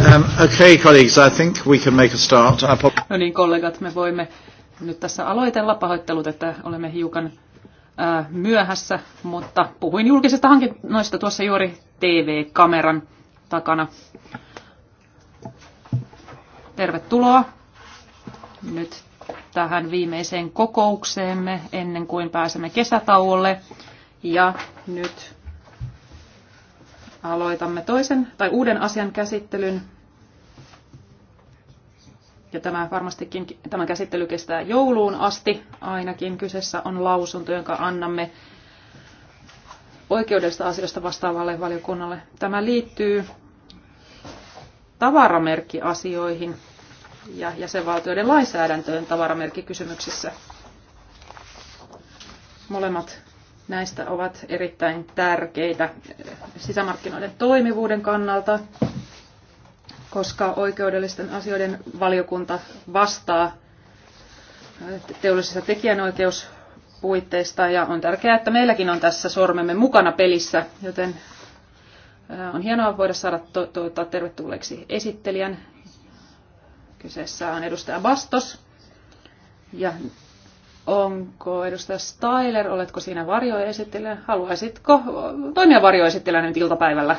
Um, okay, colleagues, I think we can make a start. No niin, kollegat, me voimme nyt tässä aloitella. Pahoittelut, että olemme hiukan äh, myöhässä, mutta puhuin julkisesta hankinnoista tuossa juuri TV-kameran takana. Tervetuloa nyt tähän viimeiseen kokoukseemme ennen kuin pääsemme kesätauolle. Ja nyt Aloitamme toisen tai uuden asian käsittelyn. Ja tämä varmastikin, tämä käsittely kestää jouluun asti ainakin. Kyseessä on lausunto, jonka annamme oikeudesta asioista vastaavalle valiokunnalle. Tämä liittyy tavaramerkkiasioihin ja jäsenvaltioiden lainsäädäntöön tavaramerkkikysymyksissä. Molemmat näistä ovat erittäin tärkeitä sisämarkkinoiden toimivuuden kannalta, koska oikeudellisten asioiden valiokunta vastaa äh, teollisista tekijänoikeuspuitteista ja on tärkeää, että meilläkin on tässä sormemme mukana pelissä, joten äh, on hienoa voida saada to- to- tervetulleeksi esittelijän. Kyseessä on edustaja Bastos ja Onko edustaja Styler, oletko siinä varjoesittelijä? Haluaisitko toimia varjoesittelijänä nyt iltapäivällä?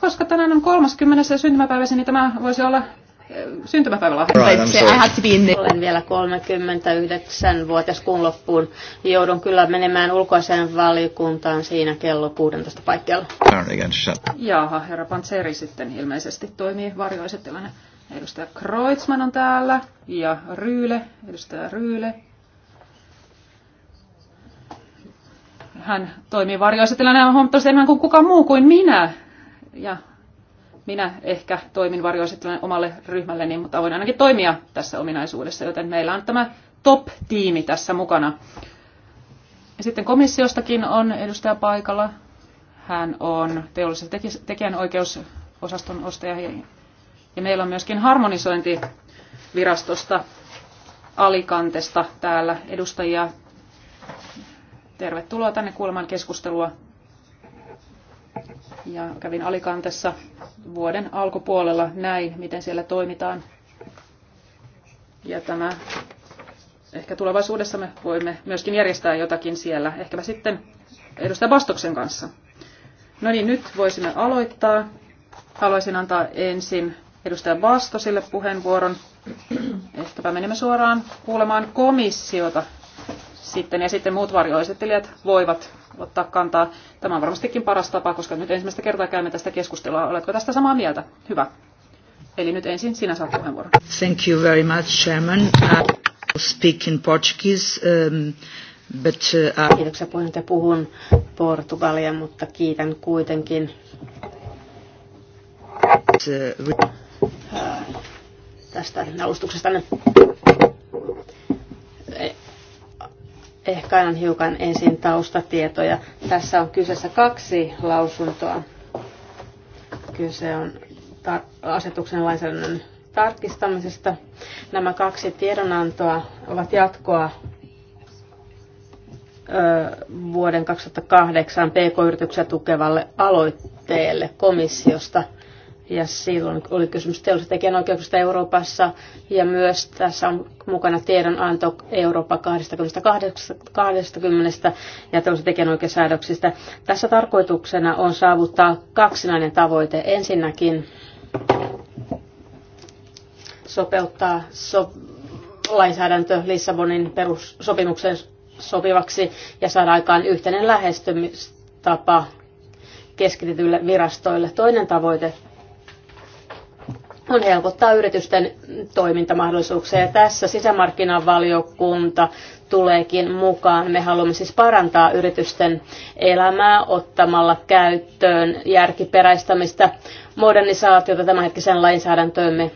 Koska tänään on 30. syntymäpäiväsi, niin tämä voisi olla eh, syntymäpäivällä. Right, Olen vielä 39-vuotias kuun loppuun. Joudun kyllä menemään ulkoiseen valiokuntaan siinä kello 16 paikalla. Jaha, herra Pantseri sitten ilmeisesti toimii varjoesittelijänä. Edustaja Kreutzmann on täällä ja Ryyle, edustaja Ryyle. Hän toimii varjoesittelijänä huomattavasti enemmän kuin kukaan muu kuin minä. Ja minä ehkä toimin varjoesittelijän omalle ryhmälleni, mutta voin ainakin toimia tässä ominaisuudessa, joten meillä on tämä top-tiimi tässä mukana. Ja sitten komissiostakin on edustaja paikalla. Hän on teollisen tekijänoikeusosaston ostaja ja meillä on myöskin harmonisointivirastosta Alikantesta täällä edustajia. Tervetuloa tänne kuulemaan keskustelua. Ja kävin Alikantessa vuoden alkupuolella näin, miten siellä toimitaan. Ja tämä, ehkä tulevaisuudessa me voimme myöskin järjestää jotakin siellä, ehkäpä sitten edustaja Bastoksen kanssa. No niin, nyt voisimme aloittaa. Haluaisin antaa ensin edustaja Bastosille puheenvuoron. Ehkäpä menemme suoraan kuulemaan komissiota sitten ja sitten muut varjoesittelijät voivat ottaa kantaa. Tämä on varmastikin paras tapa, koska nyt ensimmäistä kertaa käymme tästä keskustelua. Oletko tästä samaa mieltä? Hyvä. Eli nyt ensin sinä saat puheenvuoron. Thank you very much, Chairman. I speak in Portuguese, um, but, uh, Kiitoksia puheenjohtaja. Puhun portugalia, mutta kiitän kuitenkin. Uh, tästä alustuksesta. Ehkä on hiukan ensin taustatietoja. Tässä on kyseessä kaksi lausuntoa. Kyse on asetuksen lainsäädännön tarkistamisesta. Nämä kaksi tiedonantoa ovat jatkoa vuoden 2008 pk-yrityksiä tukevalle aloitteelle komissiosta – ja silloin oli kysymys teollisista tekijänoikeuksista Euroopassa ja myös tässä on mukana tiedonanto Eurooppa 2020 ja teollisista tekijänoikeussäädöksistä. Tässä tarkoituksena on saavuttaa kaksinainen tavoite. Ensinnäkin sopeuttaa so- lainsäädäntö Lissabonin perussopimuksen sopivaksi ja saada aikaan yhteinen lähestymistapa keskitetyille virastoille. Toinen tavoite on helpottaa yritysten toimintamahdollisuuksia. Ja tässä sisämarkkinavaliokunta tuleekin mukaan. Me haluamme siis parantaa yritysten elämää ottamalla käyttöön järkiperäistämistä, modernisaatiota tämänhetkisen lainsäädäntöömme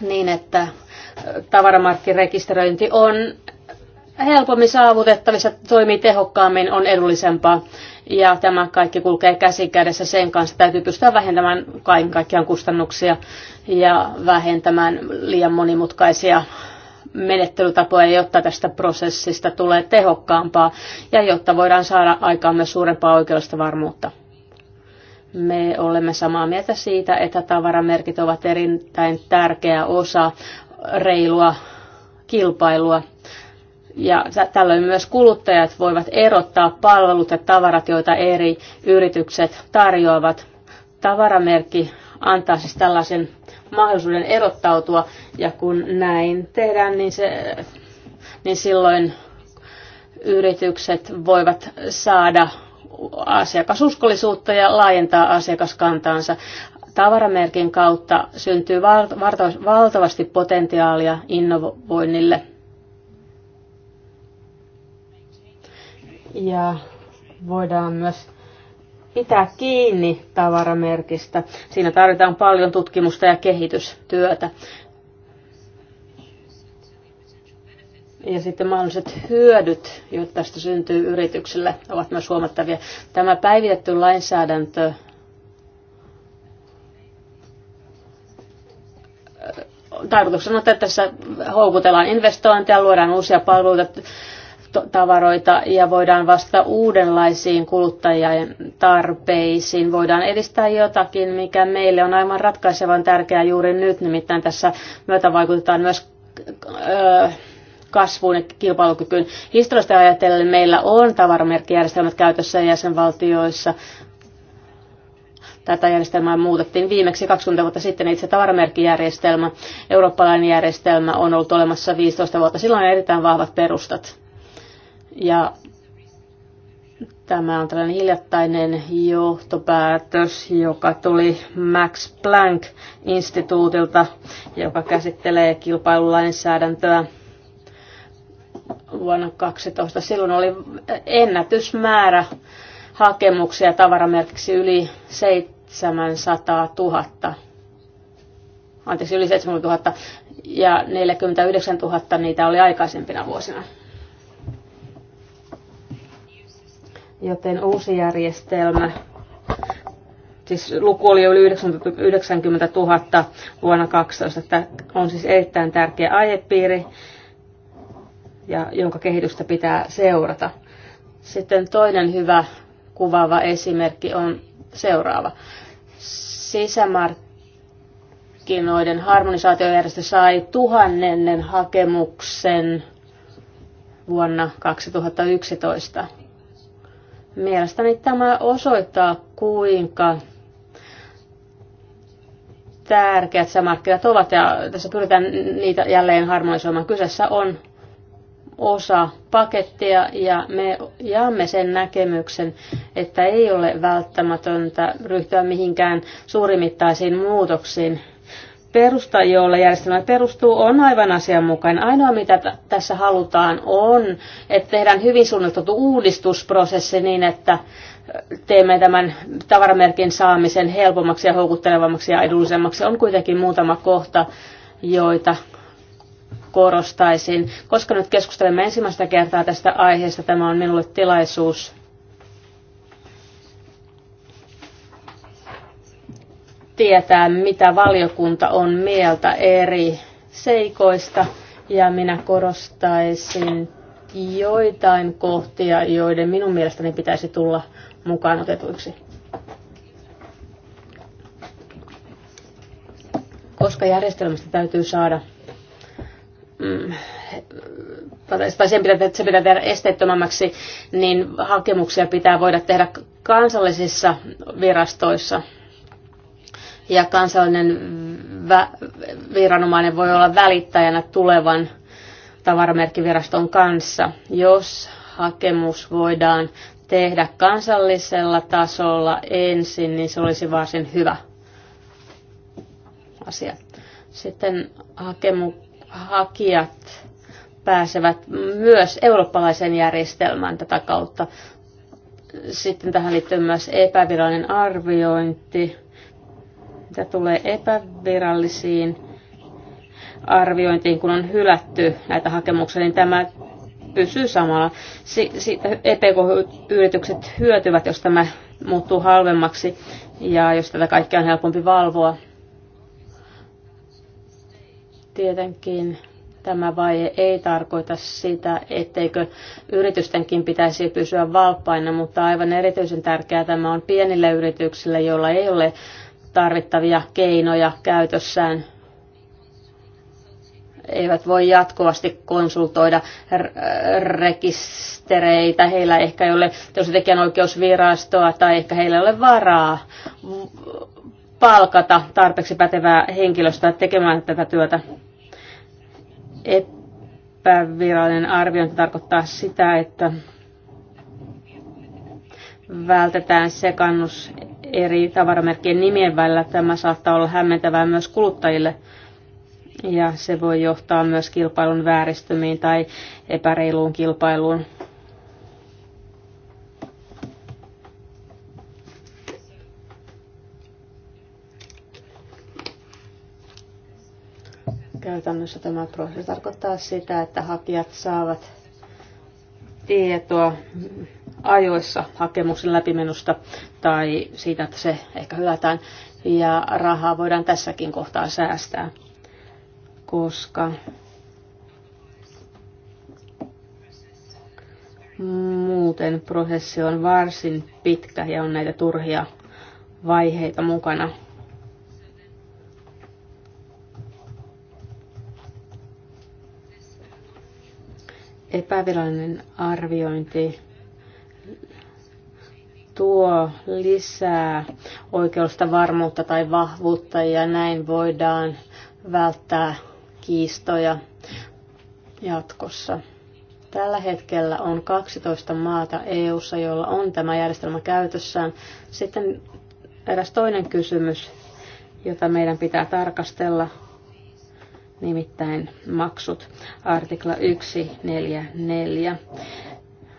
niin, että tavaramarkkirekisteröinti on helpommin saavutettavissa, toimii tehokkaammin, on edullisempaa. Ja tämä kaikki kulkee käsi kädessä sen kanssa. Täytyy pystyä vähentämään kaiken kaikkiaan kustannuksia ja vähentämään liian monimutkaisia menettelytapoja, jotta tästä prosessista tulee tehokkaampaa ja jotta voidaan saada aikaan myös suurempaa oikeudellista varmuutta. Me olemme samaa mieltä siitä, että tavaramerkit ovat erittäin tärkeä osa reilua kilpailua ja tällöin myös kuluttajat voivat erottaa palvelut ja tavarat, joita eri yritykset tarjoavat. Tavaramerkki antaa siis tällaisen mahdollisuuden erottautua, ja kun näin tehdään, niin, se, niin silloin yritykset voivat saada asiakasuskollisuutta ja laajentaa asiakaskantaansa. Tavaramerkin kautta syntyy valtavasti potentiaalia innovoinnille ja voidaan myös pitää kiinni tavaramerkistä. Siinä tarvitaan paljon tutkimusta ja kehitystyötä. Ja sitten mahdolliset hyödyt, joita tästä syntyy yrityksille, ovat myös huomattavia. Tämä päivitetty lainsäädäntö äh, tarkoituksena on, että tässä houkutellaan investointeja, luodaan uusia palveluita, tavaroita ja voidaan vastata uudenlaisiin kuluttajien tarpeisiin. Voidaan edistää jotakin, mikä meille on aivan ratkaisevan tärkeää juuri nyt, nimittäin tässä myötä vaikutetaan myös öö, kasvuun ja kilpailukykyyn. Historiasta ajatellen meillä on tavaramerkkijärjestelmät käytössä jäsenvaltioissa. Tätä järjestelmää muutettiin viimeksi 20 vuotta sitten. Itse tavaramerkkijärjestelmä, eurooppalainen järjestelmä, on ollut olemassa 15 vuotta. silloin on erittäin vahvat perustat. Ja tämä on tällainen hiljattainen johtopäätös, joka tuli Max Planck-instituutilta, joka käsittelee kilpailulainsäädäntöä vuonna 2012. Silloin oli ennätysmäärä hakemuksia tavaramerkiksi yli 700 000. Anteeksi, yli 70 000 ja 49 000 niitä oli aikaisempina vuosina. joten uusi järjestelmä, siis luku oli yli 90 000 vuonna 12, että on siis erittäin tärkeä aihepiiri, ja jonka kehitystä pitää seurata. Sitten toinen hyvä kuvaava esimerkki on seuraava. Sisämarkkinoiden harmonisaatiojärjestö sai tuhannennen hakemuksen vuonna 2011. Mielestäni tämä osoittaa, kuinka tärkeät sisämarkkinat ovat ja tässä pyritään niitä jälleen harmonisoimaan. Kyseessä on osa pakettia ja me jaamme sen näkemyksen, että ei ole välttämätöntä ryhtyä mihinkään suurimittaisiin muutoksiin perusta, jolla järjestelmä perustuu, on aivan asianmukainen. Ainoa, mitä tässä halutaan, on, että tehdään hyvin suunniteltu uudistusprosessi niin, että teemme tämän tavaramerkin saamisen helpommaksi ja houkuttelevammaksi ja edullisemmaksi. On kuitenkin muutama kohta, joita korostaisin. Koska nyt keskustelemme ensimmäistä kertaa tästä aiheesta, tämä on minulle tilaisuus tietää, mitä valiokunta on mieltä eri seikoista, ja minä korostaisin joitain kohtia, joiden minun mielestäni pitäisi tulla mukaan otetuiksi. Koska järjestelmästä täytyy saada, mm, tai sen pitää, se pitää tehdä esteettömämmäksi, niin hakemuksia pitää voida tehdä kansallisissa virastoissa – ja kansallinen viranomainen voi olla välittäjänä tulevan tavaramerkkiviraston kanssa, jos hakemus voidaan tehdä kansallisella tasolla ensin, niin se olisi varsin hyvä asia. Sitten hakemu, hakijat pääsevät myös eurooppalaisen järjestelmään tätä kautta. Sitten tähän liittyy myös epävirallinen arviointi mitä tulee epävirallisiin arviointiin, kun on hylätty näitä hakemuksia, niin tämä pysyy samalla. Siitä EPK-yritykset hyötyvät, jos tämä muuttuu halvemmaksi ja jos tätä kaikkea on helpompi valvoa. Tietenkin tämä vaihe ei tarkoita sitä, etteikö yritystenkin pitäisi pysyä valppaina, mutta aivan erityisen tärkeää tämä on pienille yrityksille, joilla ei ole tarvittavia keinoja käytössään. Eivät voi jatkuvasti konsultoida rekistereitä. Heillä ehkä ei ole tekijänoikeusvirastoa tai ehkä heillä ei ole varaa palkata tarpeeksi pätevää henkilöstöä tekemään tätä työtä. Epävirallinen arviointi tarkoittaa sitä, että vältetään sekannus eri tavaramerkkien nimien välillä. Tämä saattaa olla hämmentävää myös kuluttajille ja se voi johtaa myös kilpailun vääristymiin tai epäreiluun kilpailuun. Käytännössä tämä prosessi tarkoittaa sitä, että hakijat saavat tietoa ajoissa hakemuksen läpimenusta tai siitä, että se ehkä hylätään. Ja rahaa voidaan tässäkin kohtaa säästää, koska muuten prosessi on varsin pitkä ja on näitä turhia vaiheita mukana. Epävirallinen arviointi tuo lisää oikeusta varmuutta tai vahvuutta ja näin voidaan välttää kiistoja jatkossa. Tällä hetkellä on 12 maata EU:ssa, joilla on tämä järjestelmä käytössään. Sitten eräs toinen kysymys, jota meidän pitää tarkastella, nimittäin maksut. Artikla 144.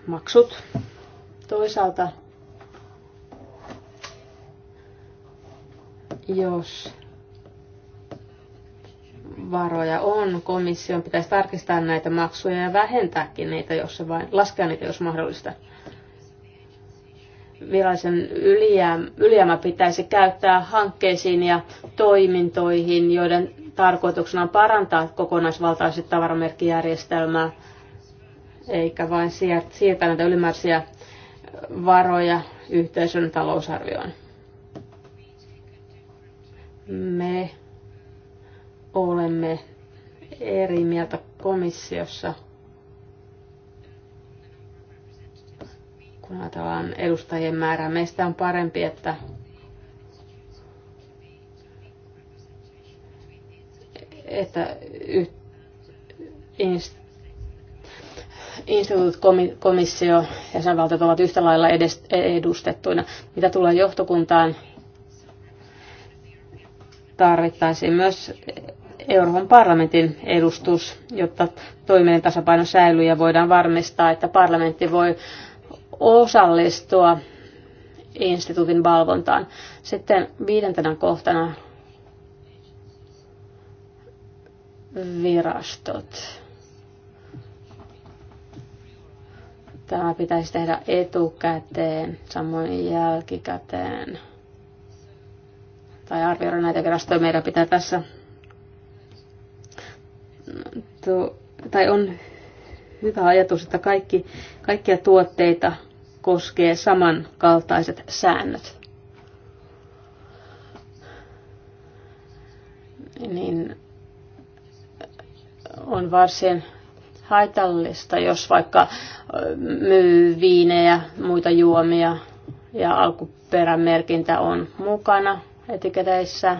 Maksut. Toisaalta Jos varoja on, komission pitäisi tarkistaa näitä maksuja ja vähentääkin niitä, jos se vain, laskea niitä, jos mahdollista. Virallisen ylijäämä, pitäisi käyttää hankkeisiin ja toimintoihin, joiden tarkoituksena on parantaa kokonaisvaltaisesti tavaramerkkijärjestelmää, eikä vain siirtää näitä ylimääräisiä varoja yhteisön talousarvioon me olemme eri mieltä komissiossa, kun ajatellaan edustajien määrää. Meistä on parempi, että että instituutit, komissio ja sen ovat yhtä lailla edustettuina. Mitä tulee johtokuntaan, tarvittaisiin myös Euroopan parlamentin edustus, jotta toiminnan tasapaino säilyy ja voidaan varmistaa, että parlamentti voi osallistua instituutin valvontaan. Sitten viidentenä kohtana virastot. Tämä pitäisi tehdä etukäteen, samoin jälkikäteen tai arvioida näitä virastoja. Meidän pitää tässä, tuo, tai on hyvä ajatus, että kaikki, kaikkia tuotteita koskee samankaltaiset säännöt. Niin on varsin haitallista, jos vaikka myy viinejä, muita juomia ja alkuperämerkintä on mukana, etiketeissä,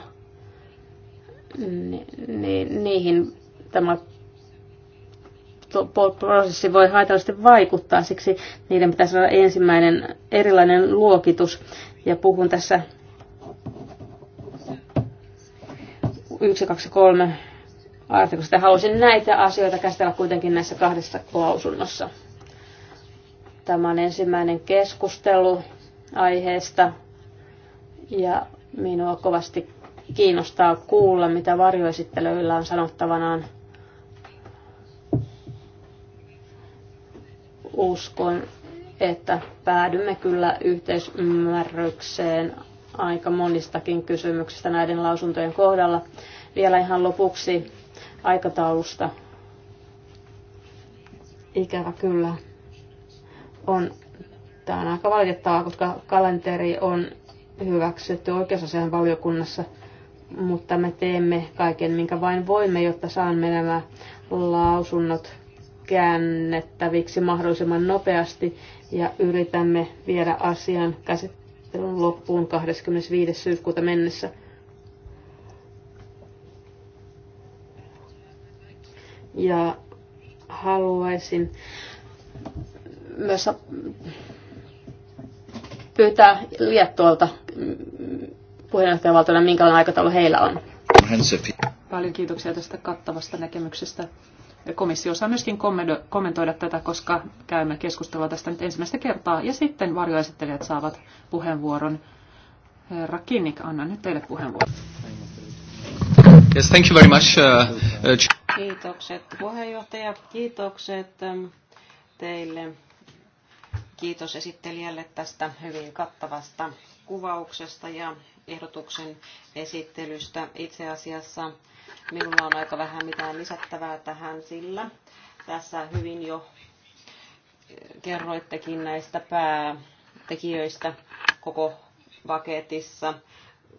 niin niihin tämä prosessi voi haitallisesti vaikuttaa, siksi niiden pitäisi olla ensimmäinen erilainen luokitus. Ja puhun tässä 1, 2, 3 artikosta. Halusin näitä asioita käsitellä kuitenkin näissä kahdessa lausunnossa. Tämä on ensimmäinen keskustelu aiheesta ja Minua kovasti kiinnostaa kuulla, mitä varjoesittelyillä on sanottavanaan. Uskon, että päädymme kyllä yhteisymmärrykseen aika monistakin kysymyksistä näiden lausuntojen kohdalla. Vielä ihan lopuksi aikataulusta. Ikävä kyllä on. Tämä on aika valitettavaa, koska kalenteri on hyväksytty oikeusasian valiokunnassa, mutta me teemme kaiken, minkä vain voimme, jotta saamme nämä lausunnot käännettäviksi mahdollisimman nopeasti ja yritämme viedä asian käsittelyn loppuun 25. syyskuuta mennessä. Ja haluaisin myös pyytää Liettualta puheenjohtajavaltiona, minkälainen aikataulu heillä on. Paljon kiitoksia tästä kattavasta näkemyksestä. Komissio saa myöskin kommentoida tätä, koska käymme keskustelua tästä nyt ensimmäistä kertaa. Ja sitten varjoesittelijät saavat puheenvuoron. Herra Kinnik, annan nyt teille puheenvuoron. Yes, thank you very much. Uh, uh... Kiitokset puheenjohtaja, kiitokset um, teille Kiitos esittelijälle tästä hyvin kattavasta kuvauksesta ja ehdotuksen esittelystä. Itse asiassa minulla on aika vähän mitään lisättävää tähän, sillä tässä hyvin jo kerroittekin näistä päätekijöistä koko paketissa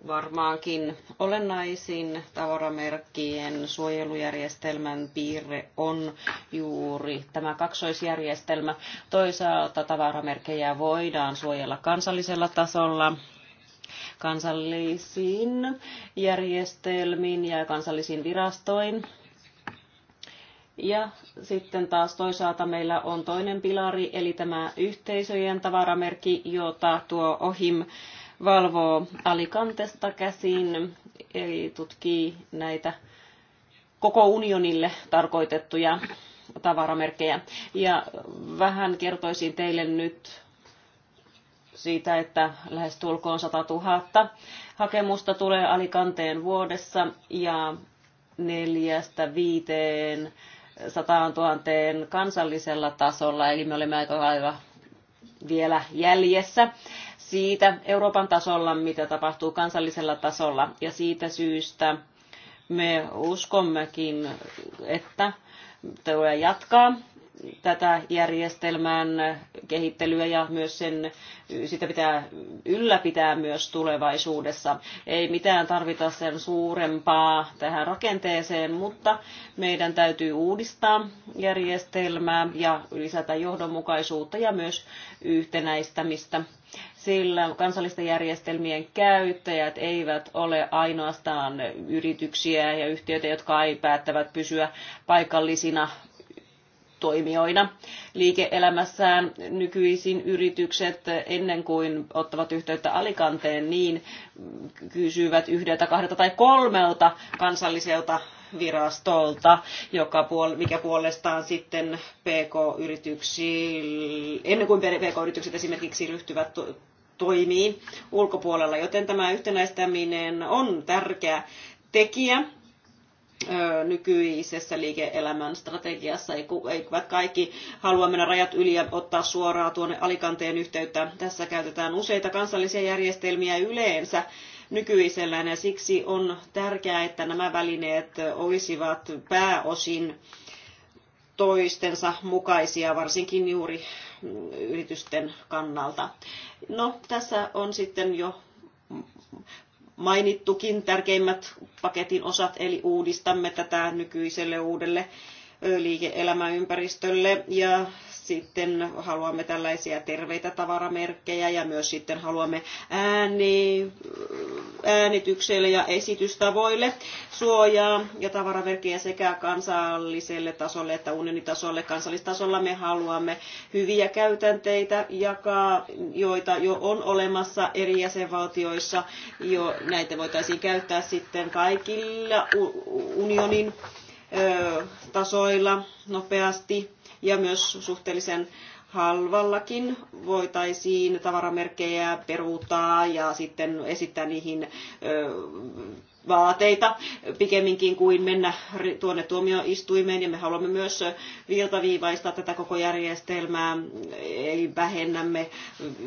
varmaankin olennaisin tavaramerkkien suojelujärjestelmän piirre on juuri tämä kaksoisjärjestelmä. Toisaalta tavaramerkkejä voidaan suojella kansallisella tasolla kansallisiin järjestelmiin ja kansallisiin virastoin. Ja sitten taas toisaalta meillä on toinen pilari, eli tämä yhteisöjen tavaramerkki, jota tuo OHIM valvoo Alicantesta käsin, eli tutkii näitä koko unionille tarkoitettuja tavaramerkkejä. Ja vähän kertoisin teille nyt siitä, että lähes tulkoon 100 000 hakemusta tulee Alikanteen vuodessa ja neljästä viiteen sataan tuhanteen kansallisella tasolla, eli me olemme aika lailla vielä jäljessä siitä Euroopan tasolla, mitä tapahtuu kansallisella tasolla. Ja siitä syystä me uskommekin, että tulee jatkaa tätä järjestelmän kehittelyä ja myös sen, sitä pitää ylläpitää myös tulevaisuudessa. Ei mitään tarvita sen suurempaa tähän rakenteeseen, mutta meidän täytyy uudistaa järjestelmää ja lisätä johdonmukaisuutta ja myös yhtenäistämistä sillä kansallisten järjestelmien käyttäjät eivät ole ainoastaan yrityksiä ja yhtiöitä, jotka ei päättävät pysyä paikallisina toimijoina liike-elämässään nykyisin yritykset ennen kuin ottavat yhteyttä Alikanteen, niin kysyvät yhdeltä, kahdelta tai kolmelta kansalliselta virastolta, joka puol- mikä puolestaan sitten PK-yrityksille, ennen kuin PK-yritykset esimerkiksi ryhtyvät to- toimiin ulkopuolella, joten tämä yhtenäistäminen on tärkeä tekijä nykyisessä liike-elämän strategiassa. Eivät kaikki halua mennä rajat yli ja ottaa suoraan tuonne alikanteen yhteyttä. Tässä käytetään useita kansallisia järjestelmiä yleensä nykyisellään ja siksi on tärkeää, että nämä välineet olisivat pääosin toistensa mukaisia, varsinkin juuri mm, yritysten kannalta. No, tässä on sitten jo mainittukin tärkeimmät paketin osat, eli uudistamme tätä nykyiselle uudelle liike-elämäympäristölle ja sitten haluamme tällaisia terveitä tavaramerkkejä ja myös sitten haluamme ääni, äänitykselle ja esitystavoille suojaa ja tavaramerkkejä sekä kansalliselle tasolle että unionitasolle. Kansallistasolla me haluamme hyviä käytänteitä jakaa, joita jo on olemassa eri jäsenvaltioissa. Jo näitä voitaisiin käyttää sitten kaikilla unionin tasoilla nopeasti ja myös suhteellisen halvallakin voitaisiin tavaramerkkejä peruuttaa ja sitten esittää niihin vaateita pikemminkin kuin mennä tuonne tuomioistuimeen ja me haluamme myös virtaviivaistaa tätä koko järjestelmää, eli vähennämme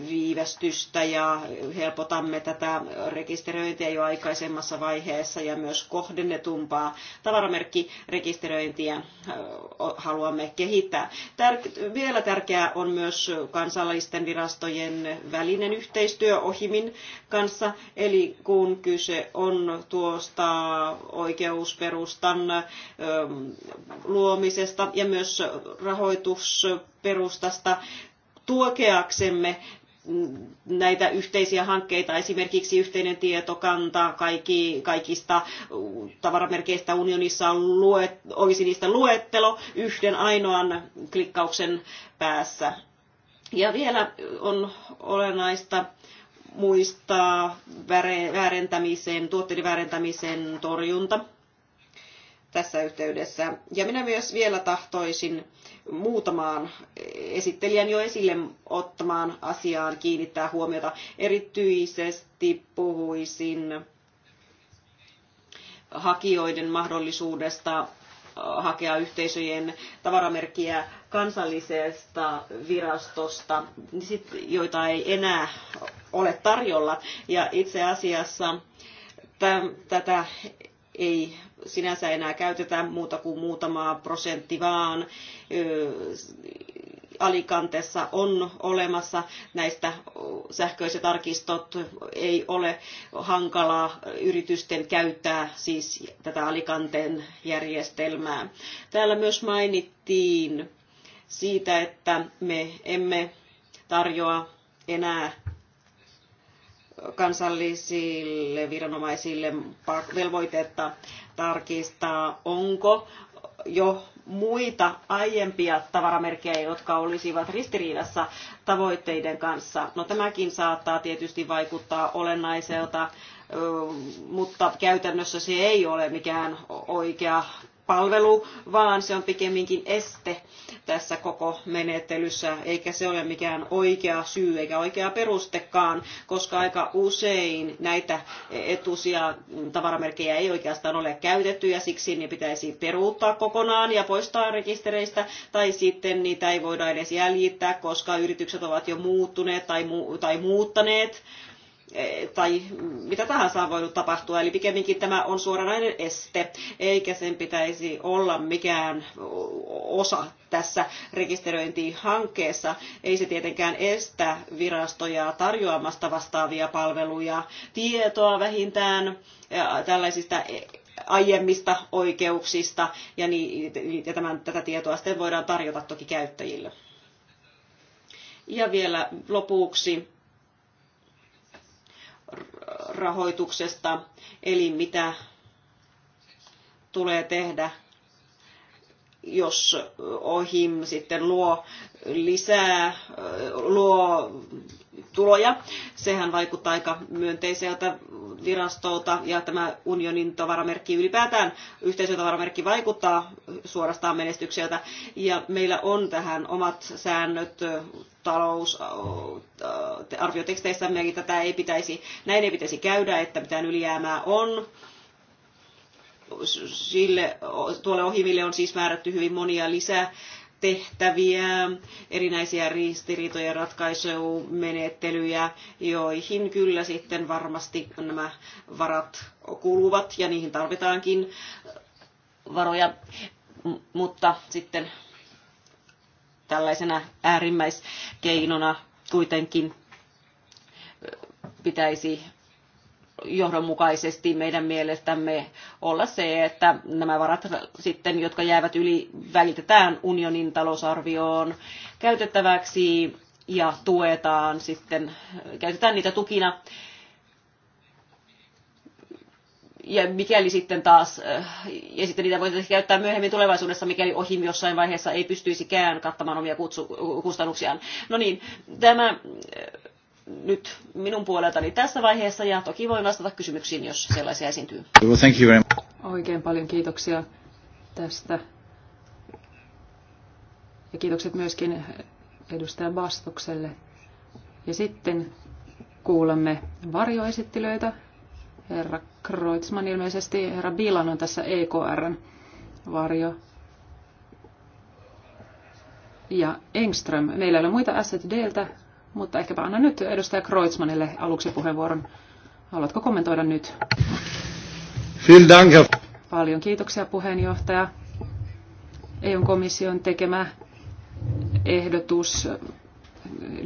viivästystä ja helpotamme tätä rekisteröintiä jo aikaisemmassa vaiheessa ja myös kohdennetumpaa tavaramerkkirekisteröintiä haluamme kehittää. Tär- vielä tärkeää on myös kansallisten virastojen välinen yhteistyö Ohimin kanssa, eli kun kyse on tuo tuosta oikeusperustan ähm, luomisesta ja myös rahoitusperustasta tuokeaksemme näitä yhteisiä hankkeita, esimerkiksi yhteinen tietokanta kaikki, kaikista tavaramerkeistä unionissa on luet, olisi niistä luettelo yhden ainoan klikkauksen päässä. Ja vielä on olennaista muistaa väärentämisen, tuotteiden väärentämisen torjunta tässä yhteydessä. Ja minä myös vielä tahtoisin muutamaan esittelijän jo esille ottamaan asiaan kiinnittää huomiota. Erityisesti puhuisin hakijoiden mahdollisuudesta hakea yhteisöjen tavaramerkkiä kansallisesta virastosta, niin joita ei enää ole tarjolla. Ja itse asiassa tätä ei sinänsä enää käytetä muuta kuin muutamaa prosentti vaan Alicantessa on olemassa näistä sähköiset arkistot. Ei ole hankalaa yritysten käyttää siis tätä Alicanten järjestelmää. Täällä myös mainittiin siitä, että me emme tarjoa enää kansallisille viranomaisille velvoitetta tarkistaa, onko jo muita aiempia tavaramerkkejä, jotka olisivat ristiriidassa tavoitteiden kanssa. No tämäkin saattaa tietysti vaikuttaa olennaiselta, mutta käytännössä se ei ole mikään oikea palvelu, vaan se on pikemminkin este tässä koko menettelyssä, eikä se ole mikään oikea syy eikä oikea perustekaan, koska aika usein näitä etusia tavaramerkkejä ei oikeastaan ole käytetty ja siksi ne pitäisi peruuttaa kokonaan ja poistaa rekistereistä tai sitten niitä ei voida edes jäljittää, koska yritykset ovat jo muuttuneet tai, mu- tai muuttaneet Eh, tai mitä tahansa on voinut tapahtua. Eli pikemminkin tämä on suoranainen este, eikä sen pitäisi olla mikään osa tässä rekisteröintihankkeessa. Ei se tietenkään estä virastoja tarjoamasta vastaavia palveluja, tietoa vähintään eh, tällaisista eh, aiemmista oikeuksista, ja, niin, ja tämän, tätä tietoa sitten voidaan tarjota toki käyttäjille. Ja vielä lopuksi rahoituksesta, eli mitä tulee tehdä, jos OHIM sitten luo lisää, luo tuloja. Sehän vaikuttaa aika myönteiseltä virastolta ja tämä unionin tavaramerkki ylipäätään yhteisötavaramerkki vaikuttaa suorastaan menestykseltä ja meillä on tähän omat säännöt talousarvioteksteissä eli tätä ei pitäisi, näin ei pitäisi käydä, että mitään ylijäämää on sille, tuolle ohimille on siis määrätty hyvin monia lisää tehtäviä, erinäisiä ristiriitoja, ratkaisumenettelyjä, joihin kyllä sitten varmasti nämä varat kuluvat ja niihin tarvitaankin varoja, mutta sitten tällaisena äärimmäiskeinona kuitenkin pitäisi johdonmukaisesti meidän mielestämme olla se, että nämä varat sitten, jotka jäävät yli, välitetään unionin talousarvioon käytettäväksi ja tuetaan sitten, käytetään niitä tukina ja mikäli sitten taas, eh, ja sitten niitä voitaisiin käyttää myöhemmin tulevaisuudessa, mikäli ohim jossain vaiheessa ei pystyisikään kattamaan omia kutsu, kustannuksiaan. No niin, tämä eh, nyt minun puoleltani tässä vaiheessa ja toki voin vastata kysymyksiin, jos sellaisia esiintyy. thank you very much. Oikein paljon kiitoksia tästä. Ja kiitokset myöskin edustajan vastukselle. Ja sitten kuulemme varjoesittelyitä. Herra Kreutzmann ilmeisesti, herra Bilan on tässä EKRn varjo. Ja Engström, meillä ei ole muita SDltä, mutta ehkäpä annan nyt edustaja Kreutzmanille aluksi puheenvuoron. Haluatko kommentoida nyt? Paljon kiitoksia puheenjohtaja. EU-komission tekemä ehdotus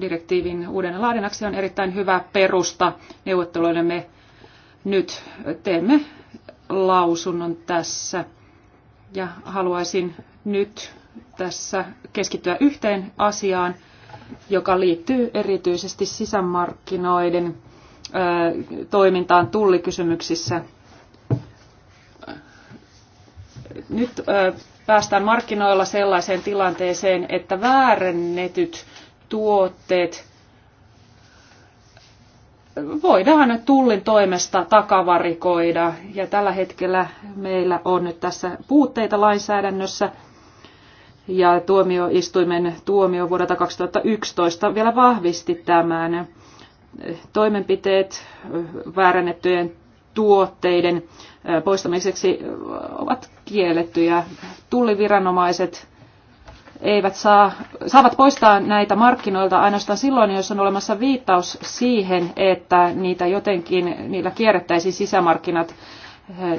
direktiivin uuden laadinnaksi on erittäin hyvä perusta neuvotteluillemme. Nyt teemme lausunnon tässä ja haluaisin nyt tässä keskittyä yhteen asiaan – joka liittyy erityisesti sisämarkkinoiden toimintaan tullikysymyksissä. Nyt päästään markkinoilla sellaiseen tilanteeseen, että väärennetyt tuotteet voidaan tullin toimesta takavarikoida. Ja tällä hetkellä meillä on nyt tässä puutteita lainsäädännössä – ja tuomioistuimen tuomio vuodelta 2011 vielä vahvisti tämän toimenpiteet väärännettyjen tuotteiden poistamiseksi ovat kiellettyjä. Tulliviranomaiset eivät saa, saavat poistaa näitä markkinoilta ainoastaan silloin, jos on olemassa viittaus siihen, että niitä jotenkin, niillä kierrettäisiin sisämarkkinat.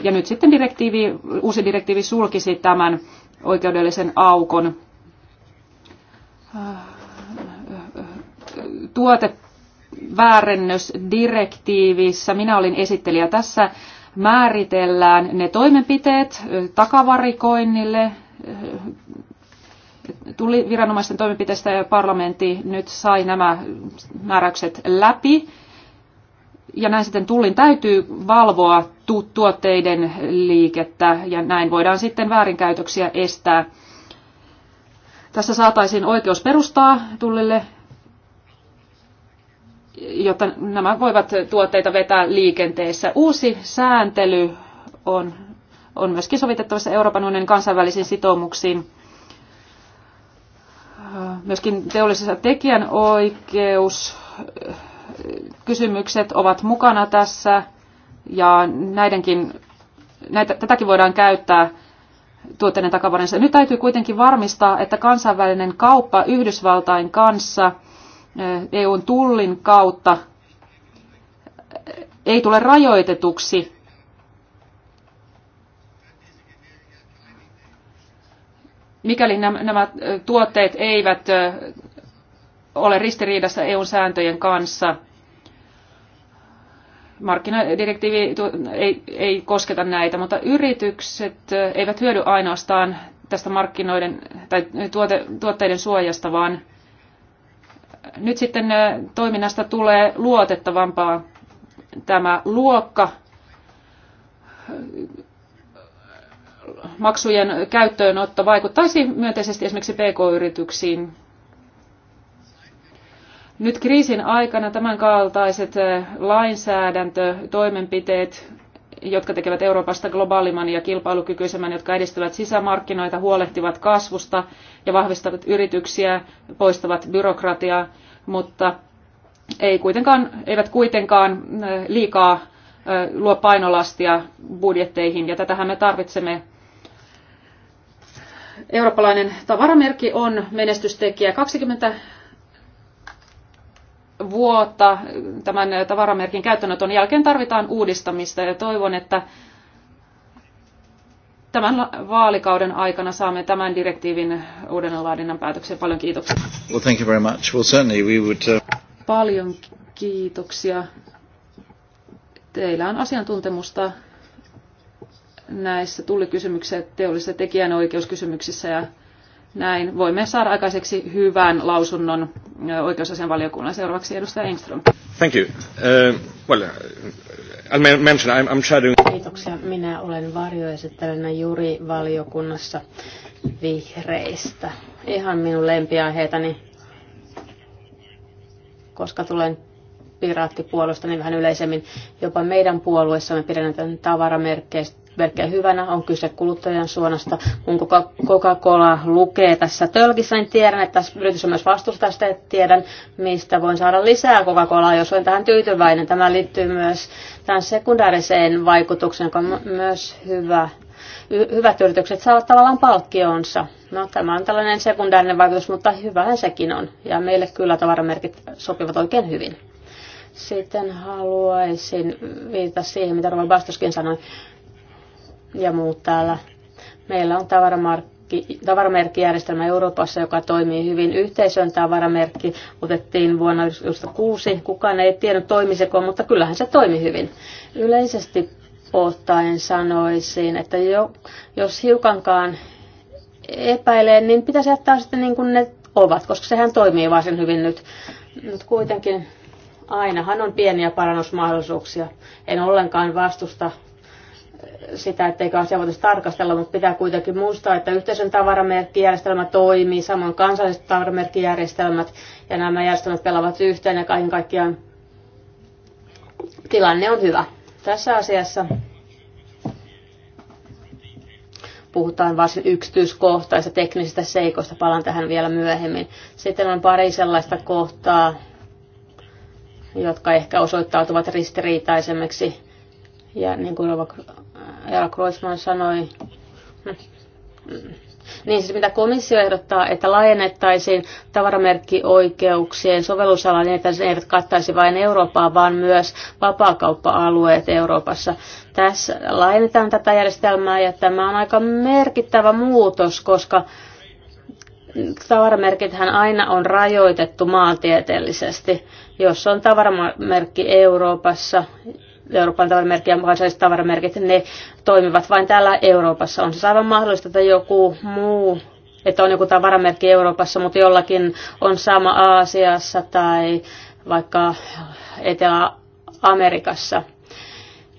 Ja nyt sitten direktiivi, uusi direktiivi sulkisi tämän oikeudellisen aukon. Äh, tuoteväärennösdirektiivissä minä olin esittelijä tässä määritellään ne toimenpiteet äh, takavarikoinnille, äh, tuli viranomaisten toimenpiteistä ja parlamentti nyt sai nämä määräykset läpi ja näin sitten tullin täytyy valvoa tuotteiden liikettä ja näin voidaan sitten väärinkäytöksiä estää. Tässä saataisiin oikeus perustaa tullille, jotta nämä voivat tuotteita vetää liikenteessä. Uusi sääntely on, on myöskin sovitettavissa Euroopan unionin kansainvälisiin sitoumuksiin myöskin teollisessa oikeus kysymykset ovat mukana tässä ja näidenkin, näitä, tätäkin voidaan käyttää tuotteiden takavarissa. Nyt täytyy kuitenkin varmistaa, että kansainvälinen kauppa Yhdysvaltain kanssa eh, EUn tullin kautta eh, ei tule rajoitetuksi. Mikäli nämä tuotteet eivät eh, ole ristiriidassa EU-sääntöjen kanssa. Markkinadirektiivi ei, ei kosketa näitä, mutta yritykset eh, eivät hyödy ainoastaan tästä markkinoiden tai tuote, tuotteiden suojasta, vaan nyt sitten eh, toiminnasta tulee luotettavampaa tämä luokka eh, maksujen käyttöönotto vaikuttaisi myönteisesti esimerkiksi pk-yrityksiin. Nyt kriisin aikana tämänkaltaiset lainsäädäntötoimenpiteet, jotka tekevät Euroopasta globaalimman ja kilpailukykyisemmän, jotka edistävät sisämarkkinoita, huolehtivat kasvusta ja vahvistavat yrityksiä, poistavat byrokratiaa, mutta ei kuitenkaan, eivät kuitenkaan liikaa luo painolastia budjetteihin, ja tätähän me tarvitsemme. Eurooppalainen tavaramerkki on menestystekijä. 20 vuotta tämän tavaramerkin käyttöönoton jälkeen tarvitaan uudistamista ja toivon, että tämän vaalikauden aikana saamme tämän direktiivin uudenlaadinnan päätöksen. Paljon kiitoksia. Well, thank you very much. Well, certainly we would, uh... Paljon kiitoksia. Teillä on asiantuntemusta näissä tullikysymyksissä, teollisissa tekijänoikeuskysymyksissä ja näin voimme saada aikaiseksi hyvän lausunnon oikeusasian valiokunnan seuraavaksi edustaja Engström. Thank you. Uh, well, uh, I'll mention, I'm, I'm shadowing... Kiitoksia. Minä olen varjoesittelijänä juuri valiokunnassa vihreistä. Ihan minun lempiaiheitani, koska tulen piraattipuolusta, niin vähän yleisemmin. Jopa meidän puolueessamme pidetään tavaramerkkeistä merkkejä hyvänä. On kyse kuluttajan suunnasta. Kun Coca-Cola lukee tässä tölkissä, niin tiedän, että tässä yritys on myös vastustaa sitä, että tiedän, mistä voin saada lisää Coca-Colaa, jos olen tähän tyytyväinen. Tämä liittyy myös tämän sekundaariseen vaikutukseen, joka on myös hyvä hyvät yritykset saavat tavallaan palkkionsa. No, tämä on tällainen sekundäärinen vaikutus, mutta hyvähän sekin on. Ja meille kyllä tavaramerkit sopivat oikein hyvin. Sitten haluaisin viitata siihen, mitä Rova Bastoskin sanoi ja muut täällä. Meillä on tavaramarkki, tavaramerkkijärjestelmä Euroopassa, joka toimii hyvin. Yhteisön tavaramerkki otettiin vuonna 1906. Kukaan ei tiennyt toimiseko, mutta kyllähän se toimi hyvin. Yleisesti ottaen sanoisin, että jo, jos hiukankaan epäilee, niin pitäisi jättää sitten niin kuin ne ovat, koska sehän toimii varsin hyvin nyt. Mutta kuitenkin ainahan on pieniä parannusmahdollisuuksia. En ollenkaan vastusta sitä, etteikö asiaa voitaisiin tarkastella, mutta pitää kuitenkin muistaa, että yhteisön tavaramerkkijärjestelmä toimii, samoin kansalliset tavaramerkkijärjestelmät, ja nämä järjestelmät pelaavat yhteen, ja kaiken kaikkiaan tilanne on hyvä. Tässä asiassa puhutaan varsin yksityiskohtaisista teknisistä seikoista, palaan tähän vielä myöhemmin. Sitten on pari sellaista kohtaa, jotka ehkä osoittautuvat ristiriitaisemmiksi ja niin kuin Rova ja Kreuzmann sanoi, niin siis mitä komissio ehdottaa, että laajennettaisiin tavaramerkkioikeuksien sovellusalaa niin, että ne eivät kattaisi vain Eurooppaa, vaan myös vapaakauppa-alueet Euroopassa. Tässä laajennetaan tätä järjestelmää ja tämä on aika merkittävä muutos, koska tavaramerkithän aina on rajoitettu maantieteellisesti. Jos on tavaramerkki Euroopassa Euroopan tavaramerkki ja kansalliset tavaramerkit, ne toimivat vain täällä Euroopassa. On siis aivan mahdollista, että joku muu, että on joku tavaramerkki Euroopassa, mutta jollakin on sama Aasiassa tai vaikka Etelä-Amerikassa.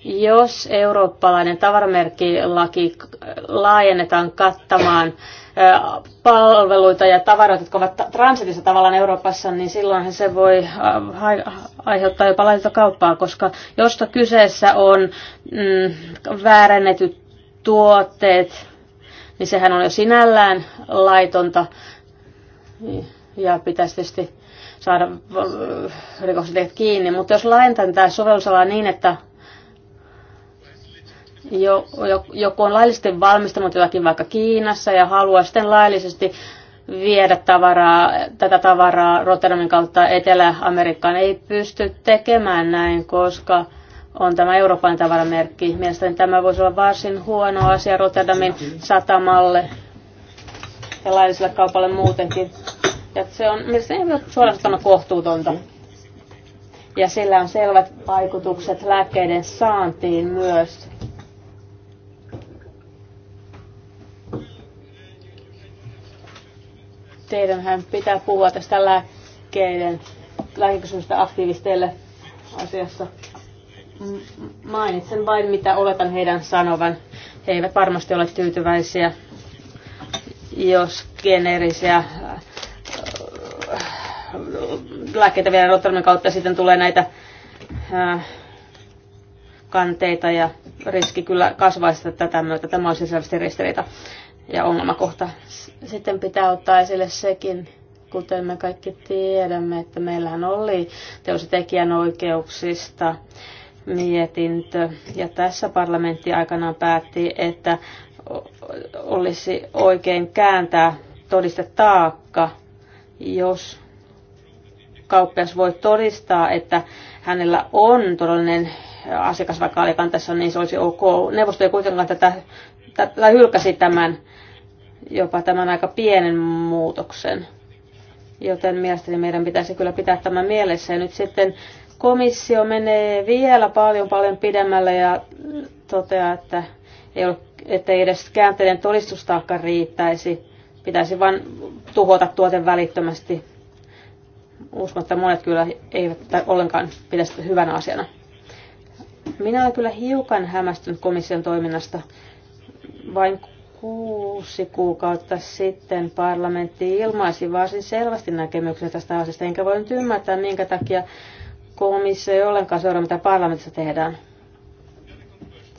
Jos eurooppalainen tavaramerkkilaki laajennetaan kattamaan palveluita ja tavaroita, jotka ovat transitissa tavallaan Euroopassa, niin silloinhan se voi aiheuttaa jopa laitonta kauppaa, koska josta kyseessä on mm, väärennetyt tuotteet, niin sehän on jo sinällään laitonta ja pitäisi tietysti saada rikokset kiinni. Mutta jos laajentan tämä sovellusalaa niin, että jo, jo, joku on laillisesti valmistanut jotakin vaikka Kiinassa ja haluaa sitten laillisesti viedä tavaraa, tätä tavaraa Rotterdamin kautta Etelä-Amerikkaan. Ei pysty tekemään näin, koska on tämä Euroopan tavaramerkki. Mielestäni tämä voisi olla varsin huono asia Rotterdamin satamalle ja lailliselle kaupalle muutenkin. Ja se on mielestäni suorastaan kohtuutonta. Ja sillä on selvät vaikutukset lääkkeiden saantiin myös teidän hän pitää puhua tästä lääkkeiden, lääkekysymystä aktiivisteille asiassa. Mainitsen vain, mitä oletan heidän sanovan. He eivät varmasti ole tyytyväisiä, jos geneerisiä äh, lääkkeitä vielä Rotterdamin kautta ja sitten tulee näitä äh, kanteita ja riski kyllä kasvaisi tätä myötä. Tämä on siis selvästi ristiriita ja ongelmakohta. Sitten pitää ottaa esille sekin, kuten me kaikki tiedämme, että meillähän oli teosetekijän oikeuksista mietintö, ja tässä parlamentti aikanaan päätti, että olisi oikein kääntää todistetaakka, jos kauppias voi todistaa, että hänellä on todellinen asiakas, vaikka tässä niin se olisi ok. Neuvosto ei kuitenkaan tätä, tätä hylkäsi tämän jopa tämän aika pienen muutoksen. Joten mielestäni meidän pitäisi kyllä pitää tämä mielessä. Ja nyt sitten komissio menee vielä paljon paljon pidemmälle ja toteaa, että ei ole, ettei edes käänteinen todistustaakka riittäisi. Pitäisi vain tuhota tuote välittömästi. Uskon, että monet kyllä eivät ollenkaan pidä sitä hyvänä asiana. Minä olen kyllä hiukan hämmästynyt komission toiminnasta. Vain kuusi kuukautta sitten parlamentti ilmaisi varsin selvästi näkemyksiä tästä asiasta, enkä voi nyt ymmärtää, minkä takia komissio ei ollenkaan seuraa, mitä parlamentissa tehdään.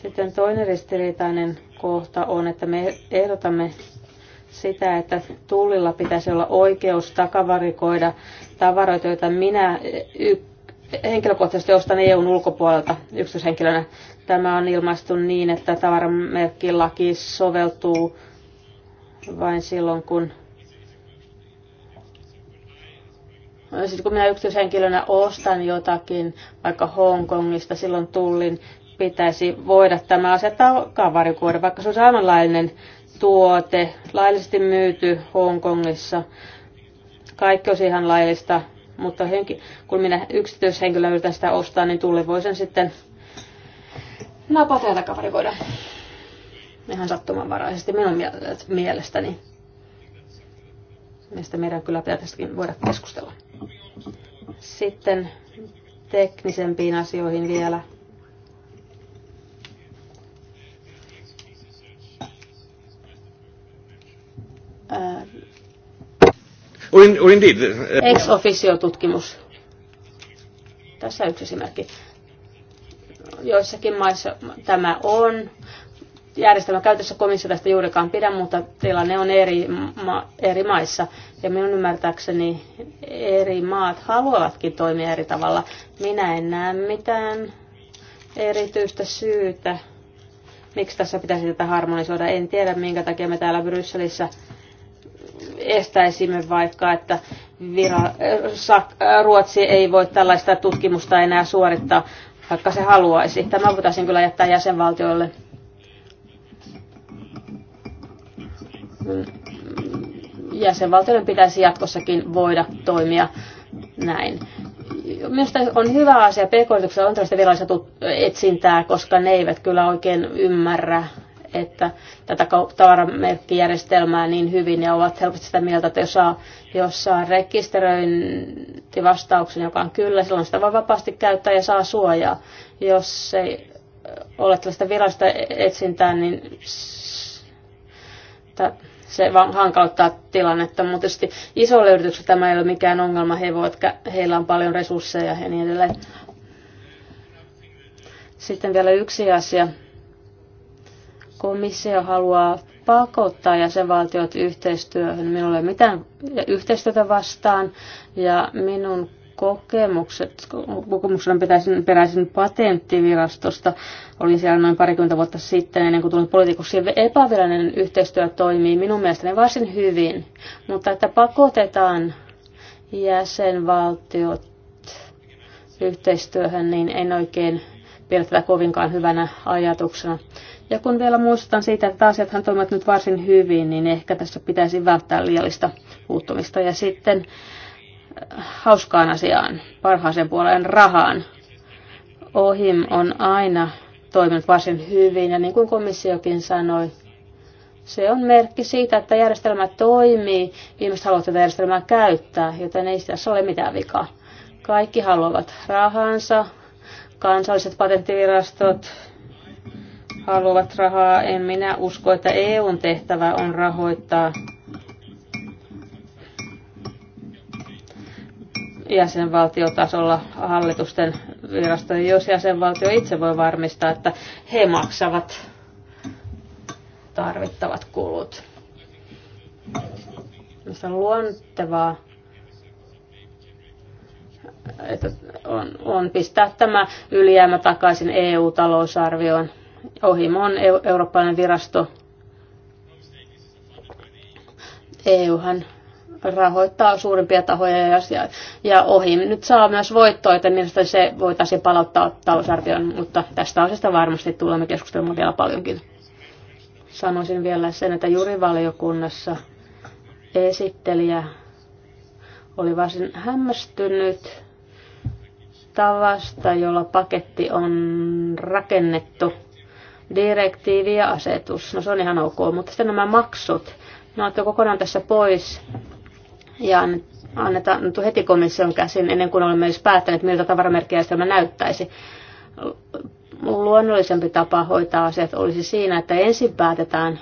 Sitten toinen ristiriitainen kohta on, että me ehdotamme sitä, että tullilla pitäisi olla oikeus takavarikoida tavaroita, joita minä henkilökohtaisesti ostan EUn ulkopuolelta yksityishenkilönä. Tämä on ilmaistu niin, että tavaramerkkilaki soveltuu vain silloin, kun sitten kun minä yksityishenkilönä ostan jotakin, vaikka Hongkongista, silloin tullin pitäisi voida tämä asettaa kavarikuori, vaikka se on samanlainen tuote, laillisesti myyty Hongkongissa. Kaikki on ihan laillista, mutta henki, kun minä yksityishenkilönä yritän sitä ostaa, niin tulli voi sen sitten napata ja takavarikoida. Ihan sattumanvaraisesti minun mielestäni. Mistä meidän kyllä pitää tästäkin voida keskustella. Sitten teknisempiin asioihin vielä. Or indeed. Ex officio tutkimus. Tässä yksi esimerkki. Joissakin maissa tämä on järjestelmä käytössä komissio tästä juurikaan pidä, mutta tilanne on eri, ma, eri maissa. Ja minun ymmärtääkseni eri maat haluavatkin toimia eri tavalla. Minä en näe mitään erityistä syytä, miksi tässä pitäisi tätä harmonisoida. En tiedä, minkä takia me täällä Brysselissä estäisimme vaikka, että vira, Ruotsi ei voi tällaista tutkimusta enää suorittaa vaikka se haluaisi. Tämä voitaisiin kyllä jättää jäsenvaltioille. Jäsenvaltioiden pitäisi jatkossakin voida toimia näin. Minusta on hyvä asia, pk on tällaista virallista etsintää, koska ne eivät kyllä oikein ymmärrä että tätä tavaramerkkijärjestelmää niin hyvin ja ovat helposti sitä mieltä, että jos saa, jos saa rekisteröintivastauksen, joka on kyllä, silloin sitä voi vapaasti käyttää ja saa suojaa. Jos ei ole tällaista virallista etsintää, niin se vaan hankauttaa tilannetta, mutta tietysti isolle yritykselle tämä ei ole mikään ongelma, he voivat, heillä on paljon resursseja ja niin edelleen. Sitten vielä yksi asia, Komissio haluaa pakottaa jäsenvaltiot yhteistyöhön. Minulla ei ole mitään yhteistyötä vastaan ja minun kokemukset, kokemuksena pitäisin peräisin patenttivirastosta. Olin siellä noin parikymmentä vuotta sitten, ennen kuin tulin poliitikoksi. Epävirallinen yhteistyö toimii minun mielestäni varsin hyvin, mutta että pakotetaan jäsenvaltiot yhteistyöhön, niin en oikein pidä tätä kovinkaan hyvänä ajatuksena. Ja kun vielä muistutan siitä, että asiathan toimivat nyt varsin hyvin, niin ehkä tässä pitäisi välttää liiallista puuttumista. Ja sitten äh, hauskaan asiaan, parhaaseen puoleen rahaan. Ohim on aina toiminut varsin hyvin ja niin kuin komissiokin sanoi, se on merkki siitä, että järjestelmä toimii. Ihmiset haluavat tätä järjestelmää käyttää, joten ei tässä ole mitään vikaa. Kaikki haluavat rahansa, kansalliset patenttivirastot, haluavat rahaa. En minä usko, että EUn tehtävä on rahoittaa jäsenvaltiotasolla hallitusten virastoja, jos jäsenvaltio itse voi varmistaa, että he maksavat tarvittavat kulut. se on luontevaa, että on, on pistää tämä ylijäämä takaisin EU-talousarvioon. Ohimo on eurooppalainen virasto. EUhan rahoittaa suurimpia tahoja ja, ja, ja ohi. Nyt saa myös voittoa, joten mielestäni se voitaisiin palauttaa talousarvioon, mutta tästä asiasta varmasti tulemme keskustelemaan vielä paljonkin. Sanoisin vielä sen, että jurivaliokunnassa esittelijä oli varsin hämmästynyt tavasta, jolla paketti on rakennettu direktiivi ja asetus. No se on ihan ok, mutta sitten nämä maksut, ne no, on kokonaan tässä pois ja annetaan anneta heti komission käsin ennen kuin olemme edes päättäneet, miltä tavaramerkkijärjestelmä näyttäisi. Luonnollisempi tapa hoitaa asiat olisi siinä, että ensin päätetään,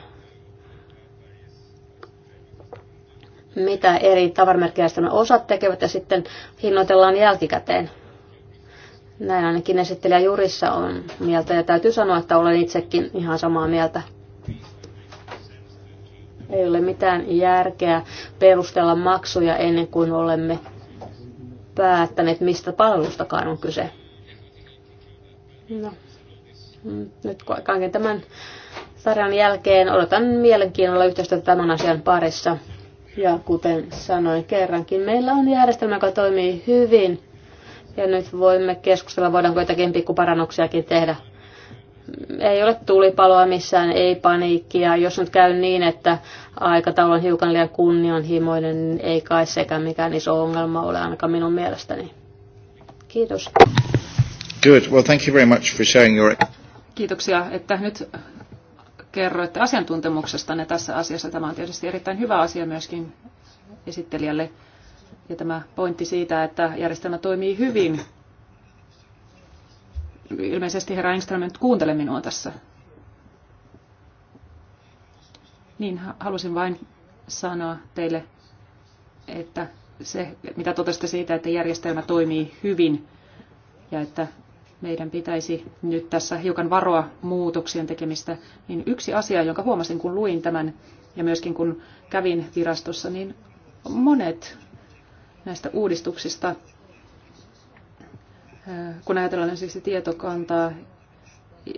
mitä eri tavaramerkkijärjestelmän osat tekevät ja sitten hinnoitellaan jälkikäteen näin ainakin esittelijä Jurissa on mieltä ja täytyy sanoa, että olen itsekin ihan samaa mieltä. Ei ole mitään järkeä perustella maksuja ennen kuin olemme päättäneet, mistä palvelustakaan on kyse. No, nyt kaiken tämän sarjan jälkeen odotan mielenkiinnolla yhteistyötä tämän asian parissa. Ja kuten sanoin kerrankin, meillä on järjestelmä, joka toimii hyvin ja nyt voimme keskustella, voidaanko jotakin pikkuparannuksiakin tehdä. Ei ole tulipaloa missään, ei paniikkia. Jos nyt käy niin, että aikataulu on hiukan liian kunnianhimoinen, niin ei kai sekään mikään iso ongelma ole, ainakaan minun mielestäni. Kiitos. Good. Well, thank you very much for sharing your... Kiitoksia, että nyt kerroitte asiantuntemuksestanne tässä asiassa. Tämä on tietysti erittäin hyvä asia myöskin esittelijälle. Ja tämä pointti siitä, että järjestelmä toimii hyvin. Ilmeisesti herra Engström nyt kuuntele minua tässä. Niin, halusin vain sanoa teille, että se, mitä totesitte siitä, että järjestelmä toimii hyvin ja että meidän pitäisi nyt tässä hiukan varoa muutoksien tekemistä, niin yksi asia, jonka huomasin, kun luin tämän ja myöskin kun kävin virastossa, niin monet näistä uudistuksista. Kun ajatellaan esimerkiksi tietokantaa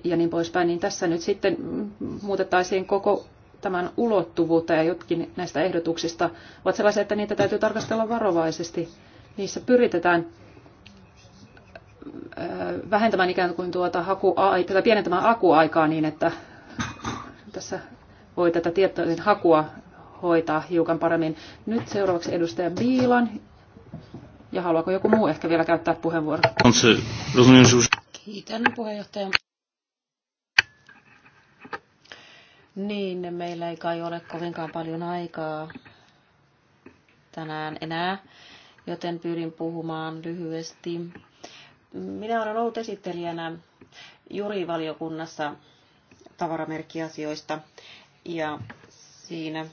ja niin poispäin, niin tässä nyt sitten muutettaisiin koko tämän ulottuvuutta ja jotkin näistä ehdotuksista ovat sellaisia, että niitä täytyy tarkastella varovaisesti. Niissä pyritetään vähentämään ikään kuin tuota hakuaikaa, tai pienentämään akuaikaa niin, että tässä voi tätä tietojen hakua hoitaa hiukan paremmin. Nyt seuraavaksi edustaja Biilan ja haluaako joku muu ehkä vielä käyttää puheenvuoron? Kiitän puheenjohtaja. Niin, meillä ei kai ole kovinkaan paljon aikaa tänään enää, joten pyrin puhumaan lyhyesti. Minä olen ollut esittelijänä jurivaliokunnassa tavaramerkkiasioista ja siinä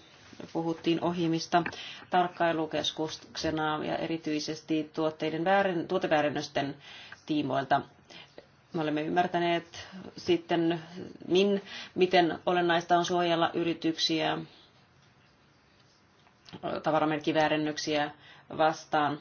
puhuttiin ohimista tarkkailukeskuksena ja erityisesti tuotteiden väärin, tuoteväärennösten tiimoilta. Me olemme ymmärtäneet sitten, min, miten olennaista on suojella yrityksiä tavaramerkkiväärennöksiä vastaan.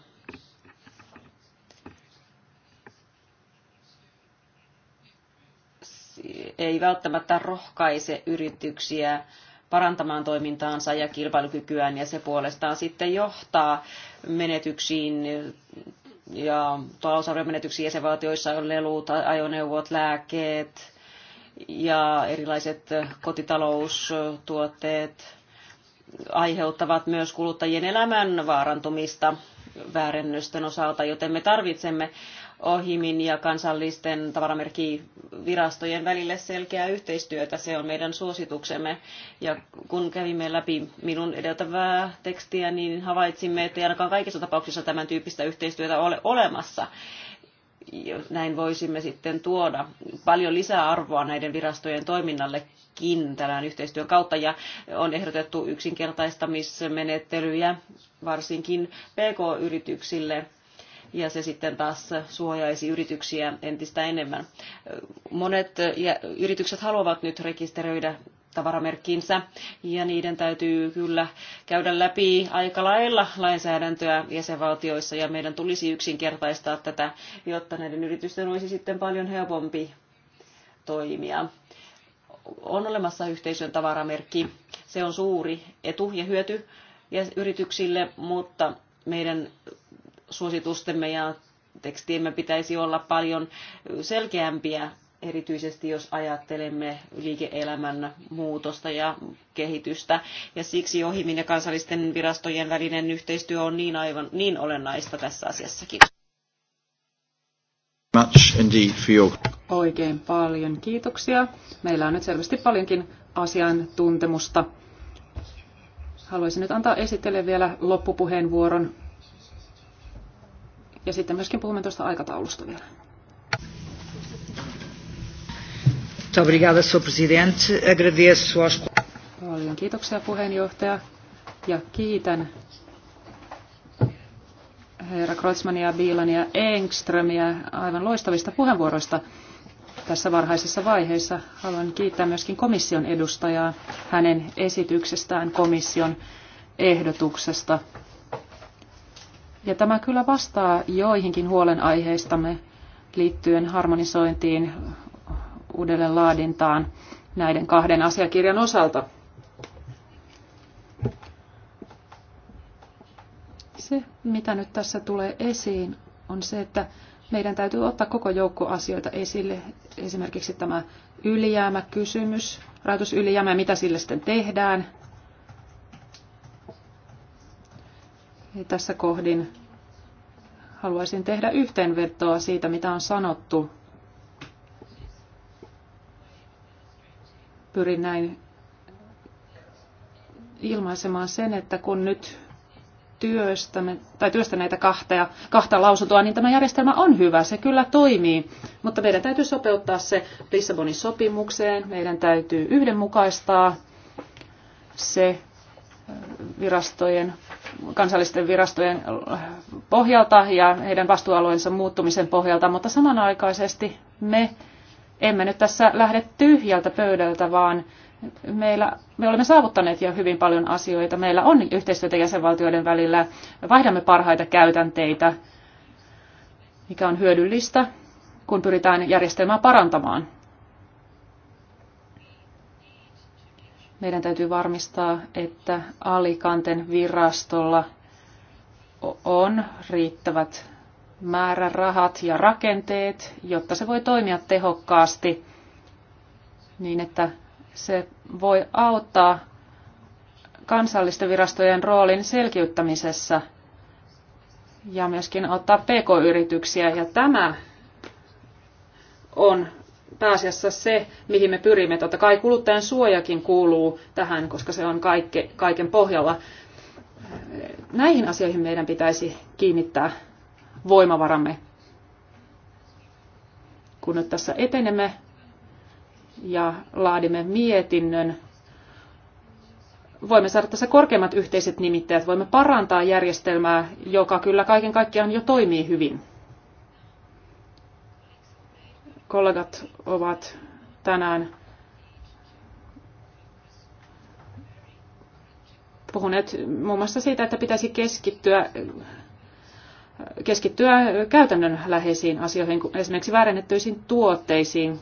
Ei välttämättä rohkaise yrityksiä parantamaan toimintaansa ja kilpailukykyään ja se puolestaan sitten johtaa menetyksiin ja talousarvion menetyksiin jäsenvaltioissa on lelut, ajoneuvot, lääkkeet ja erilaiset kotitaloustuotteet aiheuttavat myös kuluttajien elämän vaarantumista väärennösten osalta, joten me tarvitsemme Ohimin ja kansallisten tavaramerkkivirastojen välille selkeää yhteistyötä. Se on meidän suosituksemme. Ja kun kävimme läpi minun edeltävää tekstiä, niin havaitsimme, että ainakaan kaikissa tapauksissa tämän tyyppistä yhteistyötä ole olemassa näin voisimme sitten tuoda paljon lisäarvoa näiden virastojen toiminnallekin tämän yhteistyön kautta ja on ehdotettu yksinkertaistamismenettelyjä varsinkin PK-yrityksille ja se sitten taas suojaisi yrityksiä entistä enemmän. Monet yritykset haluavat nyt rekisteröidä tavaramerkkinsä ja niiden täytyy kyllä käydä läpi aika lailla lainsäädäntöä jäsenvaltioissa ja meidän tulisi yksinkertaistaa tätä, jotta näiden yritysten olisi sitten paljon helpompi toimia. On olemassa yhteisön tavaramerkki. Se on suuri etu ja hyöty yrityksille, mutta meidän suositustemme ja tekstiemme pitäisi olla paljon selkeämpiä, erityisesti jos ajattelemme liike-elämän muutosta ja kehitystä. Ja siksi Ohimin ja kansallisten virastojen välinen yhteistyö on niin, aivan, niin olennaista tässä asiassa. Oikein paljon kiitoksia. Meillä on nyt selvästi paljonkin asiantuntemusta. Haluaisin nyt antaa esittele vielä loppupuheenvuoron ja sitten myöskin puhumme tuosta aikataulusta vielä. Paljon kiitoksia puheenjohtaja ja kiitän herra Kreutzmania, Biilania, Engströmiä aivan loistavista puheenvuoroista tässä varhaisessa vaiheessa. Haluan kiittää myöskin komission edustajaa hänen esityksestään, komission ehdotuksesta ja tämä kyllä vastaa joihinkin huolenaiheistamme liittyen harmonisointiin, uudelleen laadintaan näiden kahden asiakirjan osalta. Se, mitä nyt tässä tulee esiin, on se, että meidän täytyy ottaa koko joukko asioita esille. Esimerkiksi tämä ylijäämäkysymys, rahoitusylijäämä, mitä sille sitten tehdään, tässä kohdin haluaisin tehdä yhteenvetoa siitä, mitä on sanottu. Pyrin näin ilmaisemaan sen, että kun nyt työstämme, tai työstä näitä kahta, kahta lausuntoa, niin tämä järjestelmä on hyvä, se kyllä toimii, mutta meidän täytyy sopeuttaa se Lissabonin sopimukseen, meidän täytyy yhdenmukaistaa se virastojen, kansallisten virastojen pohjalta ja heidän vastuualueensa muuttumisen pohjalta, mutta samanaikaisesti me emme nyt tässä lähde tyhjältä pöydältä, vaan meillä, me olemme saavuttaneet jo hyvin paljon asioita. Meillä on yhteistyötä jäsenvaltioiden välillä, vaihdamme parhaita käytänteitä, mikä on hyödyllistä, kun pyritään järjestelmää parantamaan. meidän täytyy varmistaa, että Alikanten virastolla on riittävät määrärahat ja rakenteet, jotta se voi toimia tehokkaasti niin, että se voi auttaa kansallisten virastojen roolin selkiyttämisessä ja myöskin auttaa pk-yrityksiä. Ja tämä on pääasiassa se, mihin me pyrimme. Totta kai kuluttajan suojakin kuuluu tähän, koska se on kaikke, kaiken pohjalla. Näihin asioihin meidän pitäisi kiinnittää voimavaramme, kun nyt tässä etenemme ja laadimme mietinnön. Voimme saada tässä korkeimmat yhteiset nimittäjät, voimme parantaa järjestelmää, joka kyllä kaiken kaikkiaan jo toimii hyvin kollegat ovat tänään puhuneet muun muassa siitä, että pitäisi keskittyä, keskittyä läheisiin asioihin, esimerkiksi väärennettyisiin tuotteisiin.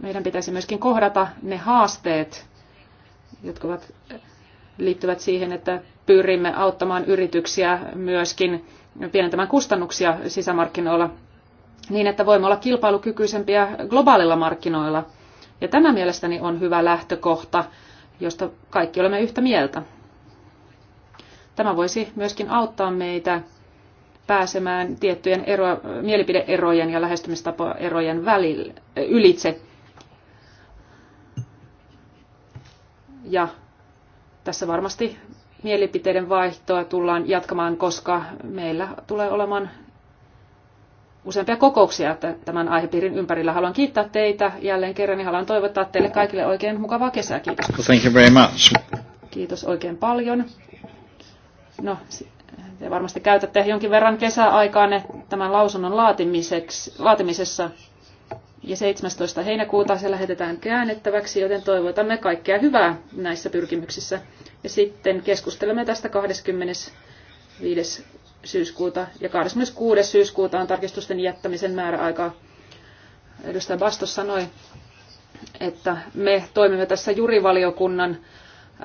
Meidän pitäisi myöskin kohdata ne haasteet, jotka ovat, liittyvät siihen, että pyrimme auttamaan yrityksiä myöskin pienentämään kustannuksia sisämarkkinoilla – niin, että voimme olla kilpailukykyisempiä globaalilla markkinoilla. Ja tämä mielestäni on hyvä lähtökohta, josta kaikki olemme yhtä mieltä. Tämä voisi myöskin auttaa meitä pääsemään tiettyjen ero, mielipideerojen ja lähestymistapaerojen välille, ylitse. Ja tässä varmasti mielipiteiden vaihtoa tullaan jatkamaan, koska meillä tulee olemaan useampia kokouksia tämän aihepiirin ympärillä. Haluan kiittää teitä jälleen kerran ja haluan toivottaa teille kaikille oikein mukavaa kesää. Kiitos. Well, thank you very much. Kiitos oikein paljon. No, te varmasti käytätte jonkin verran kesäaikaanne tämän lausunnon laatimiseksi, laatimisessa. Ja 17. heinäkuuta se lähetetään käännettäväksi, joten toivotamme kaikkea hyvää näissä pyrkimyksissä. Ja sitten keskustelemme tästä 25 syyskuuta ja 26. syyskuuta on tarkistusten jättämisen määräaika. Edustaja Bastos sanoi, että me toimimme tässä jurivaliokunnan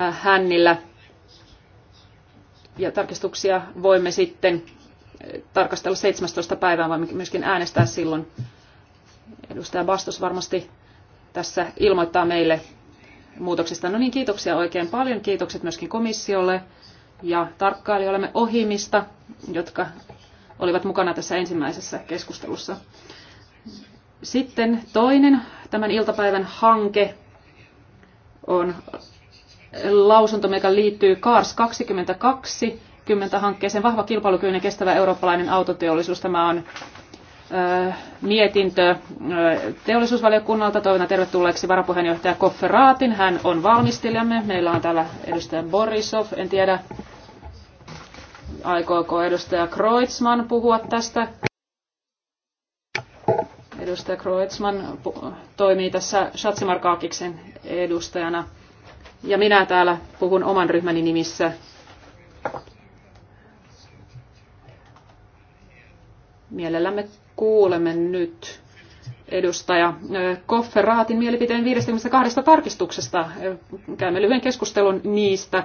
äh, hännillä ja tarkistuksia voimme sitten äh, tarkastella 17. päivää, vaan myöskin äänestää silloin. Edustaja Bastos varmasti tässä ilmoittaa meille muutoksista. No niin, kiitoksia oikein paljon. Kiitokset myöskin komissiolle ja tarkkailijoillemme ohimista, jotka olivat mukana tässä ensimmäisessä keskustelussa. Sitten toinen tämän iltapäivän hanke on lausunto, joka liittyy Kars 2020 hankkeeseen, vahva kilpailukykyinen kestävä eurooppalainen autoteollisuus. Tämä on mietintö teollisuusvaliokunnalta. Toivona tervetulleeksi varapuheenjohtaja Kofferaatin. Hän on valmistelijamme. Meillä on täällä edustaja Borisov. En tiedä, aikooko edustaja Kreutzmann puhua tästä. Edustaja Kreutzmann toimii tässä Schatzimarkaakiksen edustajana. Ja minä täällä puhun oman ryhmäni nimissä. Mielellämme kuulemme nyt edustaja Kofferaatin mielipiteen 52 tarkistuksesta. Käymme lyhyen keskustelun niistä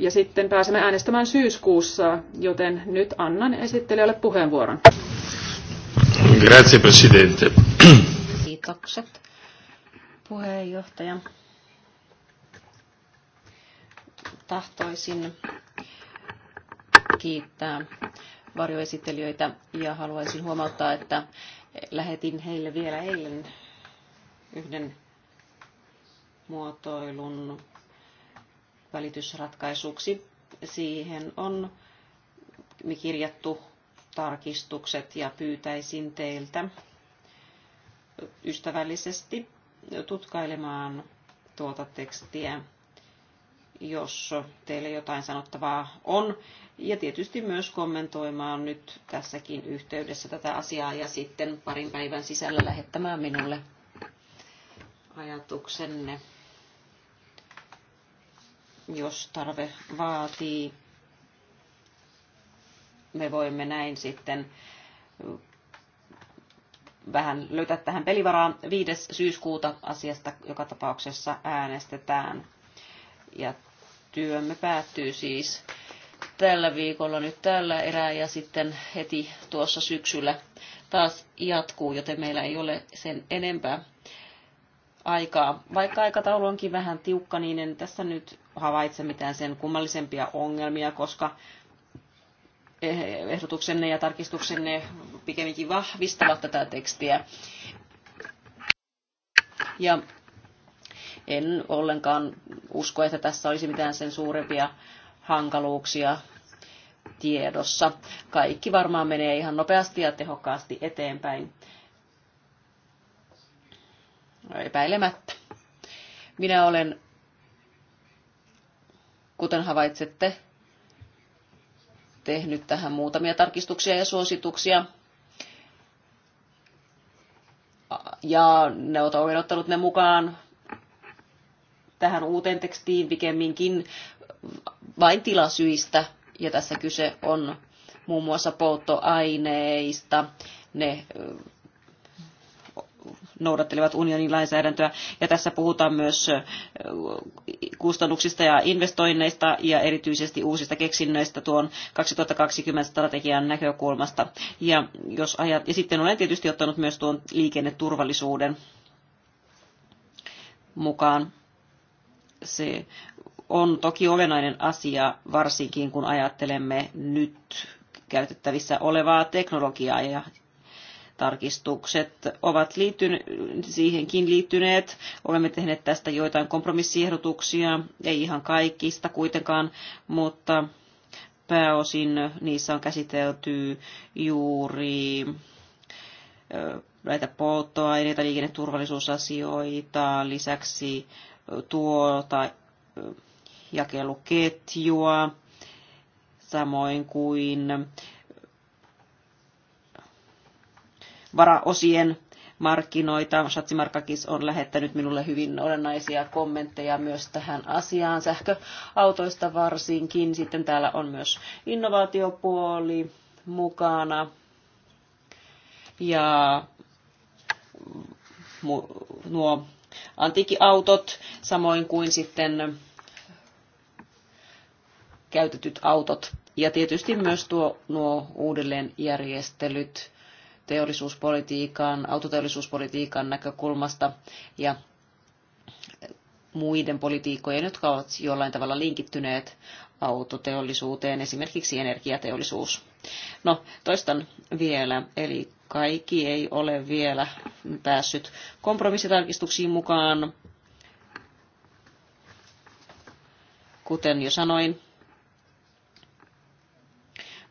ja sitten pääsemme äänestämään syyskuussa, joten nyt annan esittelijälle puheenvuoron. Grazie Presidente. Kiitokset puheenjohtaja. Tahtoisin kiittää varjoesittelijöitä ja haluaisin huomauttaa, että lähetin heille vielä eilen yhden muotoilun välitysratkaisuksi. Siihen on kirjattu tarkistukset ja pyytäisin teiltä ystävällisesti tutkailemaan tuota tekstiä jos teille jotain sanottavaa on. Ja tietysti myös kommentoimaan nyt tässäkin yhteydessä tätä asiaa ja sitten parin päivän sisällä lähettämään minulle ajatuksenne, jos tarve vaatii. Me voimme näin sitten vähän löytää tähän pelivaraan. 5. syyskuuta asiasta joka tapauksessa äänestetään ja työmme päättyy siis tällä viikolla nyt tällä erää ja sitten heti tuossa syksyllä taas jatkuu, joten meillä ei ole sen enempää aikaa. Vaikka aikataulu onkin vähän tiukka, niin en tässä nyt havaitse mitään sen kummallisempia ongelmia, koska ehdotuksenne ja tarkistuksenne pikemminkin vahvistavat tätä tekstiä. Ja en ollenkaan usko, että tässä olisi mitään sen suurempia hankaluuksia tiedossa. Kaikki varmaan menee ihan nopeasti ja tehokkaasti eteenpäin. Epäilemättä. Minä olen, kuten havaitsette, tehnyt tähän muutamia tarkistuksia ja suosituksia. Ja ne olen ottanut ne mukaan tähän uuteen tekstiin pikemminkin vain tilasyistä. Ja tässä kyse on muun muassa polttoaineista. Ne noudattelevat unionin lainsäädäntöä. Ja tässä puhutaan myös kustannuksista ja investoinneista ja erityisesti uusista keksinnöistä tuon 2020 strategian näkökulmasta. Ja, jos ajat, ja sitten olen tietysti ottanut myös tuon liikenneturvallisuuden mukaan se on toki olennainen asia, varsinkin kun ajattelemme nyt käytettävissä olevaa teknologiaa ja tarkistukset ovat liittyn, siihenkin liittyneet. Olemme tehneet tästä joitain kompromissiehdotuksia, ei ihan kaikista kuitenkaan, mutta pääosin niissä on käsitelty juuri näitä polttoaineita, liikenneturvallisuusasioita, lisäksi tuota jakeluketjua, samoin kuin varaosien markkinoita. Shatsi Markakis on lähettänyt minulle hyvin olennaisia kommentteja myös tähän asiaan sähköautoista varsinkin. Sitten täällä on myös innovaatiopuoli mukana ja nuo antiikkiautot, samoin kuin sitten käytetyt autot. Ja tietysti myös tuo, nuo uudelleenjärjestelyt teollisuuspolitiikan, autoteollisuuspolitiikan näkökulmasta ja muiden politiikkojen, jotka ovat jollain tavalla linkittyneet autoteollisuuteen, esimerkiksi energiateollisuus. No, toistan vielä, eli kaikki ei ole vielä päässyt kompromissitarkistuksiin mukaan. Kuten jo sanoin,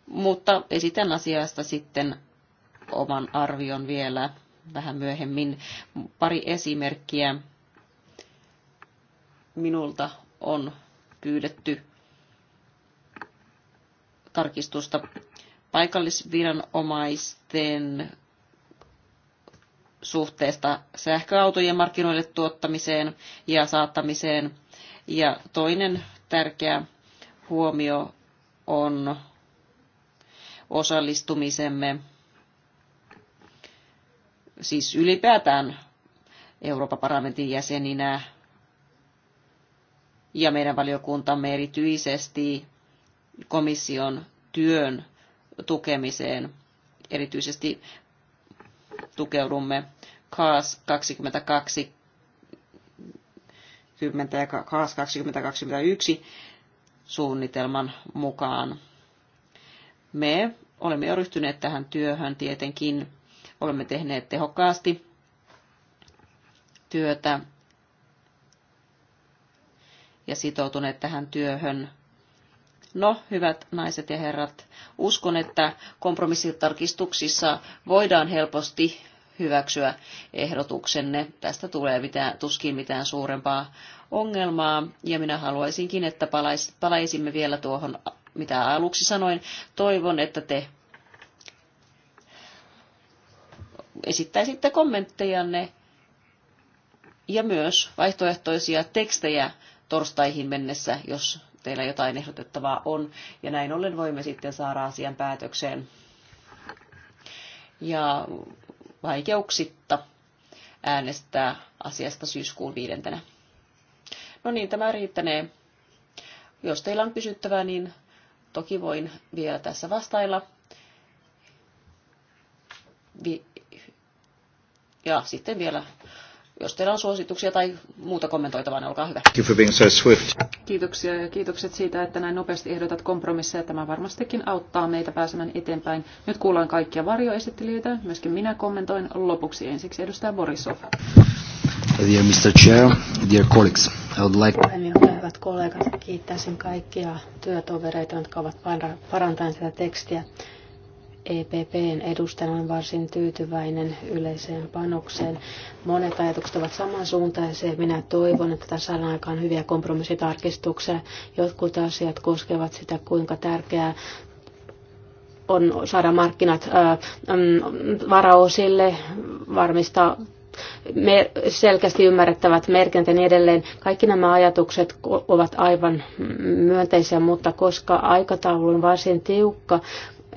mutta esitän asiasta sitten oman arvion vielä vähän myöhemmin. Pari esimerkkiä minulta on pyydetty tarkistusta paikallisviranomaisten suhteesta sähköautojen markkinoille tuottamiseen ja saattamiseen. Ja toinen tärkeä huomio on osallistumisemme, siis ylipäätään Euroopan parlamentin jäseninä ja meidän valiokuntamme erityisesti komission työn tukemiseen. Erityisesti tukeudumme CAS 22 ja CAS 2021 suunnitelman mukaan. Me olemme jo ryhtyneet tähän työhön tietenkin. Olemme tehneet tehokkaasti työtä ja sitoutuneet tähän työhön No, hyvät naiset ja herrat, uskon, että kompromissitarkistuksissa voidaan helposti hyväksyä ehdotuksenne. Tästä tulee mitään, tuskin mitään suurempaa ongelmaa, ja minä haluaisinkin, että palais, palaisimme vielä tuohon, mitä aluksi sanoin. Toivon, että te esittäisitte kommenttejanne ja myös vaihtoehtoisia tekstejä torstaihin mennessä, jos teillä jotain ehdotettavaa on, ja näin ollen voimme sitten saada asian päätökseen. Ja vaikeuksitta äänestää asiasta syyskuun viidentenä. No niin, tämä riittänee. Jos teillä on kysyttävää, niin toki voin vielä tässä vastailla. ja sitten vielä jos teillä on suosituksia tai muuta kommentoitavaa, niin olkaa hyvä. Kiitoksia ja kiitokset siitä, että näin nopeasti ehdotat kompromisseja. Tämä varmastikin auttaa meitä pääsemään eteenpäin. Nyt kuullaan kaikkia varjoesittelijöitä. Myöskin minä kommentoin lopuksi ensiksi edustaja Borisov. Dear Mr. Chair, dear colleagues, I would like... Hyvät kollegat, kiittäisin kaikkia työtovereita, jotka ovat parantaneet tätä tekstiä. EPPn edustajana on varsin tyytyväinen yleiseen panokseen. Monet ajatukset ovat samansuuntaisia. Minä toivon, että tässä saadaan aikaan hyviä kompromissitarkistuksia. Jotkut asiat koskevat sitä, kuinka tärkeää on saada markkinat ää, mm, varaosille, varmistaa mer- selkeästi ymmärrettävät merkit ja niin edelleen. Kaikki nämä ajatukset ovat aivan myönteisiä, mutta koska aikataulu on varsin tiukka,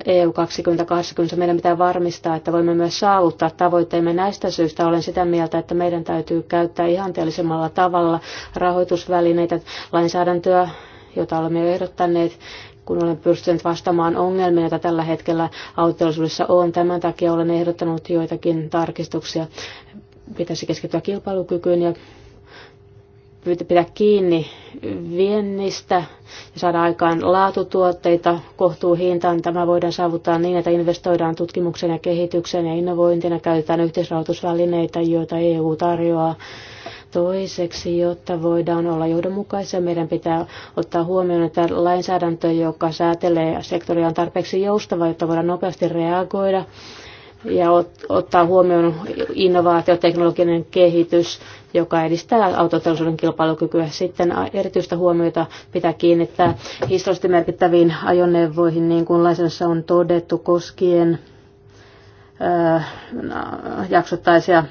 EU 2020 meidän pitää varmistaa, että voimme myös saavuttaa tavoitteemme. Näistä syistä olen sitä mieltä, että meidän täytyy käyttää ihanteellisemmalla tavalla rahoitusvälineitä, lainsäädäntöä, jota olemme jo ehdottaneet, kun olen pystynyt vastaamaan ongelmiin, joita tällä hetkellä autoteollisuudessa on. Tämän takia olen ehdottanut joitakin tarkistuksia. Pitäisi keskittyä kilpailukykyyn ja pitää kiinni viennistä ja saada aikaan laatutuotteita kohtuuhintaan. Tämä voidaan saavuttaa niin, että investoidaan tutkimukseen ja kehitykseen ja innovointiin ja käytetään yhteisrahoitusvälineitä, joita EU tarjoaa. Toiseksi, jotta voidaan olla johdonmukaisia, meidän pitää ottaa huomioon, että lainsäädäntö, joka säätelee sektoria, on tarpeeksi joustava, jotta voidaan nopeasti reagoida ja ot- ottaa huomioon innovaatioteknologinen kehitys, joka edistää autoteollisuuden kilpailukykyä. Sitten erityistä huomiota pitää kiinnittää historiallisesti merkittäviin ajoneuvoihin, niin kuin lainsäädännössä on todettu koskien öö, jaksottaisia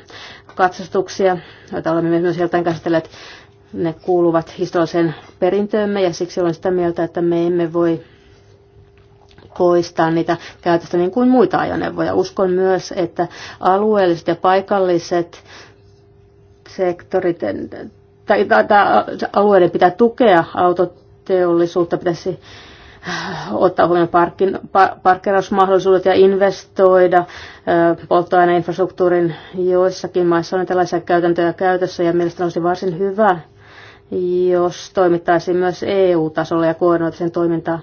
katsastuksia, joita olemme myös joltain käsitelleet. Ne kuuluvat historialliseen perintöömme ja siksi olen sitä mieltä, että me emme voi poistaa niitä käytöstä niin kuin muita ajoneuvoja. Uskon myös, että alueelliset ja paikalliset sektorit tai, tai, tai alueiden pitää tukea autoteollisuutta, pitäisi äh, ottaa huomioon parkkin, parkkeerausmahdollisuudet ja investoida äh, polttoaineinfrastruktuurin. Joissakin maissa on tällaisia käytäntöjä käytössä ja mielestäni olisi varsin hyvä, jos toimittaisiin myös EU-tasolla ja koordinoitaisiin toimintaa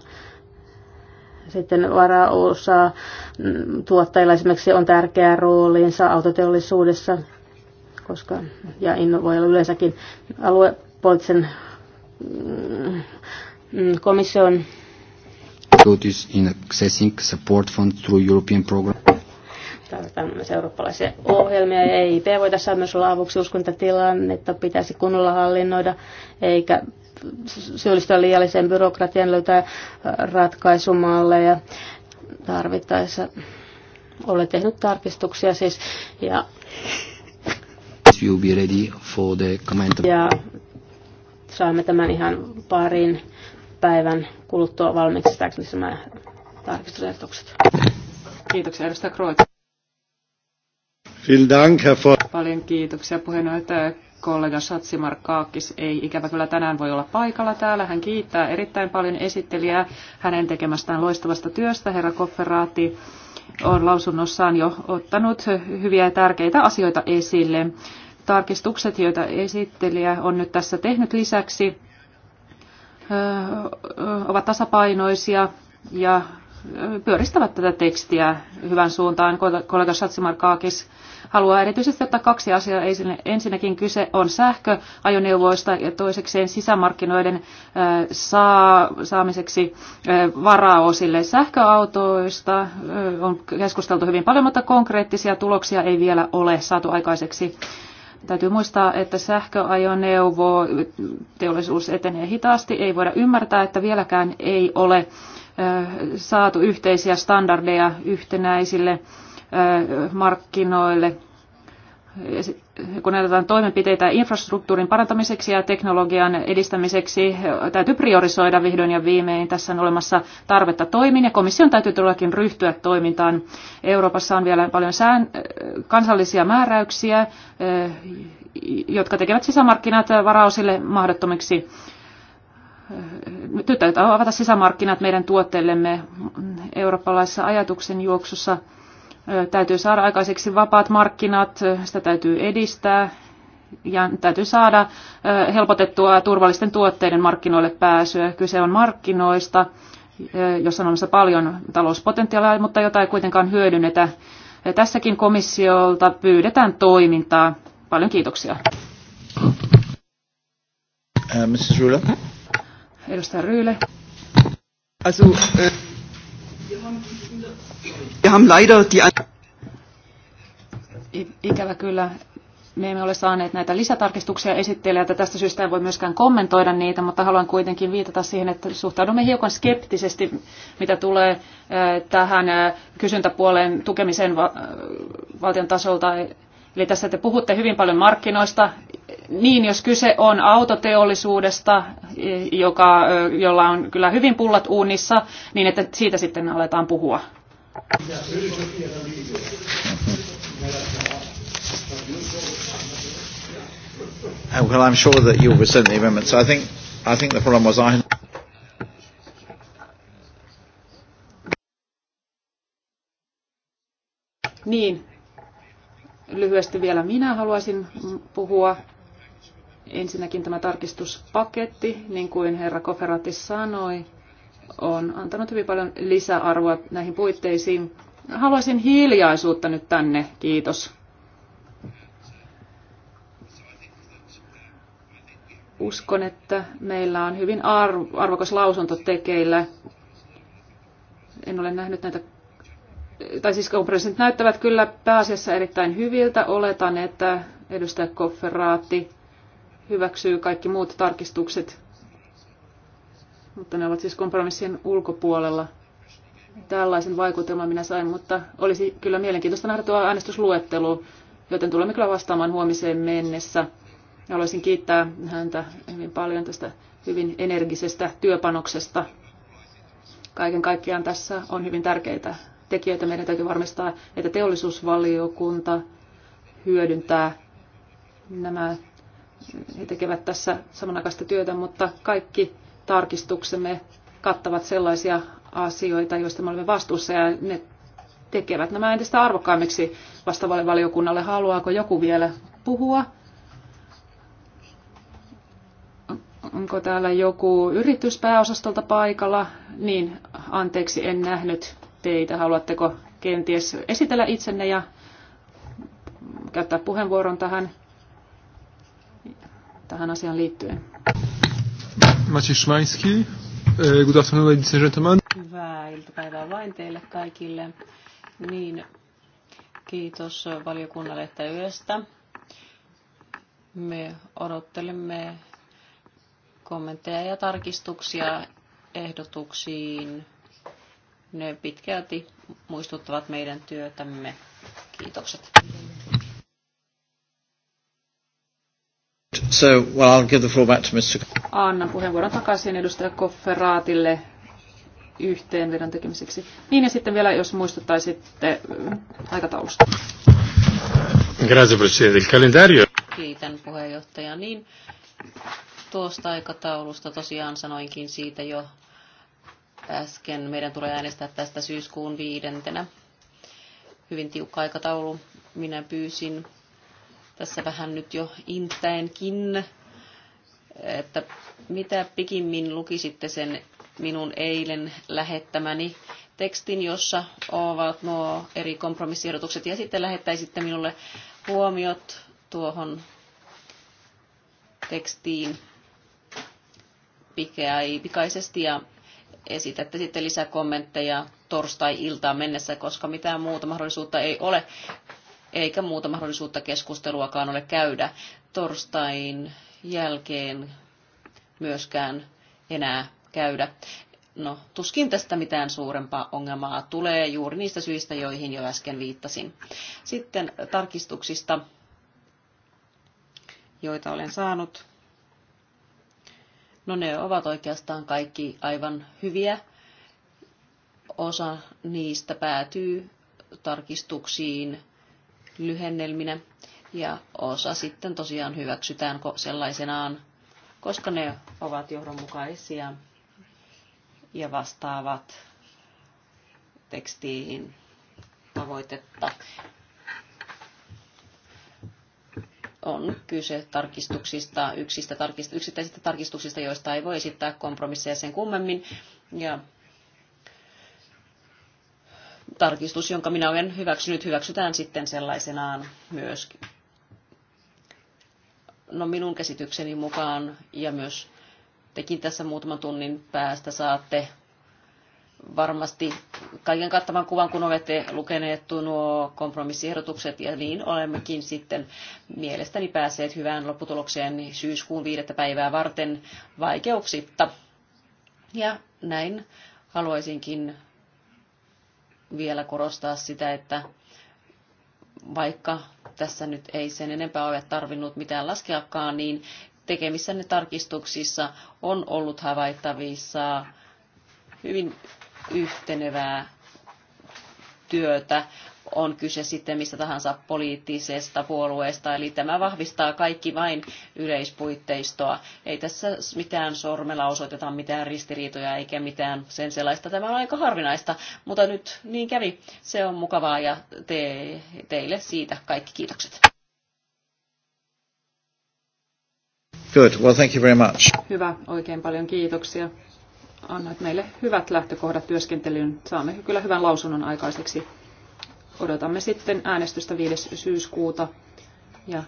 sitten varaosa mm, tuottajilla esimerkiksi on tärkeä roolinsa autoteollisuudessa koska, ja olla yleensäkin aluepoliittisen mm, mm, komission difficulties in accessing support funds through European program. Tarvitaan myös eurooppalaisia ohjelmia ja EIP voi tässä myös olla avuksi uskontatilannetta, että pitäisi kunnolla hallinnoida eikä syyllistyä liialliseen byrokratian, löytää ratkaisumalleja tarvittaessa. Olen tehnyt tarkistuksia siis ja Ja saamme tämän ihan parin päivän kuluttua valmiiksi täksnissä nämä tarkistusehdotukset. Kiitoksia edustaja Kroit. Paljon kiitoksia puheenjohtaja kollega Satsimar Kaakis ei ikävä kyllä tänään voi olla paikalla täällä. Hän kiittää erittäin paljon esittelijää hänen tekemästään loistavasta työstä. Herra Kofferaati on lausunnossaan jo ottanut hyviä ja tärkeitä asioita esille. Tarkistukset, joita esittelijä on nyt tässä tehnyt lisäksi, ovat tasapainoisia ja pyöristävät tätä tekstiä hyvän suuntaan. Kollega Satsimar Kaakis haluaa erityisesti ottaa kaksi asiaa esille. Ensinnäkin kyse on sähköajoneuvoista ja toisekseen sisämarkkinoiden saa, saamiseksi varaosille. Sähköautoista on keskusteltu hyvin paljon, mutta konkreettisia tuloksia ei vielä ole saatu aikaiseksi. Täytyy muistaa, että sähköajoneuvo, teollisuus etenee hitaasti, ei voida ymmärtää, että vieläkään ei ole saatu yhteisiä standardeja yhtenäisille markkinoille, kun näytetään toimenpiteitä infrastruktuurin parantamiseksi ja teknologian edistämiseksi, täytyy priorisoida vihdoin ja viimein. Tässä on olemassa tarvetta toimiin ja komission täytyy todellakin ryhtyä toimintaan. Euroopassa on vielä paljon sään, kansallisia määräyksiä, jotka tekevät sisämarkkinat varausille mahdottomiksi täytyy avata sisämarkkinat meidän tuotteillemme eurooppalaisessa ajatuksen juoksussa Täytyy saada aikaiseksi vapaat markkinat, sitä täytyy edistää ja täytyy saada helpotettua turvallisten tuotteiden markkinoille pääsyä. Kyse on markkinoista, jossa on olemassa paljon talouspotentiaalia, mutta jota ei kuitenkaan hyödynnetä. Tässäkin komissiolta pyydetään toimintaa. Paljon kiitoksia. Äh, Mrs. Rühle. Edustaja Ryyle. Also, äh, Wir haben leider die Ikävä kyllä me emme ole saaneet näitä lisätarkistuksia esittelijältä. Tästä syystä en voi myöskään kommentoida niitä, mutta haluan kuitenkin viitata siihen, että suhtaudumme hiukan skeptisesti, mitä tulee tähän kysyntäpuolen tukemiseen valtion tasolta. Eli tässä te puhutte hyvin paljon markkinoista. Niin, jos kyse on autoteollisuudesta, joka, jolla on kyllä hyvin pullat uunissa, niin että siitä sitten aletaan puhua. Uh, well, I'm sure that the amendment. So I think, I think the problem was I... Niin, Lyhyesti vielä minä haluaisin puhua. Ensinnäkin tämä tarkistuspaketti, niin kuin herra Koferati sanoi, on antanut hyvin paljon lisäarvoa näihin puitteisiin. Haluaisin hiljaisuutta nyt tänne, kiitos. Uskon, että meillä on hyvin arvokas lausunto tekeillä. En ole nähnyt näitä tai siis kompromissit näyttävät kyllä pääasiassa erittäin hyviltä. Oletan, että edustaja Kofferaatti hyväksyy kaikki muut tarkistukset, mutta ne ovat siis kompromissien ulkopuolella. Tällaisen vaikutelman minä sain, mutta olisi kyllä mielenkiintoista nähdä tuo äänestysluettelu, joten tulemme kyllä vastaamaan huomiseen mennessä. Haluaisin kiittää häntä hyvin paljon tästä hyvin energisestä työpanoksesta. Kaiken kaikkiaan tässä on hyvin tärkeitä tekijöitä. Meidän täytyy varmistaa, että teollisuusvaliokunta hyödyntää nämä, he tekevät tässä samanaikaista työtä, mutta kaikki tarkistuksemme kattavat sellaisia asioita, joista me olemme vastuussa ja ne tekevät nämä entistä arvokkaammiksi vastaavalle valiokunnalle. Haluaako joku vielä puhua? Onko täällä joku yrityspääosastolta paikalla? Niin, anteeksi, en nähnyt teitä. Haluatteko kenties esitellä itsenne ja käyttää puheenvuoron tähän, tähän asiaan liittyen? Maciej Szmański. E, good afternoon, ladies and gentlemen. Hyvää iltapäivää vain teille kaikille. Niin, kiitos valiokunnalle yöstä. Me odottelemme kommentteja ja tarkistuksia ehdotuksiin ne pitkälti muistuttavat meidän työtämme. Kiitokset. So, well, I'll give the floor back to Mr. Annan puheenvuoron takaisin edustaja Kofferaatille yhteenvedon tekemiseksi. Niin ja sitten vielä, jos muistuttaisitte äh, aikataulusta. Grazie, Presidente. Il calendario. Kiitän puheenjohtaja. Niin, tuosta aikataulusta tosiaan sanoinkin siitä jo äsken. Meidän tulee äänestää tästä syyskuun viidentenä. Hyvin tiukka aikataulu. Minä pyysin tässä vähän nyt jo intäenkin, että mitä pikimmin lukisitte sen minun eilen lähettämäni tekstin, jossa ovat nuo eri kompromissiehdotukset, ja sitten lähettäisitte minulle huomiot tuohon tekstiin pikaisesti ja esitätte sitten lisää kommentteja torstai-iltaan mennessä, koska mitään muuta mahdollisuutta ei ole, eikä muuta mahdollisuutta keskusteluakaan ole käydä torstain jälkeen myöskään enää käydä. No, tuskin tästä mitään suurempaa ongelmaa tulee juuri niistä syistä, joihin jo äsken viittasin. Sitten tarkistuksista, joita olen saanut. No ne ovat oikeastaan kaikki aivan hyviä. Osa niistä päätyy tarkistuksiin lyhennelminä ja osa sitten tosiaan hyväksytään sellaisenaan, koska ne ovat johdonmukaisia ja vastaavat tekstiin tavoitetta on kyse tarkistuksista, yksistä tarkist, yksittäisistä tarkistuksista, joista ei voi esittää kompromisseja sen kummemmin. Ja tarkistus, jonka minä olen hyväksynyt, hyväksytään sitten sellaisenaan myöskin. No minun käsitykseni mukaan ja myös tekin tässä muutaman tunnin päästä saatte varmasti kaiken kattavan kuvan, kun olette lukeneet nuo kompromissiehdotukset, ja niin olemmekin sitten mielestäni päässeet hyvään lopputulokseen syyskuun viidettä päivää varten vaikeuksitta. Ja näin haluaisinkin vielä korostaa sitä, että vaikka tässä nyt ei sen enempää ole tarvinnut mitään laskeakaan, niin tekemissänne tarkistuksissa on ollut havaittavissa hyvin yhtenevää työtä, on kyse sitten mistä tahansa poliittisesta puolueesta, eli tämä vahvistaa kaikki vain yleispuitteistoa. Ei tässä mitään sormella osoiteta mitään ristiriitoja eikä mitään sen sellaista. Tämä on aika harvinaista, mutta nyt niin kävi. Se on mukavaa ja te, teille siitä kaikki kiitokset. Good. Well, thank you very much. Hyvä, oikein paljon kiitoksia annat meille hyvät lähtökohdat työskentelyyn. Saamme kyllä hyvän lausunnon aikaiseksi. Odotamme sitten äänestystä 5. syyskuuta ja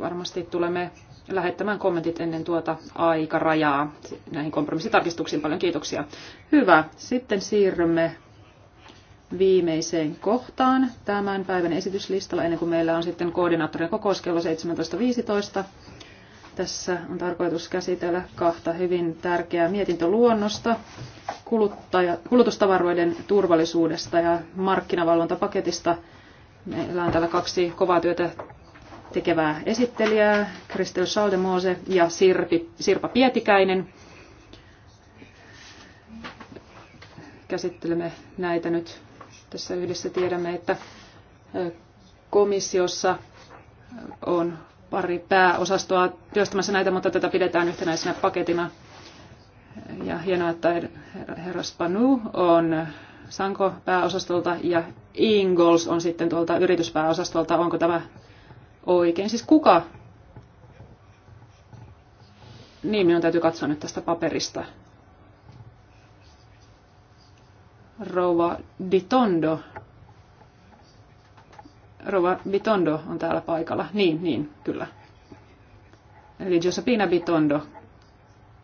varmasti tulemme lähettämään kommentit ennen tuota aikarajaa näihin kompromissitarkistuksiin. Paljon kiitoksia. Hyvä. Sitten siirrymme viimeiseen kohtaan tämän päivän esityslistalla ennen kuin meillä on sitten koordinaattorin kokous kello 17.15. Tässä on tarkoitus käsitellä kahta hyvin tärkeää mietintöluonnosta kulutustavaroiden turvallisuudesta ja markkinavalvontapaketista. Meillä on täällä kaksi kovaa työtä tekevää esittelijää, Kristel Schaldemose ja Sirpi, Sirpa Pietikäinen. Käsittelemme näitä nyt tässä yhdessä. Tiedämme, että komissiossa on pari pääosastoa työstämässä näitä, mutta tätä pidetään yhtenäisenä paketina. Ja hienoa, että herra Spanu on Sanko pääosastolta ja Ingols on sitten tuolta yrityspääosastolta. Onko tämä oikein? Siis kuka? Niin, minun täytyy katsoa nyt tästä paperista. Rouva Ditondo Rova Bitondo on täällä paikalla. Niin, niin, kyllä. Eli Josepina Bitondo.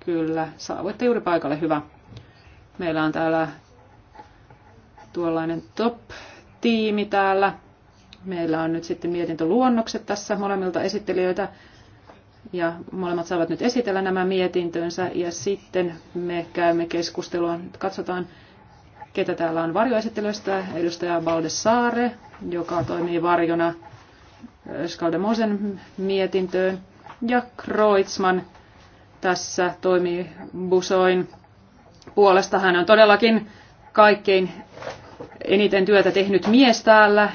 Kyllä, saavuitte juuri paikalle. Hyvä. Meillä on täällä tuollainen top-tiimi täällä. Meillä on nyt sitten mietintöluonnokset tässä molemmilta esittelijöitä. Ja molemmat saavat nyt esitellä nämä mietintönsä ja sitten me käymme keskustelua. Katsotaan, ketä täällä on varjoesittelystä. Edustaja Valde joka toimii varjona Skaldemosen mietintöön. Ja Kreutzmann tässä toimii Busoin puolesta. Hän on todellakin kaikkein eniten työtä tehnyt mies täällä.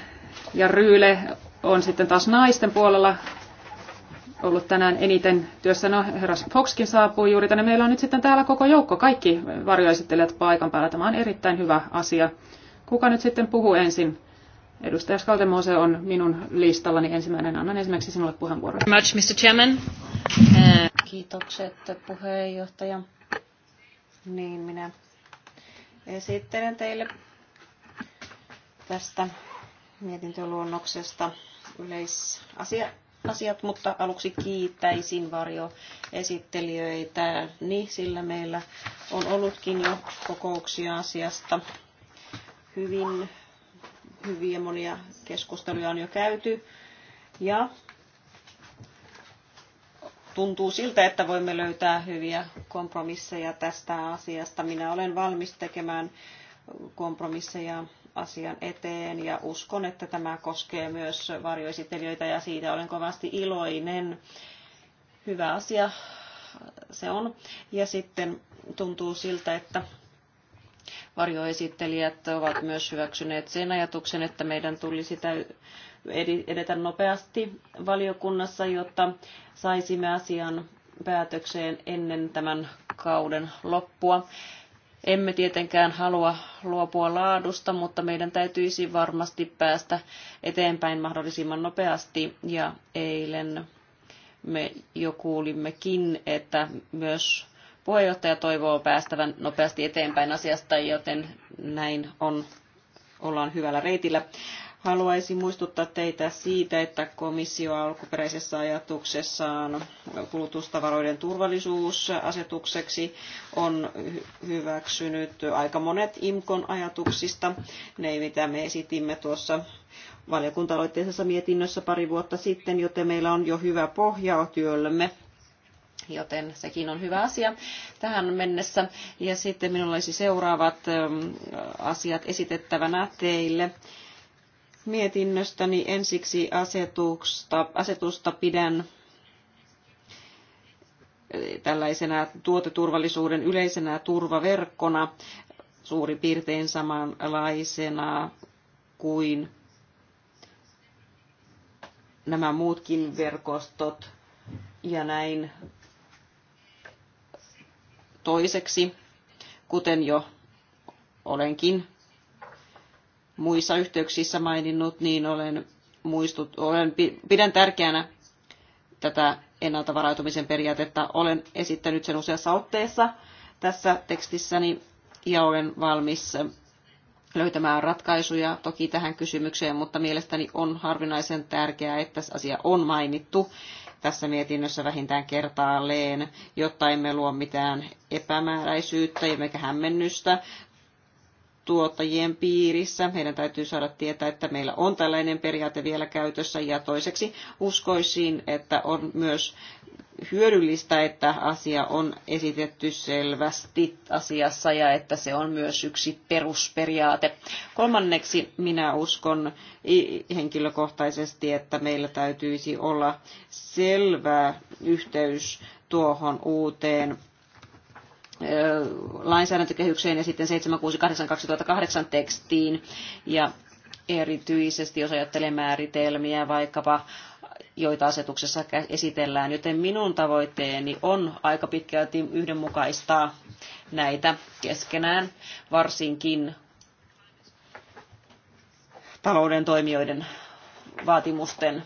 Ja Ryyle on sitten taas naisten puolella ollut tänään eniten työssä. No, herras Foxkin saapuu juuri tänne. Meillä on nyt sitten täällä koko joukko, kaikki varjoesittelijät paikan päällä. Tämä on erittäin hyvä asia. Kuka nyt sitten puhuu ensin? Edustaja Skaltemose on minun listallani ensimmäinen. Annan esimerkiksi sinulle puheenvuoron. Much, Mr. Chairman. Uh, Kiitokset puheenjohtaja. Niin minä esittelen teille tästä mietintöluonnoksesta yleisasiat, asiat, mutta aluksi kiittäisin varjoesittelijöitä, niin sillä meillä on ollutkin jo kokouksia asiasta hyvin hyviä monia keskusteluja on jo käyty. Ja tuntuu siltä, että voimme löytää hyviä kompromisseja tästä asiasta. Minä olen valmis tekemään kompromisseja asian eteen ja uskon, että tämä koskee myös varjoesittelijöitä ja siitä olen kovasti iloinen. Hyvä asia se on. Ja sitten tuntuu siltä, että varjoesittelijät ovat myös hyväksyneet sen ajatuksen, että meidän tulisi edetä nopeasti valiokunnassa, jotta saisimme asian päätökseen ennen tämän kauden loppua. Emme tietenkään halua luopua laadusta, mutta meidän täytyisi varmasti päästä eteenpäin mahdollisimman nopeasti. Ja eilen me jo kuulimmekin, että myös Puheenjohtaja toivoo päästävän nopeasti eteenpäin asiasta, joten näin on, ollaan hyvällä reitillä. Haluaisin muistuttaa teitä siitä, että komissio alkuperäisessä ajatuksessaan kulutustavaroiden turvallisuusasetukseksi on hyväksynyt aika monet IMKON ajatuksista, ne mitä me esitimme tuossa valiokunta-aloitteisessa mietinnössä pari vuotta sitten, joten meillä on jo hyvä pohja työllemme joten sekin on hyvä asia tähän mennessä. Ja sitten minulla olisi seuraavat ähm, asiat esitettävänä teille mietinnöstäni ensiksi asetusta, asetusta pidän äh, tällaisena tuoteturvallisuuden yleisenä turvaverkkona suurin piirtein samanlaisena kuin nämä muutkin verkostot ja näin Toiseksi, kuten jo olenkin muissa yhteyksissä maininnut, niin olen, muistut, olen pidän tärkeänä tätä ennalta varautumisen periaatetta. Olen esittänyt sen useassa otteessa tässä tekstissäni ja olen valmis löytämään ratkaisuja toki tähän kysymykseen, mutta mielestäni on harvinaisen tärkeää, että asia on mainittu tässä mietinnössä vähintään kertaalleen, jotta emme luo mitään epämääräisyyttä ja hämmennystä tuottajien piirissä. Heidän täytyy saada tietää, että meillä on tällainen periaate vielä käytössä ja toiseksi uskoisin, että on myös hyödyllistä, että asia on esitetty selvästi asiassa ja että se on myös yksi perusperiaate. Kolmanneksi minä uskon henkilökohtaisesti, että meillä täytyisi olla selvä yhteys tuohon uuteen lainsäädäntökehykseen ja sitten 768-2008 tekstiin. Ja erityisesti, jos ajattelee määritelmiä vaikkapa joita asetuksessa esitellään, joten minun tavoitteeni on aika pitkälti yhdenmukaistaa näitä keskenään, varsinkin talouden toimijoiden vaatimusten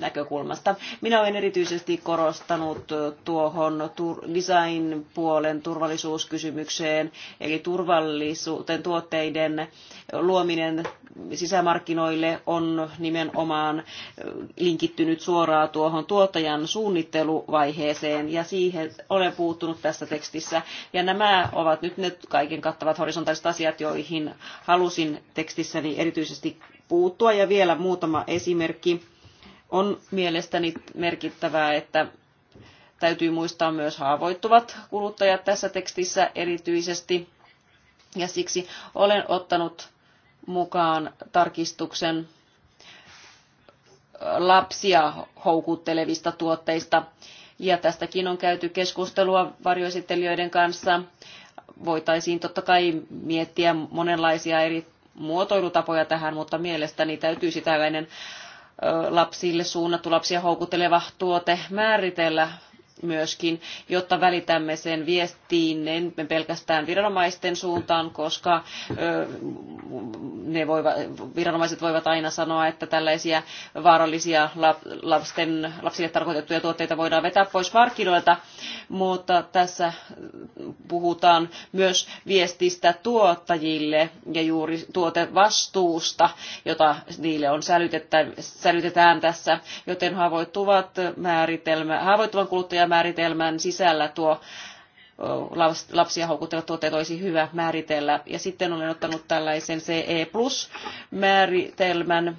näkökulmasta. Minä olen erityisesti korostanut tuohon design-puolen turvallisuuskysymykseen, eli turvallisuuden tuotteiden luominen sisämarkkinoille on nimenomaan linkittynyt suoraan tuohon tuottajan suunnitteluvaiheeseen, ja siihen olen puuttunut tässä tekstissä. Ja nämä ovat nyt ne kaiken kattavat horisontaaliset asiat, joihin halusin tekstissäni erityisesti puuttua. Ja vielä muutama esimerkki on mielestäni merkittävää, että täytyy muistaa myös haavoittuvat kuluttajat tässä tekstissä erityisesti. Ja siksi olen ottanut mukaan tarkistuksen lapsia houkuttelevista tuotteista. Ja tästäkin on käyty keskustelua varjoesittelijöiden kanssa. Voitaisiin totta kai miettiä monenlaisia eri muotoilutapoja tähän, mutta mielestäni täytyisi tällainen lapsille suunnattu lapsia houkutteleva tuote määritellä myöskin, jotta välitämme sen viestiin emme pelkästään viranomaisten suuntaan, koska ne voivat, viranomaiset voivat aina sanoa, että tällaisia vaarallisia lapsen, lapsille tarkoitettuja tuotteita voidaan vetää pois markkinoilta, mutta tässä puhutaan myös viestistä tuottajille ja juuri tuotevastuusta, jota niille on sälytetään tässä, joten haavoittuvat määritelmä, haavoittuvan kuluttajan määritelmän sisällä tuo lapsia houkuttelevat tuotteet olisi hyvä määritellä. Ja sitten olen ottanut tällaisen CE plus määritelmän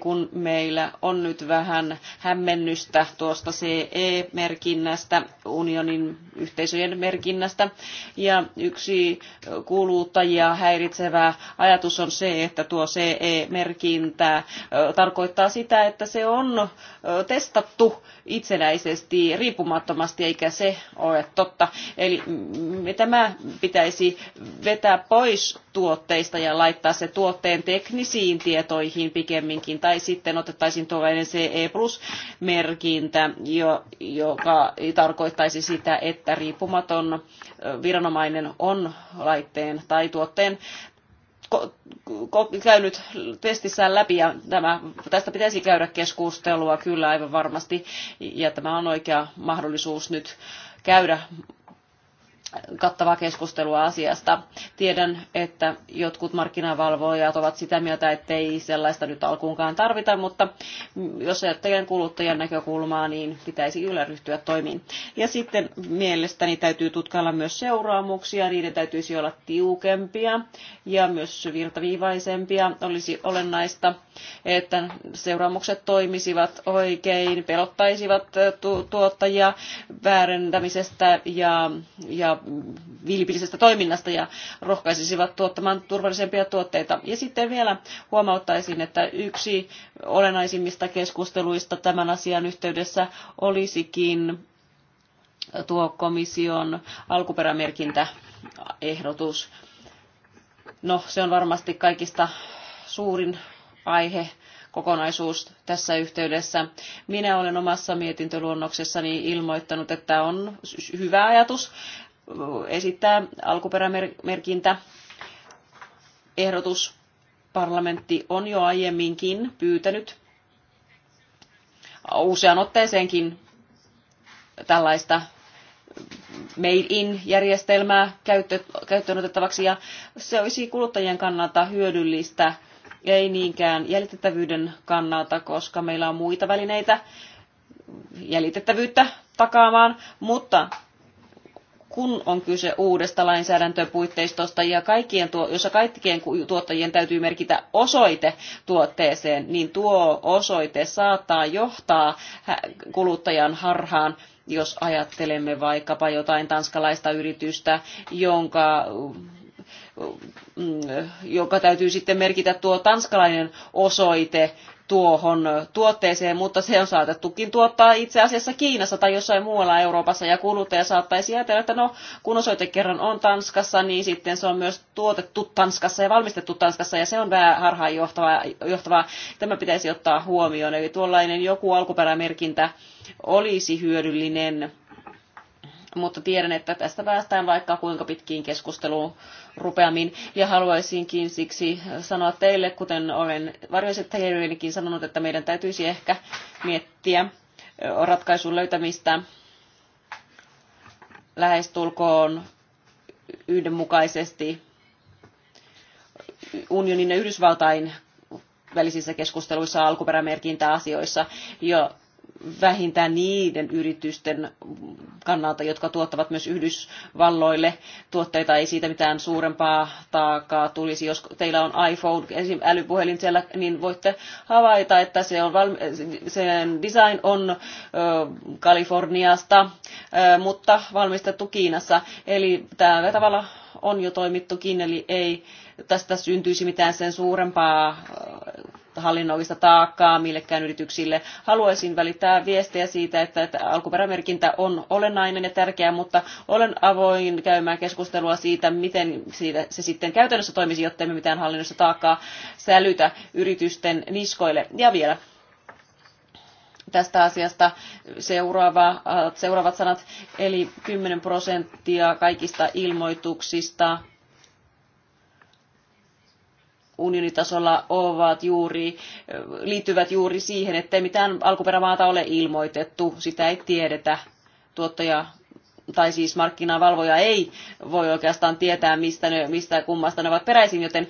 kun meillä on nyt vähän hämmennystä tuosta CE-merkinnästä, unionin yhteisöjen merkinnästä. Ja yksi kuluttajia häiritsevä ajatus on se, että tuo CE-merkintä tarkoittaa sitä, että se on testattu itsenäisesti, riippumattomasti, eikä se ole totta. Eli tämä pitäisi vetää pois tuotteista ja laittaa se tuotteen teknisiin tietoihin pikemminkin. Tai sitten otettaisiin tuollainen CE Plus-merkintä, joka tarkoittaisi sitä, että riippumaton viranomainen on laitteen tai tuotteen käynyt testissään läpi ja tämä, tästä pitäisi käydä keskustelua kyllä aivan varmasti ja tämä on oikea mahdollisuus nyt käydä kattavaa keskustelua asiasta. Tiedän, että jotkut markkinavalvojat ovat sitä mieltä, ettei sellaista nyt alkuunkaan tarvita, mutta jos ajattelen kuluttajan näkökulmaa, niin pitäisi kyllä ryhtyä toimiin. Ja sitten mielestäni täytyy tutkailla myös seuraamuksia, niiden täytyisi olla tiukempia ja myös virtaviivaisempia. Olisi olennaista, että seuraamukset toimisivat oikein, pelottaisivat tuottajia väärentämisestä ja, ja vilpillisestä toiminnasta ja rohkaisisivat tuottamaan turvallisempia tuotteita. Ja sitten vielä huomauttaisin, että yksi olennaisimmista keskusteluista tämän asian yhteydessä olisikin tuo komission alkuperämerkintäehdotus. No, se on varmasti kaikista suurin aihe kokonaisuus tässä yhteydessä. Minä olen omassa mietintöluonnoksessani ilmoittanut, että on hyvä ajatus esittää alkuperämerkintä. Ehdotus parlamentti on jo aiemminkin pyytänyt usean otteeseenkin tällaista made in järjestelmää käyttöön otettavaksi ja se olisi kuluttajien kannalta hyödyllistä ei niinkään jäljitettävyyden kannalta, koska meillä on muita välineitä jäljitettävyyttä takaamaan, mutta kun on kyse uudesta lainsäädäntöpuitteistosta ja kaikkien jossa kaikkien tuottajien täytyy merkitä osoite tuotteeseen, niin tuo osoite saattaa johtaa kuluttajan harhaan jos ajattelemme vaikkapa jotain tanskalaista yritystä, jonka mm, jonka täytyy sitten merkitä tuo tanskalainen osoite tuohon tuotteeseen, mutta se on saatettukin tuottaa itse asiassa Kiinassa tai jossain muualla Euroopassa, ja kuluttaja saattaisi ajatella, että no, kun osoite kerran on Tanskassa, niin sitten se on myös tuotettu Tanskassa ja valmistettu Tanskassa, ja se on vähän harhaanjohtavaa. Johtavaa. Tämä pitäisi ottaa huomioon, eli tuollainen joku alkuperämerkintä olisi hyödyllinen mutta tiedän, että tästä päästään vaikka kuinka pitkiin keskusteluun rupeammin. Ja haluaisinkin siksi äh, sanoa teille, kuten olen varjoisettajienkin sanonut, että meidän täytyisi ehkä miettiä äh, ratkaisun löytämistä lähestulkoon yhdenmukaisesti unionin ja Yhdysvaltain välisissä keskusteluissa alkuperämerkintäasioissa, jo, vähintään niiden yritysten kannalta, jotka tuottavat myös Yhdysvalloille tuotteita. Ei siitä mitään suurempaa taakkaa tulisi. Jos teillä on iPhone, esim. älypuhelin siellä, niin voitte havaita, että se on valmi- sen design on ö, Kaliforniasta, ö, mutta valmistettu Kiinassa. Eli tällä tavalla on jo toimittukin, eli ei tästä syntyisi mitään sen suurempaa hallinnollista taakkaa millekään yrityksille. Haluaisin välittää viestejä siitä, että, että alkuperämerkintä on olennainen ja tärkeä, mutta olen avoin käymään keskustelua siitä, miten siitä se sitten käytännössä toimisi, jotta emme mitään hallinnollista taakkaa sälytä yritysten niskoille. Ja vielä tästä asiasta seuraava, äh, seuraavat sanat, eli 10 prosenttia kaikista ilmoituksista unionitasolla ovat juuri, liittyvät juuri siihen, ettei mitään alkuperämaata ole ilmoitettu, sitä ei tiedetä. Tuottaja tai siis markkinavalvoja ei voi oikeastaan tietää, mistä, ne, mistä kummasta ne ovat peräisin, joten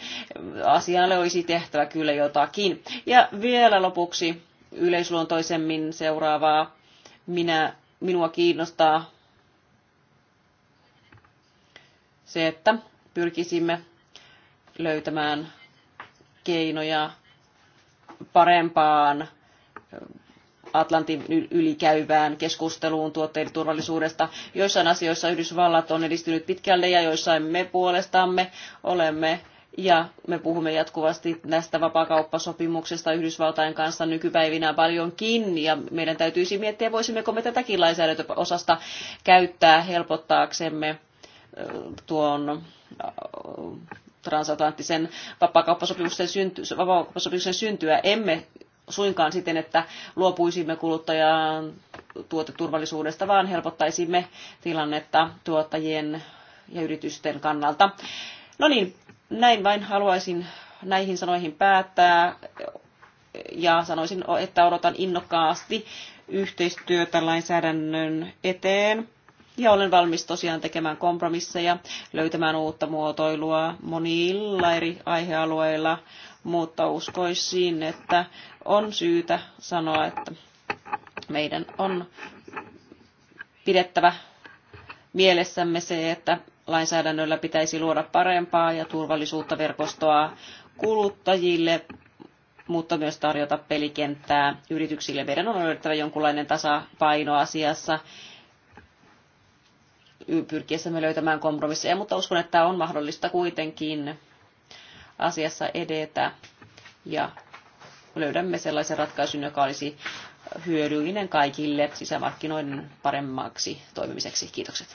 asialle olisi tehtävä kyllä jotakin. Ja vielä lopuksi yleisluontoisemmin seuraavaa. Minä, minua kiinnostaa se, että pyrkisimme löytämään keinoja parempaan Atlantin ylikäyvään keskusteluun tuotteiden turvallisuudesta. Joissain asioissa Yhdysvallat on edistynyt pitkälle ja joissain me puolestamme olemme ja me puhumme jatkuvasti näistä vapakauppasopimuksesta Yhdysvaltain kanssa nykypäivinä paljonkin, ja meidän täytyisi miettiä, voisimmeko me tätäkin lainsäädäntöosasta käyttää helpottaaksemme tuon transatlanttisen vapaakauppasopimuksen, synty, vapaakauppasopimuksen syntyä emme suinkaan siten, että luopuisimme kuluttajan tuoteturvallisuudesta, vaan helpottaisimme tilannetta tuottajien ja yritysten kannalta. No niin, näin vain haluaisin näihin sanoihin päättää ja sanoisin, että odotan innokkaasti yhteistyötä lainsäädännön eteen ja olen valmis tosiaan tekemään kompromisseja, löytämään uutta muotoilua monilla eri aihealueilla, mutta uskoisin, että on syytä sanoa, että meidän on pidettävä mielessämme se, että lainsäädännöllä pitäisi luoda parempaa ja turvallisuutta verkostoa kuluttajille, mutta myös tarjota pelikenttää yrityksille. Meidän on löydettävä jonkunlainen tasapaino asiassa pyrkiessämme löytämään kompromisseja, mutta uskon, että on mahdollista kuitenkin asiassa edetä ja löydämme sellaisen ratkaisun, joka olisi hyödyllinen kaikille sisämarkkinoiden paremmaksi toimimiseksi. Kiitokset.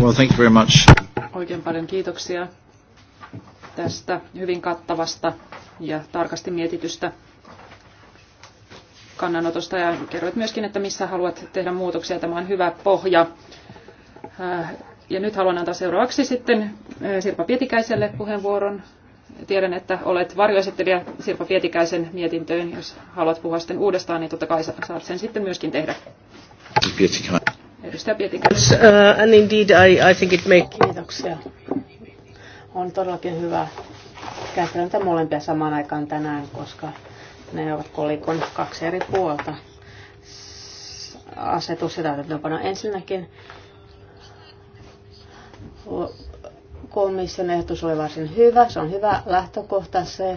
Well, thank you very much. Oikein paljon kiitoksia tästä hyvin kattavasta ja tarkasti mietitystä kannanotosta ja kerroit myöskin, että missä haluat tehdä muutoksia. Tämä on hyvä pohja Äh, ja nyt haluan antaa seuraavaksi sitten äh, Sirpa Pietikäiselle puheenvuoron. Tiedän, että olet varjoesittelijä Sirpa Pietikäisen mietintöön. Jos haluat puhua sitten uudestaan, niin totta kai saat sen sitten myöskin tehdä. Edustaja Pietikäinen. Uh, and indeed I, I think it Kiitoksia. On todellakin hyvä käsitellä niitä molempia samaan aikaan tänään, koska ne ovat kolikon kaksi eri puolta. Asetus ja täytäntöönpano ensinnäkin komission ehdotus oli varsin hyvä. Se on hyvä lähtökohta. Se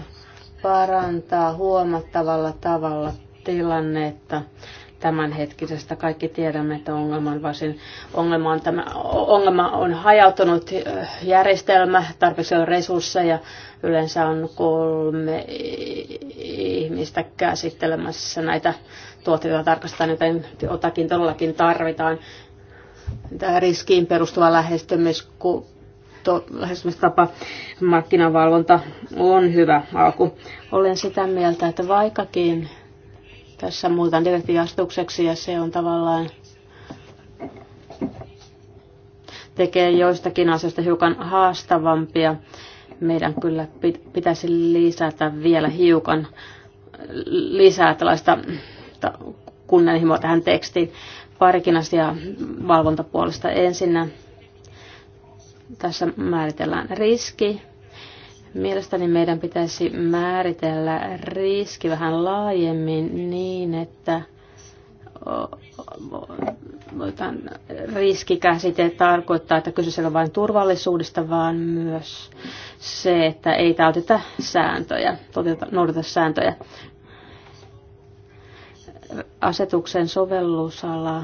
parantaa huomattavalla tavalla tilannetta tämänhetkisestä. Kaikki tiedämme, että ongelma on varsin, ongelma on, tämä, ongelma on hajautunut järjestelmä, tarpeeksi on resursseja, yleensä on kolme ihmistä käsittelemässä näitä tuotteita tarkastetaan, joten jotakin todellakin tarvitaan tähän riskiin perustuva lähestymistapa, markkinavalvonta on hyvä alku. Olen sitä mieltä, että vaikkakin tässä muutan direktiastukseksi ja se on tavallaan tekee joistakin asioista hiukan haastavampia. Meidän kyllä pitäisi lisätä vielä hiukan lisää tällaista kunnianhimoa tähän tekstiin parikin asiaa valvontapuolesta. Ensinnä tässä määritellään riski. Mielestäni meidän pitäisi määritellä riski vähän laajemmin niin, että riskikäsite tarkoittaa, että kyse ei ole vain turvallisuudesta, vaan myös se, että ei täytetä sääntöjä, noudata sääntöjä asetuksen sovellusala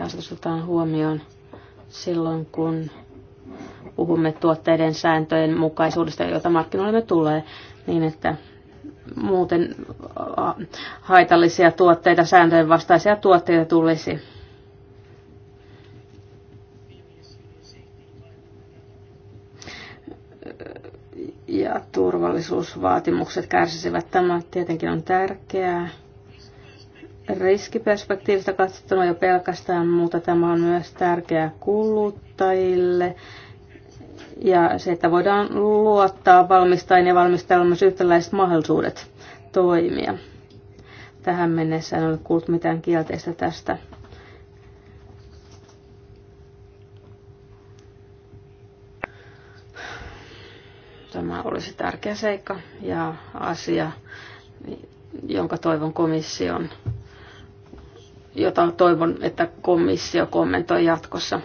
asetus otetaan huomioon silloin, kun puhumme tuotteiden sääntöjen mukaisuudesta, joita markkinoillemme tulee, niin että muuten haitallisia tuotteita, sääntöjen vastaisia tuotteita tulisi ja turvallisuusvaatimukset kärsisivät. Tämä tietenkin on tärkeää riskiperspektiivistä katsottuna jo pelkästään, mutta tämä on myös tärkeää kuluttajille. Ja se, että voidaan luottaa valmistajien ja valmistajilla myös yhtäläiset mahdollisuudet toimia. Tähän mennessä en ole kuullut mitään kielteistä tästä Tämä olisi tärkeä seikka ja asia, jonka toivon komission, jota toivon, että komissio kommentoi jatkossa.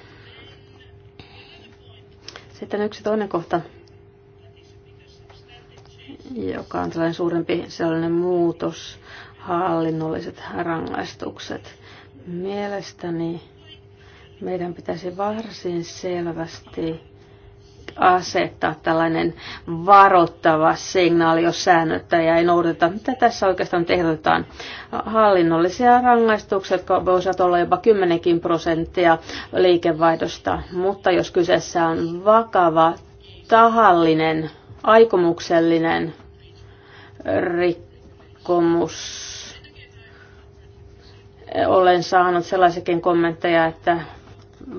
Sitten yksi toinen kohta, joka on tällainen suurempi sellainen muutos, hallinnolliset rangaistukset. Mielestäni meidän pitäisi varsin selvästi asettaa tällainen varoittava signaali, jos säännöttäjä ei noudata. Mitä tässä oikeastaan tehdään? Hallinnollisia rangaistuksia, jotka voisivat olla jopa 10 prosenttia liikevaihdosta, mutta jos kyseessä on vakava, tahallinen, aikomuksellinen rikkomus, olen saanut sellaisiakin kommentteja, että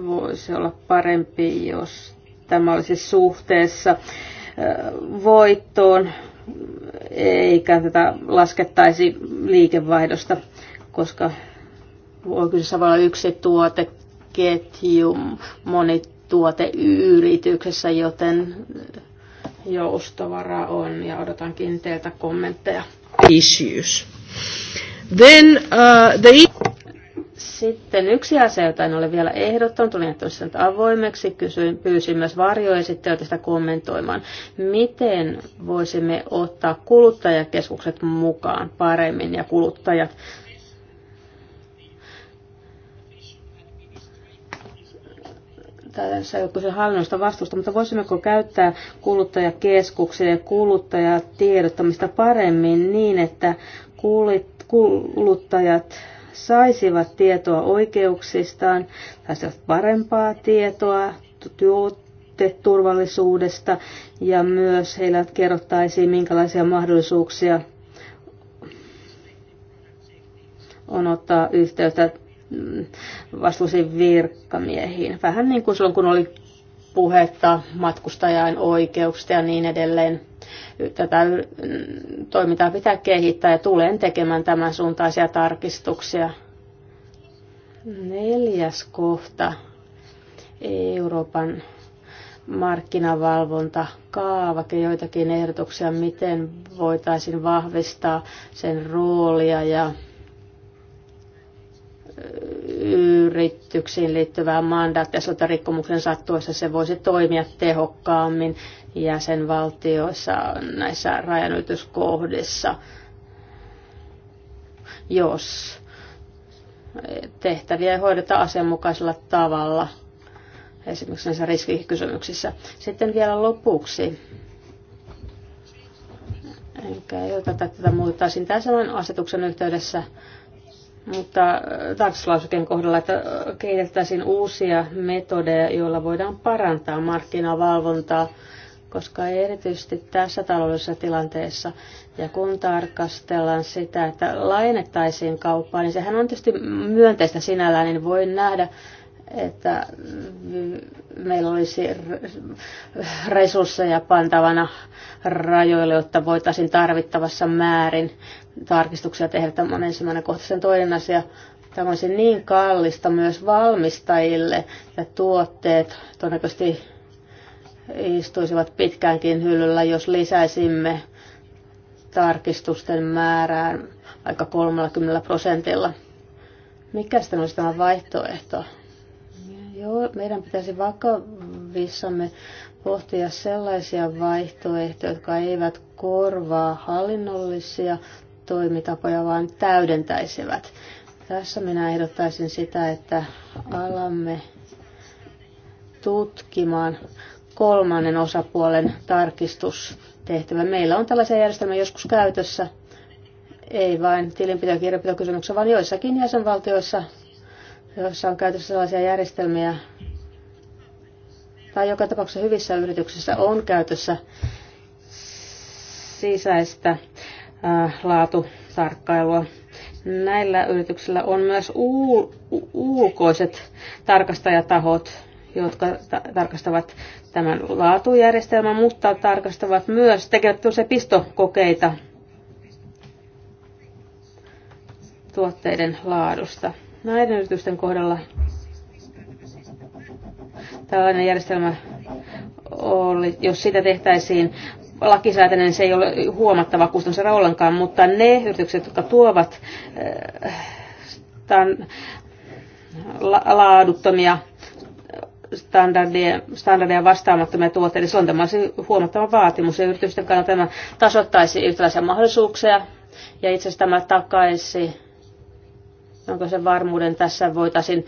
voisi olla parempi, jos Tämä olisi suhteessa voittoon, eikä tätä laskettaisi liikevaihdosta, koska on kyseessä vain yksi tuoteketju monituoteyrityksessä, joten joustovara on ja odotankin teiltä kommentteja. Issues. Then, uh, the... Sitten yksi asia, jota en ole vielä ehdottanut, olin jättänyt sen avoimeksi, kysyin, pyysin myös varjoesittelijöitä sitä kommentoimaan. Miten voisimme ottaa kuluttajakeskukset mukaan paremmin ja kuluttajat tässä joku se kyse hallinnosta vastuusta, mutta voisimmeko käyttää kuluttajakeskuksia ja kuluttajatiedottamista paremmin niin, että kuluttajat saisivat tietoa oikeuksistaan, saisivat parempaa tietoa turvallisuudesta ja myös heillä kerrottaisiin, minkälaisia mahdollisuuksia on ottaa yhteyttä mm, vastuullisiin virkkamiehiin. Vähän niin kuin silloin, kun oli puhetta matkustajan oikeuksista ja niin edelleen. Tätä mm, toimintaa pitää kehittää ja tulen tekemään tämän suuntaisia tarkistuksia. Neljäs kohta. Euroopan markkinavalvonta, kaavake, joitakin ehdotuksia, miten voitaisiin vahvistaa sen roolia ja yrityksiin liittyvää mandaattia, sotarikkomuksen rikkomuksen sattuessa se voisi toimia tehokkaammin jäsenvaltioissa näissä rajanylityskohdissa, jos tehtäviä ei hoideta asianmukaisella tavalla esimerkiksi näissä riskikysymyksissä. Sitten vielä lopuksi enkä jota tätä muuttaisin tämän asetuksen yhteydessä mutta äh, tarkastuslausukkeen kohdalla, että äh, kehitettäisiin uusia metodeja, joilla voidaan parantaa markkinavalvontaa, koska erityisesti tässä taloudellisessa tilanteessa, ja kun tarkastellaan sitä, että lainettaisiin kauppaa, niin sehän on tietysti myönteistä sinällään, niin voi nähdä, että meillä olisi resursseja pantavana rajoille, jotta voitaisiin tarvittavassa määrin tarkistuksia tehdä. Tämä on ensimmäinen kohta. Sen toinen asia, tämä olisi niin kallista myös valmistajille ja tuotteet todennäköisesti istuisivat pitkäänkin hyllyllä, jos lisäisimme tarkistusten määrään vaikka 30 prosentilla. Mikä sitten olisi tämä vaihtoehto? Joo, meidän pitäisi vakavissamme pohtia sellaisia vaihtoehtoja, jotka eivät korvaa hallinnollisia toimitapoja, vaan täydentäisivät. Tässä minä ehdottaisin sitä, että alamme tutkimaan kolmannen osapuolen tarkistustehtävä. Meillä on tällaisia järjestelmiä joskus käytössä, ei vain tilinpito- ja kirjanpitokysymyksessä, vaan joissakin jäsenvaltioissa joissa on käytössä sellaisia järjestelmiä, tai joka tapauksessa hyvissä yrityksissä on käytössä sisäistä laatutarkkailua. Näillä yrityksillä on myös uul- ulkoiset tarkastajatahot, jotka ta- tarkastavat tämän laatujärjestelmän, mutta tarkastavat myös, tekevät pistokokeita tuotteiden laadusta. Näiden yritysten kohdalla tällainen järjestelmä oli, jos sitä tehtäisiin lakisääteinen, se ei ole huomattava kustannusera ollenkaan, mutta ne yritykset, jotka tuovat äh, tämän laaduttomia standardeja, vastaamattomia tuotteita, niin se on tämä huomattava vaatimus. Ja yritysten kannalta tämä tasoittaisi yhtäläisiä mahdollisuuksia ja itse asiassa tämä takaisi Onko se varmuuden tässä voitaisiin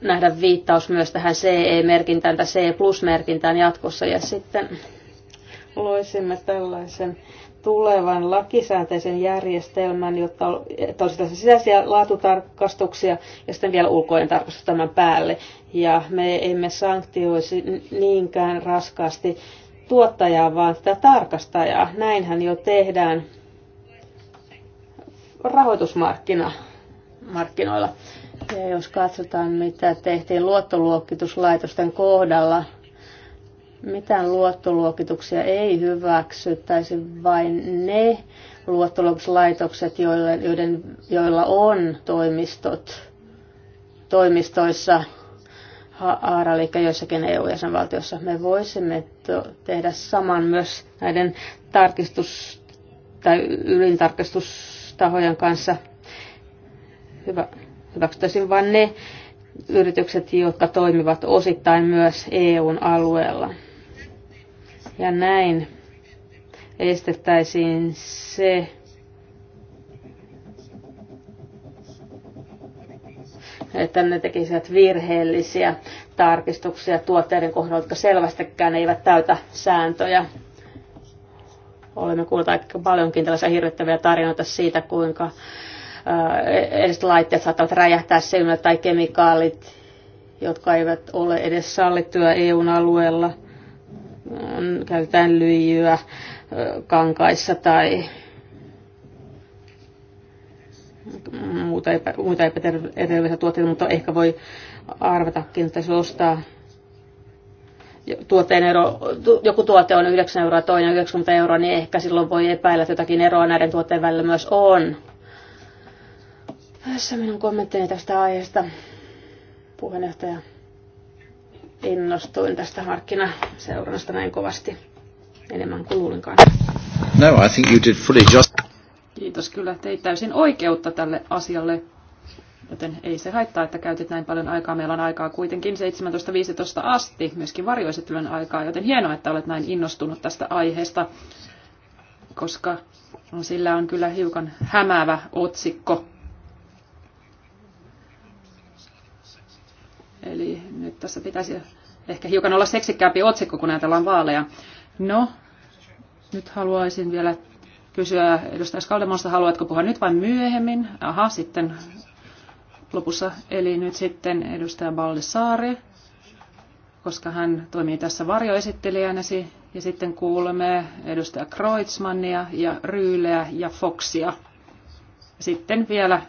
nähdä viittaus myös tähän CE-merkintään tai CE-plus-merkintään jatkossa ja sitten loisimme tällaisen tulevan lakisääteisen järjestelmän, jotta olisi tässä sisäisiä laatutarkastuksia ja sitten vielä ulkoinen tarkastus tämän päälle. Ja me emme sanktioisi niinkään raskaasti tuottajaa, vaan sitä tarkastajaa. Näinhän jo tehdään rahoitusmarkkina markkinoilla. Ja jos katsotaan, mitä tehtiin luottoluokituslaitosten kohdalla, mitään luottoluokituksia ei hyväksyttäisi, vain ne luottoluokituslaitokset, joiden, joilla on toimistot, toimistoissa eli joissakin EU-jäsenvaltiossa. Me voisimme tehdä saman myös näiden tarkistus- tai ylintarkistustahojen kanssa hyvä, hyväksyttäisiin vain ne yritykset, jotka toimivat osittain myös EUn alueella. Ja näin estettäisiin se, että ne tekisivät virheellisiä tarkistuksia tuotteiden kohdalla, jotka selvästikään eivät täytä sääntöjä. Olemme kuulleet aika paljonkin tällaisia hirvittäviä tarinoita siitä, kuinka edes laitteet saattavat räjähtää silmille tai kemikaalit, jotka eivät ole edes sallittuja eu alueella. Käytetään lyijyä kankaissa tai muuta, epä, tuotteita, mutta ehkä voi arvatakin, että se ostaa tuotteen ero, joku tuote on 9 euroa, toinen 90 euroa, niin ehkä silloin voi epäillä, että jotakin eroa näiden tuotteiden välillä myös on. Tässä minun kommenttini tästä aiheesta. Puheenjohtaja, innostuin tästä markkinaseurannasta näin kovasti enemmän kuin luulinkaan. No, I think you did fully just... Kiitos kyllä, teit täysin oikeutta tälle asialle. Joten ei se haittaa, että käytit näin paljon aikaa. Meillä on aikaa kuitenkin 17.15 asti, myöskin varjoesittelyn aikaa, joten hienoa, että olet näin innostunut tästä aiheesta, koska sillä on kyllä hiukan hämäävä otsikko Eli nyt tässä pitäisi ehkä hiukan olla seksikkäämpi otsikko, kun ajatellaan vaaleja. No, nyt haluaisin vielä kysyä edustaja Skaldemosta, haluatko puhua nyt vai myöhemmin? Aha, sitten lopussa. Eli nyt sitten edustaja Ballisaari, koska hän toimii tässä varjoesittelijänäsi. Ja sitten kuulemme edustaja Kreutzmannia ja Ryyleä ja Foxia. Sitten vielä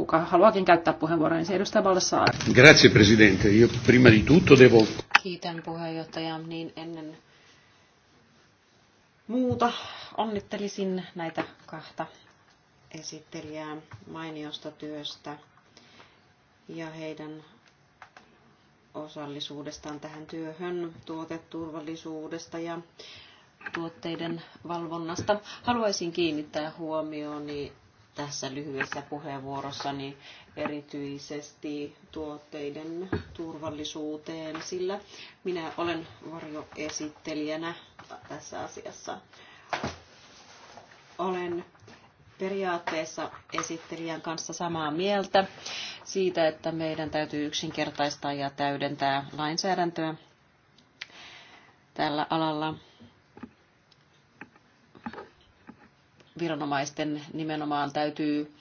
kuka haluakin käyttää puheenvuoron, niin se edustaja Valsaari. Grazie presidente. Io prima di tutto devo... Kiitän puheenjohtaja. niin ennen muuta onnittelisin näitä kahta esittelijää mainiosta työstä ja heidän osallisuudestaan tähän työhön, tuoteturvallisuudesta ja tuotteiden valvonnasta. Haluaisin kiinnittää huomiooni tässä lyhyessä puheenvuorossani erityisesti tuotteiden turvallisuuteen, sillä minä olen varjoesittelijänä tässä asiassa. Olen periaatteessa esittelijän kanssa samaa mieltä siitä, että meidän täytyy yksinkertaistaa ja täydentää lainsäädäntöä tällä alalla viranomaisten nimenomaan täytyy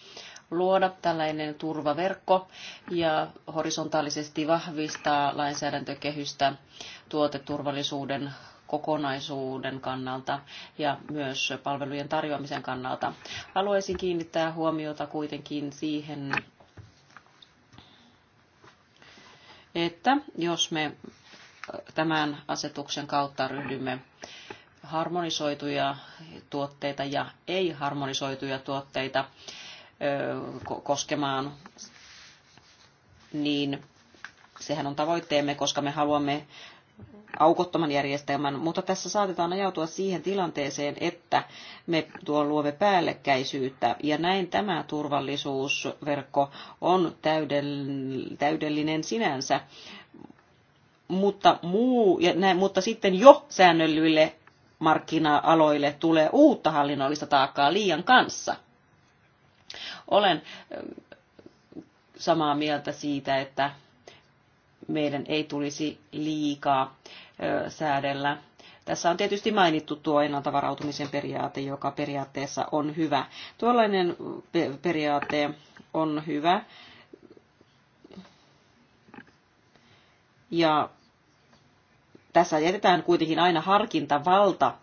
luoda tällainen turvaverkko ja horisontaalisesti vahvistaa lainsäädäntökehystä tuoteturvallisuuden kokonaisuuden kannalta ja myös palvelujen tarjoamisen kannalta. Haluaisin kiinnittää huomiota kuitenkin siihen, että jos me tämän asetuksen kautta ryhdymme harmonisoituja tuotteita ja ei-harmonisoituja tuotteita koskemaan, niin sehän on tavoitteemme, koska me haluamme aukottoman järjestelmän, mutta tässä saatetaan ajautua siihen tilanteeseen, että me tuon luomme päällekkäisyyttä, ja näin tämä turvallisuusverkko on täydellinen sinänsä, mutta, muu, ja näin, mutta sitten jo säännöllyille markkina-aloille tulee uutta hallinnollista taakkaa liian kanssa. Olen samaa mieltä siitä, että meidän ei tulisi liikaa säädellä. Tässä on tietysti mainittu tuo ennalta varautumisen periaate, joka periaatteessa on hyvä. Tuollainen periaate on hyvä. Ja tässä jätetään kuitenkin aina harkintavalta,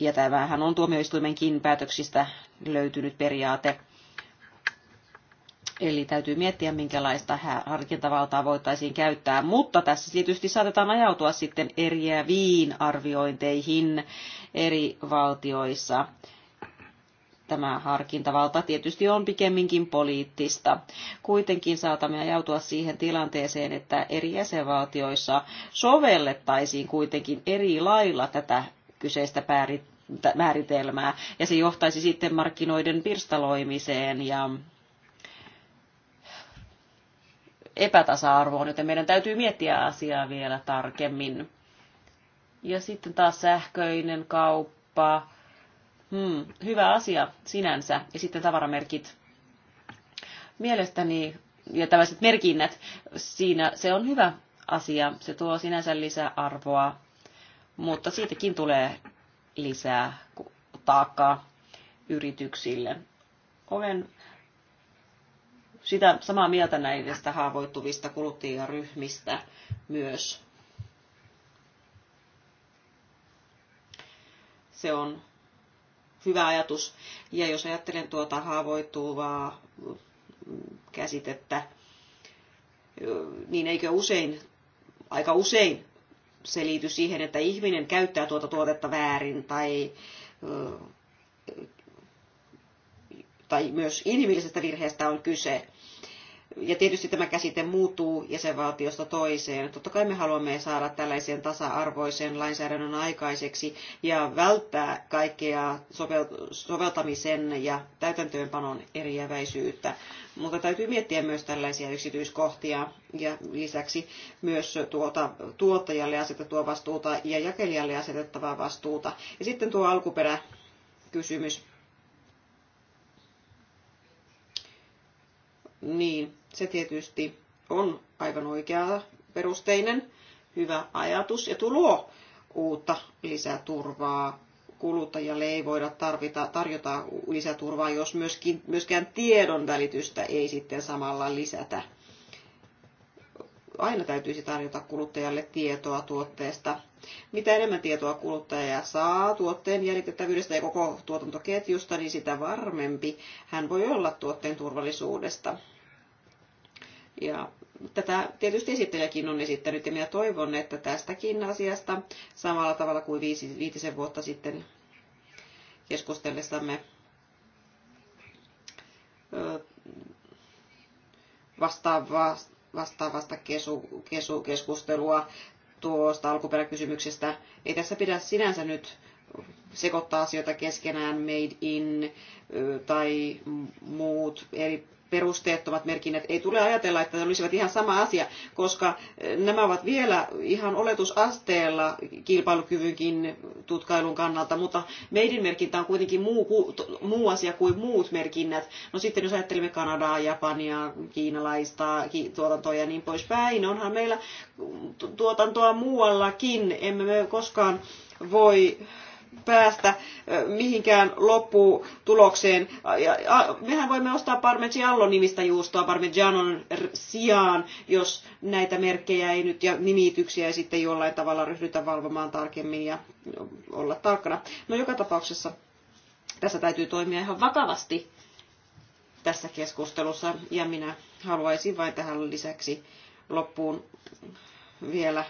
ja tämähän on tuomioistuimenkin päätöksistä löytynyt periaate. Eli täytyy miettiä, minkälaista harkintavaltaa voitaisiin käyttää. Mutta tässä tietysti saatetaan ajautua sitten eriäviin arviointeihin eri valtioissa tämä harkintavalta tietysti on pikemminkin poliittista. Kuitenkin saatamme ajautua siihen tilanteeseen, että eri jäsenvaltioissa sovellettaisiin kuitenkin eri lailla tätä kyseistä määritelmää, ja se johtaisi sitten markkinoiden pirstaloimiseen ja epätasa-arvoon, joten meidän täytyy miettiä asiaa vielä tarkemmin. Ja sitten taas sähköinen kauppa Hmm, hyvä asia sinänsä. Ja sitten tavaramerkit. Mielestäni, ja tällaiset merkinnät, siinä se on hyvä asia. Se tuo sinänsä lisäarvoa, mutta siitäkin tulee lisää taakkaa yrityksille. Olen sitä samaa mieltä näistä haavoittuvista kuluttajaryhmistä myös. Se on hyvä ajatus. Ja jos ajattelen tuota haavoittuvaa mm, käsitettä, niin eikö usein, aika usein se liity siihen, että ihminen käyttää tuota tuotetta väärin tai, tai myös inhimillisestä virheestä on kyse ja tietysti tämä käsite muuttuu jäsenvaltiosta toiseen. Totta kai me haluamme saada tällaisen tasa-arvoisen lainsäädännön aikaiseksi ja välttää kaikkea soveltamisen ja täytäntöönpanon eriäväisyyttä. Mutta täytyy miettiä myös tällaisia yksityiskohtia ja lisäksi myös tuota, tuottajalle asetettua vastuuta ja jakelijalle asetettavaa vastuuta. Ja sitten tuo alkuperäkysymys niin se tietysti on aivan oikea perusteinen hyvä ajatus ja tuo uutta lisäturvaa kuluttajalle ei voida tarvita, tarjota lisäturvaa, jos myöskin, myöskään tiedon välitystä ei sitten samalla lisätä aina täytyisi tarjota kuluttajalle tietoa tuotteesta. Mitä enemmän tietoa kuluttaja saa tuotteen jäljitettävyydestä ja koko tuotantoketjusta, niin sitä varmempi hän voi olla tuotteen turvallisuudesta. Ja tätä tietysti esittäjäkin on esittänyt ja minä toivon, että tästäkin asiasta samalla tavalla kuin viisi, viitisen vuotta sitten keskustellessamme vastaavaa vastaavasta kesu, kesu, keskustelua tuosta alkuperäkysymyksestä. Ei tässä pidä sinänsä nyt sekoittaa asioita keskenään, made in tai muut eri perusteet ovat merkinnät. Ei tule ajatella, että ne olisivat ihan sama asia, koska eh, nämä ovat vielä ihan oletusasteella kilpailukyvynkin tutkailun kannalta, mutta meidän merkintä on kuitenkin muu, muu asia kuin muut merkinnät. No sitten jos ajattelemme Kanadaa, Japania, kiinalaista tuotantoa ja niin poispäin, onhan meillä tuotantoa muuallakin, emme me koskaan voi päästä mihinkään lopputulokseen. Mehän voimme ostaa Parmigiano nimistä juustoa Parmigianon sijaan, jos näitä merkkejä ei nyt ja nimityksiä ei sitten jollain tavalla ryhdytä valvomaan tarkemmin ja olla tarkkana. No joka tapauksessa tässä täytyy toimia ihan vakavasti tässä keskustelussa ja minä haluaisin vain tähän lisäksi loppuun vielä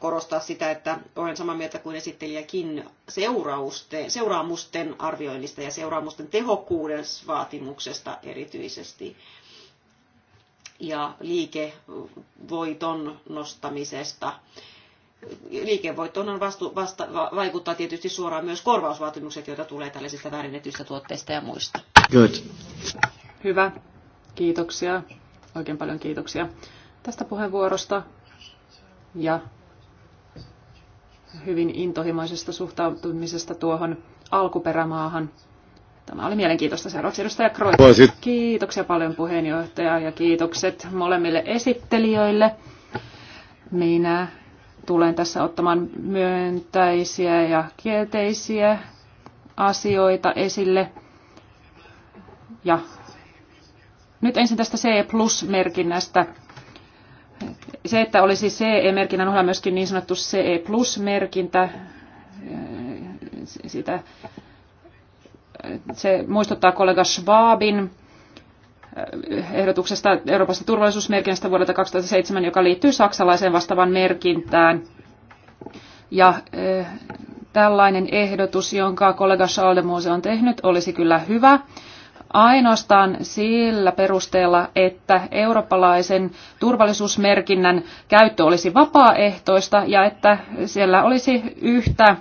korostaa sitä, että olen samaa mieltä kuin esittelijäkin seurausten, seuraamusten arvioinnista ja seuraamusten tehokkuuden vaatimuksesta erityisesti ja liikevoiton nostamisesta. Liikevoittoon on vastu, vasta, vaikuttaa tietysti suoraan myös korvausvaatimukset, joita tulee tällaisista väärinnetyistä tuotteista ja muista. Good. Hyvä. Kiitoksia. Oikein paljon kiitoksia tästä puheenvuorosta. Ja hyvin intohimoisesta suhtautumisesta tuohon alkuperämaahan. Tämä oli mielenkiintoista. Seuraavaksi edustaja Kroit. Kiitoksia paljon puheenjohtaja ja kiitokset molemmille esittelijöille. Minä tulen tässä ottamaan myöntäisiä ja kielteisiä asioita esille. Ja nyt ensin tästä C-plus-merkinnästä. Se, että olisi CE-merkinnän ohella myöskin niin sanottu CE plus-merkintä, eh, sitä, se muistuttaa kollega Schwabin eh, ehdotuksesta Euroopasta turvallisuusmerkinnästä vuodelta 2007, joka liittyy saksalaiseen vastaavaan merkintään. Ja eh, tällainen ehdotus, jonka kollega Schaldemose on tehnyt, olisi kyllä hyvä ainoastaan sillä perusteella, että eurooppalaisen turvallisuusmerkinnän käyttö olisi vapaaehtoista ja että siellä olisi yhtä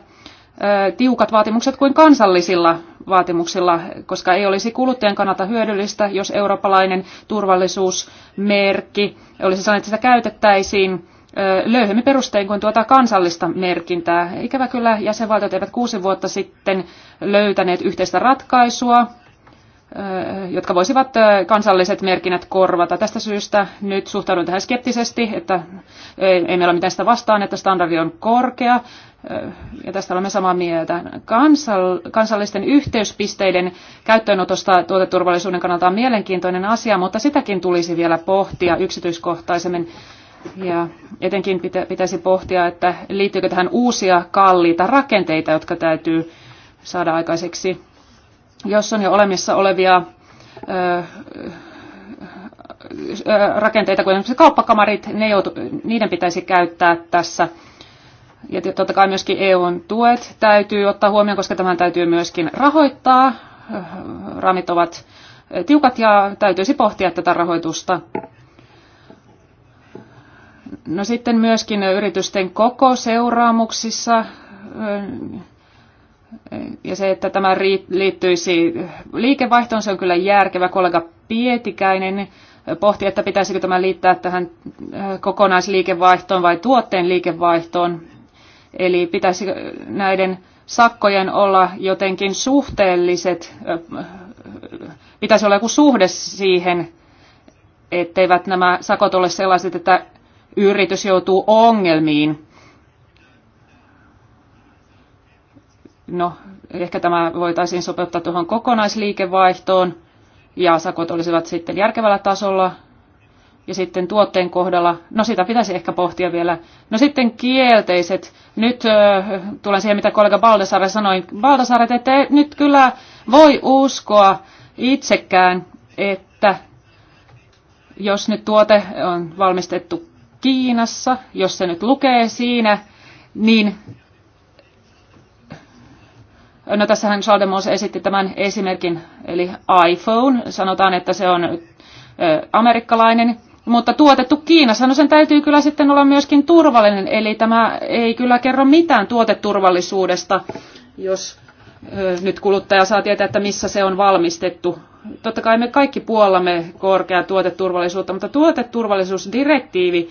tiukat vaatimukset kuin kansallisilla vaatimuksilla, koska ei olisi kuluttajan kannalta hyödyllistä, jos eurooppalainen turvallisuusmerkki olisi sellainen, että sitä käytettäisiin löyhemmin perustein kuin tuota kansallista merkintää. Ikävä kyllä jäsenvaltiot eivät kuusi vuotta sitten löytäneet yhteistä ratkaisua jotka voisivat kansalliset merkinnät korvata. Tästä syystä nyt suhtaudun tähän skeptisesti, että ei meillä ole mitään sitä vastaan, että standardi on korkea, ja tästä olemme samaa mieltä. Kansal- kansallisten yhteyspisteiden käyttöönotosta tuoteturvallisuuden kannalta on mielenkiintoinen asia, mutta sitäkin tulisi vielä pohtia yksityiskohtaisemmin. Ja etenkin pitä- pitäisi pohtia, että liittyykö tähän uusia kalliita rakenteita, jotka täytyy saada aikaiseksi jos on jo olemassa olevia rakenteita, kuten esimerkiksi kauppakamarit, ne joutu, niiden pitäisi käyttää tässä. Ja totta kai myöskin EUn tuet täytyy ottaa huomioon, koska tämän täytyy myöskin rahoittaa. Raamit ovat tiukat ja täytyisi pohtia tätä rahoitusta. No sitten myöskin yritysten koko seuraamuksissa ja se, että tämä liittyisi liikevaihtoon, se on kyllä järkevä. Kollega Pietikäinen pohti, että pitäisikö tämä liittää tähän äh, kokonaisliikevaihtoon vai tuotteen liikevaihtoon. Eli pitäisikö näiden sakkojen olla jotenkin suhteelliset, äh, pitäisi olla joku suhde siihen, etteivät nämä sakot ole sellaiset, että yritys joutuu ongelmiin No, ehkä tämä voitaisiin sopeuttaa tuohon kokonaisliikevaihtoon ja sakot olisivat sitten järkevällä tasolla. Ja sitten tuotteen kohdalla, no sitä pitäisi ehkä pohtia vielä. No sitten kielteiset. Nyt äh, tulen siihen, mitä kollega Baldassare sanoi. Baldassare, että nyt kyllä voi uskoa itsekään, että jos nyt tuote on valmistettu Kiinassa, jos se nyt lukee siinä, niin No tässähän Schaldemos esitti tämän esimerkin, eli iPhone. Sanotaan, että se on amerikkalainen, mutta tuotettu Kiinassa, no sen täytyy kyllä sitten olla myöskin turvallinen, eli tämä ei kyllä kerro mitään tuoteturvallisuudesta, jos nyt kuluttaja saa tietää, että missä se on valmistettu. Totta kai me kaikki puollamme korkeaa tuoteturvallisuutta, mutta tuoteturvallisuusdirektiivi,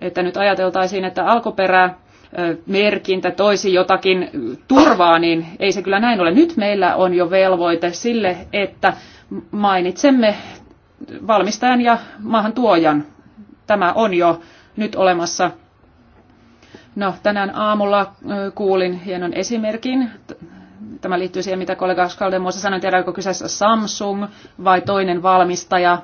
että nyt ajateltaisiin, että alkuperää merkintä toisi jotakin turvaa, niin ei se kyllä näin ole. Nyt meillä on jo velvoite sille, että mainitsemme valmistajan ja maahan tuojan. Tämä on jo nyt olemassa. No, tänään aamulla kuulin hienon esimerkin. Tämä liittyy siihen, mitä kollega muassa sanoi, tiedä, onko kyseessä Samsung vai toinen valmistaja,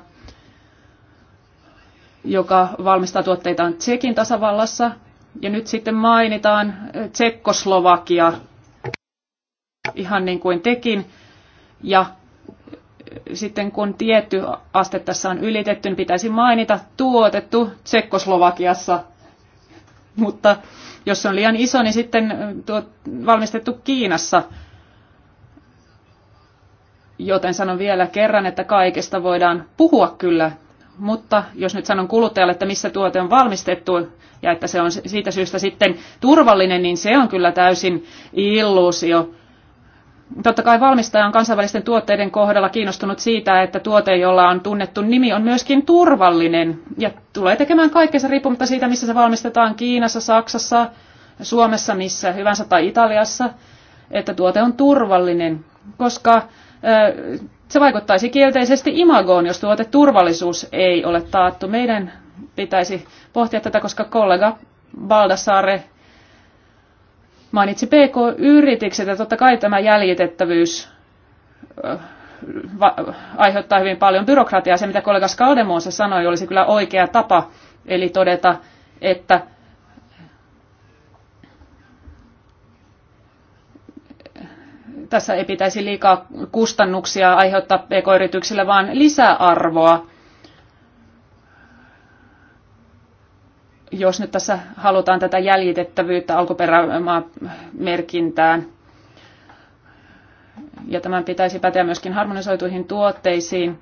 joka valmistaa tuotteitaan Tsekin tasavallassa ja nyt sitten mainitaan eh, Tsekkoslovakia, ihan niin kuin tekin. Ja eh, sitten kun tietty aste tässä on ylitetty, niin pitäisi mainita tuotettu Tsekkoslovakiassa. Mutta jos se on liian iso, niin sitten eh, tuo, valmistettu Kiinassa. Joten sanon vielä kerran, että kaikesta voidaan puhua kyllä mutta jos nyt sanon kuluttajalle, että missä tuote on valmistettu ja että se on siitä syystä sitten turvallinen, niin se on kyllä täysin illuusio. Totta kai valmistaja on kansainvälisten tuotteiden kohdalla kiinnostunut siitä, että tuote, jolla on tunnettu nimi, on myöskin turvallinen ja tulee tekemään kaikkensa riippumatta siitä, missä se valmistetaan Kiinassa, Saksassa, Suomessa, missä hyvänsä tai Italiassa, että tuote on turvallinen, koska se vaikuttaisi kielteisesti imagoon, jos tuoteturvallisuus ei ole taattu. Meidän pitäisi pohtia tätä, koska kollega Baldassare mainitsi PK-yritykset ja totta kai tämä jäljitettävyys aiheuttaa hyvin paljon byrokratiaa. Se, mitä kollega Skaldemoose sanoi, olisi kyllä oikea tapa, eli todeta, että tässä ei pitäisi liikaa kustannuksia aiheuttaa pk-yrityksille, vaan lisäarvoa. Jos nyt tässä halutaan tätä jäljitettävyyttä alkuperämaa merkintään, ja tämän pitäisi päteä myöskin harmonisoituihin tuotteisiin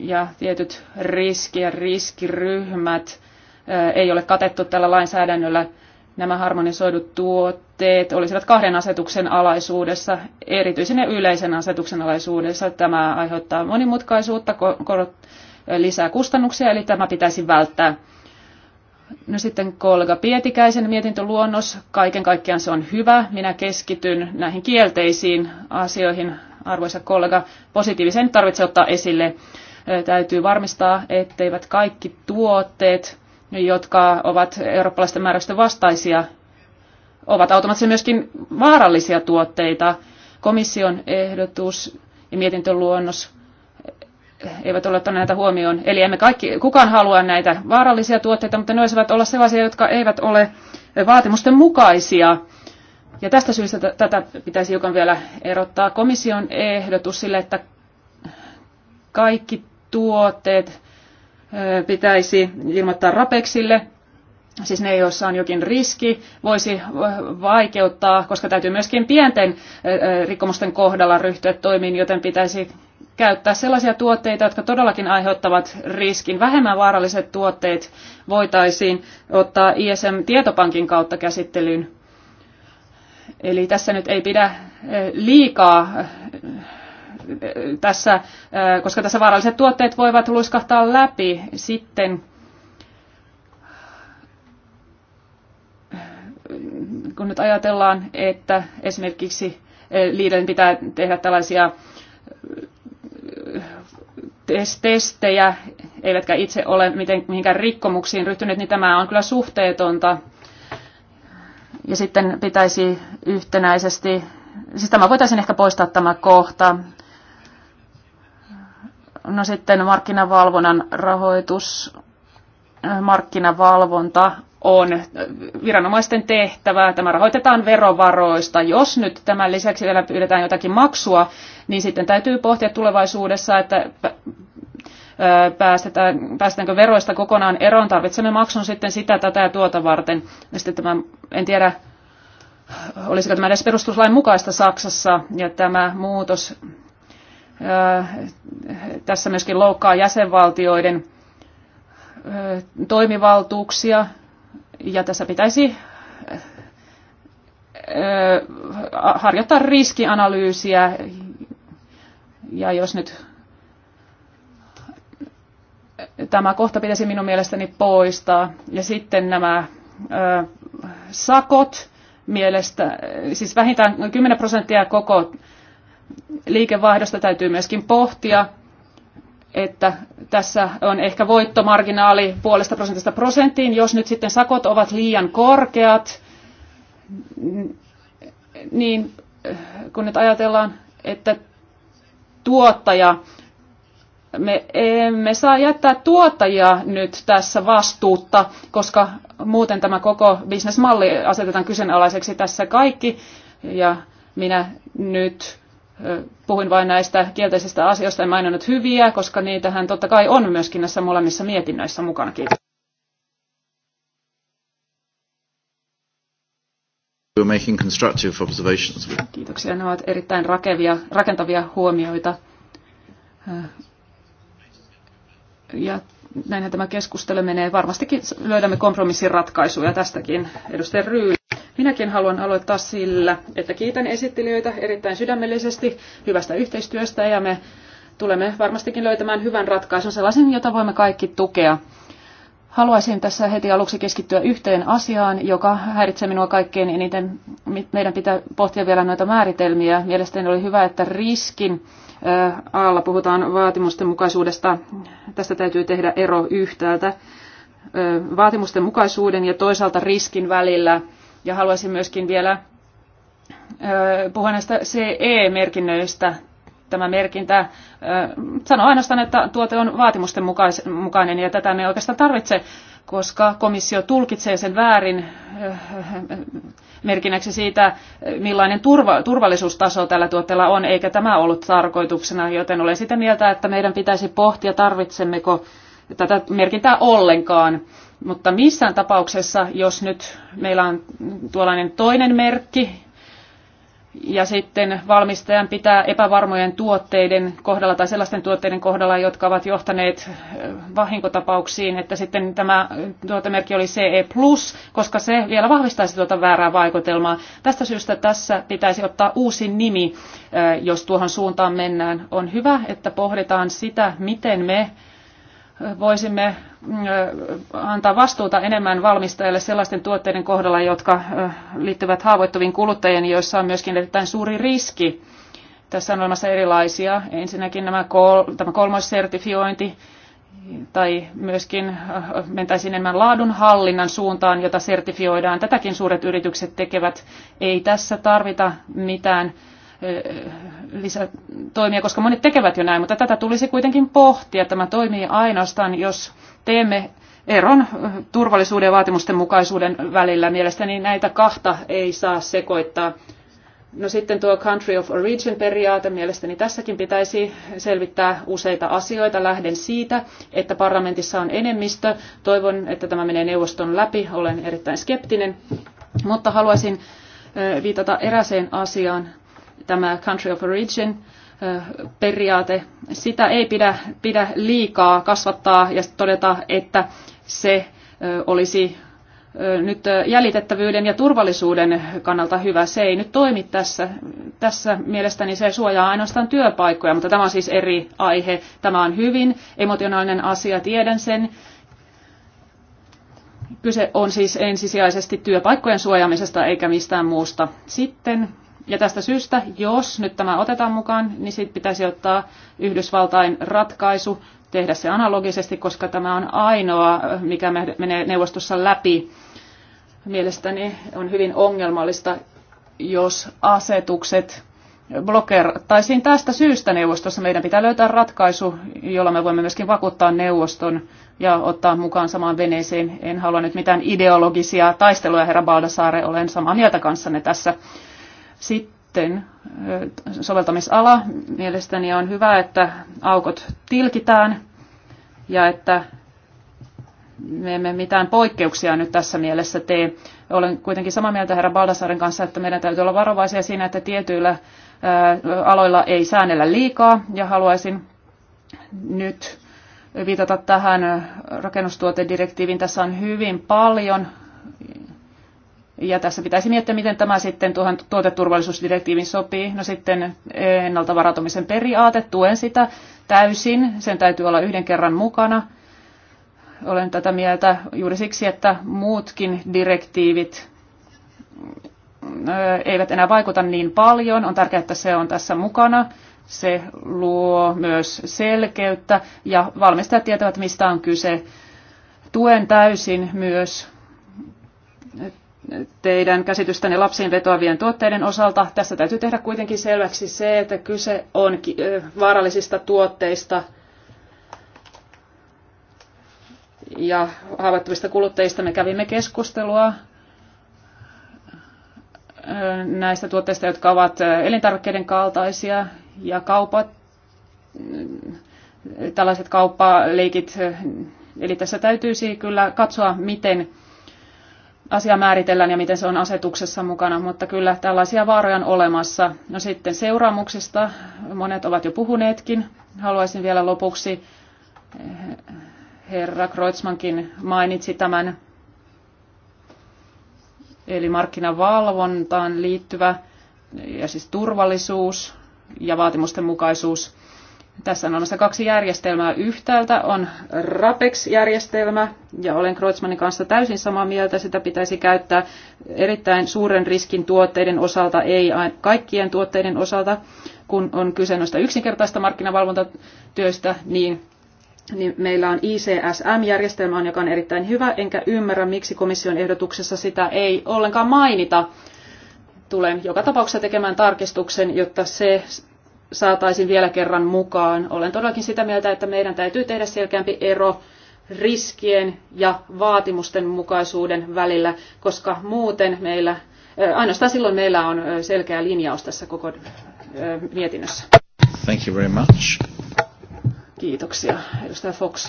ja tietyt riski- ja riskiryhmät ei ole katettu tällä lainsäädännöllä – nämä harmonisoidut tuotteet olisivat kahden asetuksen alaisuudessa, erityisen ja yleisen asetuksen alaisuudessa. Tämä aiheuttaa monimutkaisuutta, lisää kustannuksia, eli tämä pitäisi välttää. No sitten kollega Pietikäisen mietintöluonnos, kaiken kaikkiaan se on hyvä. Minä keskityn näihin kielteisiin asioihin, arvoisa kollega. Positiivisen tarvitse ottaa esille. Täytyy varmistaa, etteivät kaikki tuotteet jotka ovat eurooppalaisten määräysten vastaisia, ovat automaattisesti myöskin vaarallisia tuotteita. Komission ehdotus ja mietintöluonnos eivät ole ottaneet näitä huomioon. Eli emme kaikki, kukaan halua näitä vaarallisia tuotteita, mutta ne olisivat olla sellaisia, jotka eivät ole vaatimusten mukaisia. Ja tästä syystä tätä pitäisi hiukan vielä erottaa. Komission ehdotus sille, että kaikki tuotteet pitäisi ilmoittaa rapeksille, siis ne, joissa on jokin riski, voisi vaikeuttaa, koska täytyy myöskin pienten rikkomusten kohdalla ryhtyä toimiin, joten pitäisi käyttää sellaisia tuotteita, jotka todellakin aiheuttavat riskin. Vähemmän vaaralliset tuotteet voitaisiin ottaa ISM-tietopankin kautta käsittelyyn. Eli tässä nyt ei pidä liikaa tässä, äh, koska tässä vaaralliset tuotteet voivat luiskahtaa läpi sitten kun nyt ajatellaan, että esimerkiksi äh, liiden pitää tehdä tällaisia äh, testejä, eivätkä itse ole miten, mihinkään rikkomuksiin ryhtyneet, niin tämä on kyllä suhteetonta. Ja sitten pitäisi yhtenäisesti, siis tämä voitaisiin ehkä poistaa tämä kohta. No sitten markkinavalvonnan rahoitus. Markkinavalvonta on viranomaisten tehtävää. Tämä rahoitetaan verovaroista. Jos nyt tämän lisäksi vielä pyydetään jotakin maksua, niin sitten täytyy pohtia tulevaisuudessa, että päästäänkö veroista kokonaan eroon. Tarvitsemme maksun sitten sitä, tätä ja tuota varten. Ja sitten tämä, en tiedä, olisiko tämä edes perustuslain mukaista Saksassa, ja tämä muutos tässä myöskin loukkaa jäsenvaltioiden toimivaltuuksia ja tässä pitäisi harjoittaa riskianalyysiä ja jos nyt tämä kohta pitäisi minun mielestäni poistaa ja sitten nämä sakot mielestä, siis vähintään 10 prosenttia koko liikevaihdosta täytyy myöskin pohtia, että tässä on ehkä voittomarginaali puolesta prosentista prosenttiin. Jos nyt sitten sakot ovat liian korkeat, niin kun nyt ajatellaan, että tuottaja, me emme saa jättää tuottajia nyt tässä vastuutta, koska muuten tämä koko bisnesmalli asetetaan kyseenalaiseksi tässä kaikki. Ja minä nyt puhuin vain näistä kielteisistä asioista, en maininnut hyviä, koska niitähän totta kai on myöskin näissä molemmissa mietinnöissä mukana. Kiitos. making constructive observations. Kiitoksia. Ne ovat erittäin rakevia, rakentavia huomioita. Ja näinhän tämä keskustelu menee. Varmastikin löydämme kompromissin ratkaisuja tästäkin. Edustaja ryhmä. Minäkin haluan aloittaa sillä, että kiitän esittelijöitä erittäin sydämellisesti hyvästä yhteistyöstä ja me tulemme varmastikin löytämään hyvän ratkaisun, sellaisen, jota voimme kaikki tukea. Haluaisin tässä heti aluksi keskittyä yhteen asiaan, joka häiritsee minua kaikkein eniten. Meidän pitää pohtia vielä noita määritelmiä. Mielestäni oli hyvä, että riskin alla puhutaan vaatimusten mukaisuudesta. Tästä täytyy tehdä ero yhtäältä vaatimusten mukaisuuden ja toisaalta riskin välillä ja haluaisin myöskin vielä puhua näistä CE-merkinnöistä. Tämä merkintä sanoo ainoastaan, että tuote on vaatimusten mukainen ja tätä me oikeastaan tarvitse, koska komissio tulkitsee sen väärin merkinnäksi siitä, millainen turva, turvallisuustaso tällä tuotteella on, eikä tämä ollut tarkoituksena, joten olen sitä mieltä, että meidän pitäisi pohtia, tarvitsemmeko tätä merkintää ollenkaan. Mutta missään tapauksessa, jos nyt meillä on tuollainen toinen merkki, ja sitten valmistajan pitää epävarmojen tuotteiden kohdalla tai sellaisten tuotteiden kohdalla, jotka ovat johtaneet vahinkotapauksiin, että sitten tämä tuotemerkki oli CE+, koska se vielä vahvistaisi tuota väärää vaikutelmaa. Tästä syystä tässä pitäisi ottaa uusi nimi, jos tuohon suuntaan mennään. On hyvä, että pohditaan sitä, miten me voisimme antaa vastuuta enemmän valmistajille sellaisten tuotteiden kohdalla, jotka liittyvät haavoittuviin kuluttajien, joissa on myöskin erittäin suuri riski. Tässä on olemassa erilaisia. Ensinnäkin nämä kol, tämä kolmoissertifiointi tai myöskin mentäisiin enemmän laadunhallinnan suuntaan, jota sertifioidaan. Tätäkin suuret yritykset tekevät. Ei tässä tarvita mitään lisätoimia, koska monet tekevät jo näin, mutta tätä tulisi kuitenkin pohtia. Tämä toimii ainoastaan, jos teemme eron turvallisuuden ja vaatimusten mukaisuuden välillä. Mielestäni näitä kahta ei saa sekoittaa. No sitten tuo country of origin periaate, mielestäni tässäkin pitäisi selvittää useita asioita. Lähden siitä, että parlamentissa on enemmistö. Toivon, että tämä menee neuvoston läpi. Olen erittäin skeptinen, mutta haluaisin viitata eräseen asiaan tämä country of origin periaate, sitä ei pidä, pidä liikaa kasvattaa ja todeta, että se olisi nyt jäljitettävyyden ja turvallisuuden kannalta hyvä. Se ei nyt toimi tässä. Tässä mielestäni se suojaa ainoastaan työpaikkoja, mutta tämä on siis eri aihe. Tämä on hyvin emotionaalinen asia, tiedän sen. Kyse on siis ensisijaisesti työpaikkojen suojaamisesta eikä mistään muusta. Sitten ja tästä syystä, jos nyt tämä otetaan mukaan, niin sitten pitäisi ottaa Yhdysvaltain ratkaisu, tehdä se analogisesti, koska tämä on ainoa, mikä menee neuvostossa läpi. Mielestäni on hyvin ongelmallista, jos asetukset blokerattaisiin tästä syystä neuvostossa. Meidän pitää löytää ratkaisu, jolla me voimme myöskin vakuuttaa neuvoston ja ottaa mukaan samaan veneeseen. En halua nyt mitään ideologisia taisteluja, herra Baldassare, olen samaa mieltä kanssanne tässä. Sitten soveltamisala. Mielestäni on hyvä, että aukot tilkitään ja että me emme mitään poikkeuksia nyt tässä mielessä tee. Olen kuitenkin samaa mieltä herra Baldassaren kanssa, että meidän täytyy olla varovaisia siinä, että tietyillä aloilla ei säännellä liikaa. Ja haluaisin nyt viitata tähän rakennustuotedirektiiviin. Tässä on hyvin paljon ja tässä pitäisi miettiä, miten tämä sitten tuohon tuoteturvallisuusdirektiivin sopii. No sitten eh, ennalta varautumisen periaate, tuen sitä täysin. Sen täytyy olla yhden kerran mukana. Olen tätä mieltä juuri siksi, että muutkin direktiivit eh, eivät enää vaikuta niin paljon. On tärkeää, että se on tässä mukana. Se luo myös selkeyttä ja valmistajat tietävät, mistä on kyse. Tuen täysin myös teidän käsitystänne lapsiin vetoavien tuotteiden osalta. Tässä täytyy tehdä kuitenkin selväksi se, että kyse on vaarallisista tuotteista ja haavoittuvista kuluttajista. Me kävimme keskustelua näistä tuotteista, jotka ovat elintarvikkeiden kaltaisia ja kaupat, tällaiset kauppaleikit. Eli tässä täytyisi kyllä katsoa, miten asia määritellään ja miten se on asetuksessa mukana, mutta kyllä tällaisia vaaroja on olemassa. No sitten seuraamuksista, monet ovat jo puhuneetkin. Haluaisin vielä lopuksi, eh, herra Kreutzmankin mainitsi tämän, eli markkinavalvontaan liittyvä ja siis turvallisuus ja vaatimusten mukaisuus. Tässä on olemassa kaksi järjestelmää. Yhtäältä on RAPEX-järjestelmä, ja olen Kreutzmannin kanssa täysin samaa mieltä. Sitä pitäisi käyttää erittäin suuren riskin tuotteiden osalta, ei kaikkien tuotteiden osalta. Kun on kyse noista yksinkertaista markkinavalvontatyöstä, niin niin meillä on ICSM-järjestelmä, joka on erittäin hyvä, enkä ymmärrä, miksi komission ehdotuksessa sitä ei ollenkaan mainita. Tulen joka tapauksessa tekemään tarkistuksen, jotta se saataisiin vielä kerran mukaan. Olen todellakin sitä mieltä, että meidän täytyy tehdä selkeämpi ero riskien ja vaatimusten mukaisuuden välillä, koska muuten meillä, äh, ainoastaan silloin meillä on äh, selkeä linjaus tässä koko äh, mietinnössä. Thank you very much. Kiitoksia, edustaja Fox.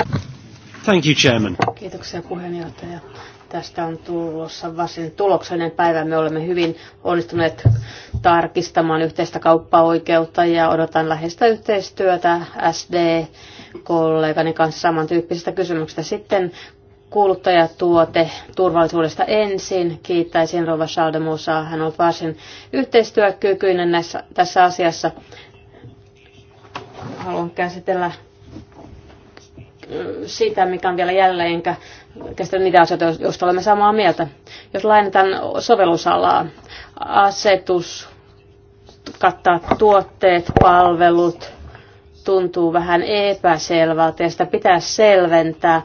Thank you, Chairman. Kiitoksia puheenjohtaja. Tästä on tulossa varsin tuloksellinen päivä. Me olemme hyvin onnistuneet tarkistamaan yhteistä kauppaoikeutta ja odotan läheistä yhteistyötä SD-kollegani kanssa samantyyppisistä kysymyksistä. Sitten kuluttajatuote turvallisuudesta ensin. Kiittäisin Rova Saldemusaa. Hän on varsin yhteistyökykyinen näissä, tässä asiassa. Haluan käsitellä sitä, mikä on vielä jäljellä, enkä kestä niitä asioita, joista olemme samaa mieltä. Jos lainataan sovellusalaa, asetus kattaa tuotteet, palvelut, tuntuu vähän epäselvältä ja sitä pitää selventää.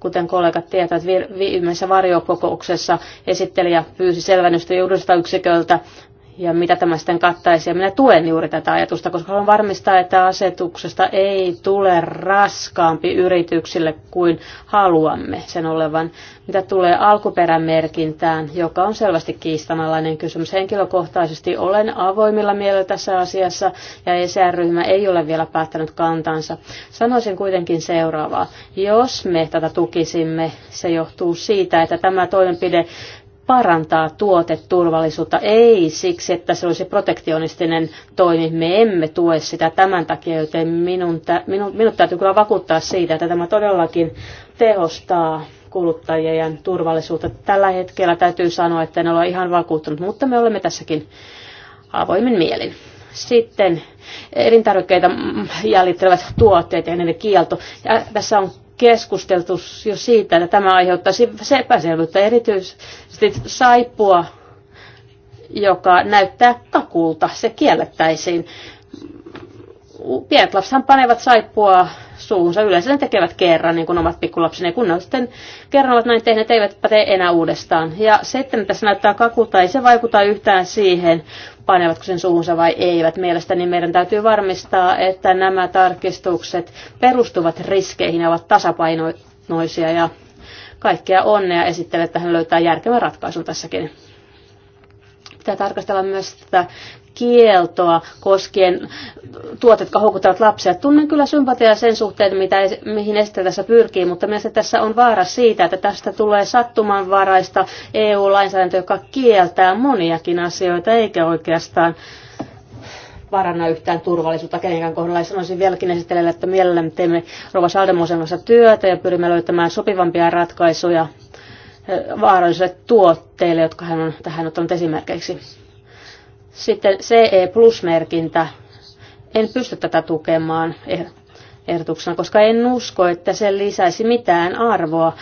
Kuten kollegat tietävät, viimeisessä varjokokouksessa esittelijä pyysi selvennystä juridista yksiköltä ja mitä tämä sitten kattaisi. Ja minä tuen juuri tätä ajatusta, koska haluan varmistaa, että asetuksesta ei tule raskaampi yrityksille kuin haluamme sen olevan. Mitä tulee alkuperämerkintään, joka on selvästi kiistanalainen kysymys. Henkilökohtaisesti olen avoimilla mielellä tässä asiassa ja ESR-ryhmä ei ole vielä päättänyt kantansa. Sanoisin kuitenkin seuraavaa. Jos me tätä tukisimme, se johtuu siitä, että tämä toimenpide parantaa tuoteturvallisuutta, ei siksi, että se olisi protektionistinen toimi. Me emme tue sitä tämän takia, joten minun, minun, täytyy kyllä vakuuttaa siitä, että tämä todellakin tehostaa kuluttajien turvallisuutta. Tällä hetkellä täytyy sanoa, että en ole ihan vakuuttunut, mutta me olemme tässäkin avoimin mielin. Sitten elintarvikkeita jäljittelevät tuotteet ja niiden kielto. Ja tässä on keskusteltu jo siitä, että tämä aiheuttaisi epäselvyyttä erityis, tekstit saippua, joka näyttää kakulta. Se kiellettäisiin. Pienet lapsethan panevat saippua suuhunsa. Yleensä ne tekevät kerran, niin kuin omat pikkulapsen, Ja kun ne sitten kerran ovat näin tehneet, eivät tee enää uudestaan. Ja sitten, mitä se näyttää kakulta, ei se vaikuta yhtään siihen, panevatko sen suuhunsa vai eivät. Mielestäni meidän täytyy varmistaa, että nämä tarkistukset perustuvat riskeihin ja ovat tasapainoisia ja Kaikkea onnea esittelee, että hän löytää järkevän ratkaisun tässäkin. Pitää tarkastella myös tätä kieltoa koskien tuotet, jotka houkuttavat lapsia. Tunnen kyllä sympatiaa sen suhteen, mitä, mihin esittelijä tässä pyrkii, mutta mielestäni tässä on vaara siitä, että tästä tulee sattumanvaraista EU-lainsäädäntöä, joka kieltää moniakin asioita, eikä oikeastaan paranna yhtään turvallisuutta kenenkään kohdalla. Ja sanoisin vieläkin esittelijälle, että mielellämme teemme Rova Saldemosen kanssa työtä ja pyrimme löytämään sopivampia ratkaisuja vaarallisille tuotteille, jotka hän on tähän ottanut esimerkiksi. Sitten CE Plus-merkintä. En pysty tätä tukemaan ehdotuksena, koska en usko, että se lisäisi mitään arvoa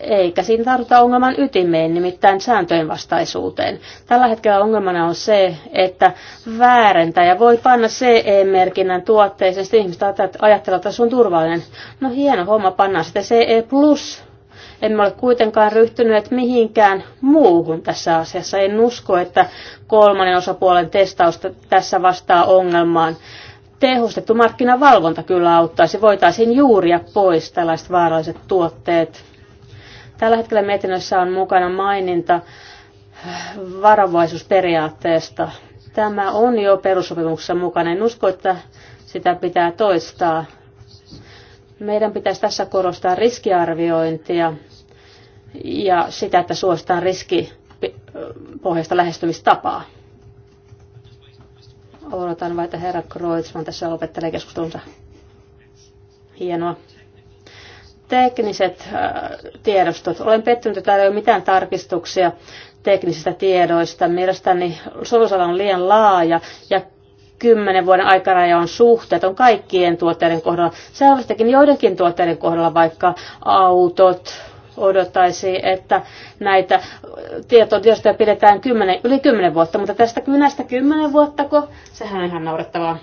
eikä siinä tartuta ongelman ytimeen, nimittäin sääntöjen vastaisuuteen. Tällä hetkellä ongelmana on se, että väärentäjä voi panna CE-merkinnän tuotteeseen, sitten ihmiset ajattelevat, että se on turvallinen. No hieno homma, pannaan sitten CE+. Emme ole kuitenkaan ryhtyneet mihinkään muuhun tässä asiassa. En usko, että kolmannen osapuolen testausta tässä vastaa ongelmaan. Tehostettu markkinavalvonta kyllä auttaisi. Voitaisiin juuria pois tällaiset vaaralliset tuotteet Tällä hetkellä mietinnössä on mukana maininta varovaisuusperiaatteesta. Tämä on jo perussopimuksessa mukana. En usko, että sitä pitää toistaa. Meidän pitäisi tässä korostaa riskiarviointia ja sitä, että suositaan riskipohjaista lähestymistapaa. Odotan vain, että herra Kreutzmann tässä lopettelee keskustelunsa. Hienoa. Tekniset äh, tiedostot. Olen pettynyt, että täällä ei ole mitään tarkistuksia teknisistä tiedoista. Mielestäni sovusala on liian laaja ja kymmenen vuoden aikaraja on on kaikkien tuotteiden kohdalla. Selvästikin joidenkin tuotteiden kohdalla, vaikka autot, odottaisi, että näitä äh, tietotiedostoja pidetään 10, yli kymmenen vuotta, mutta tästä kynästä vuotta, vuottako, sehän on ihan naurettavaa.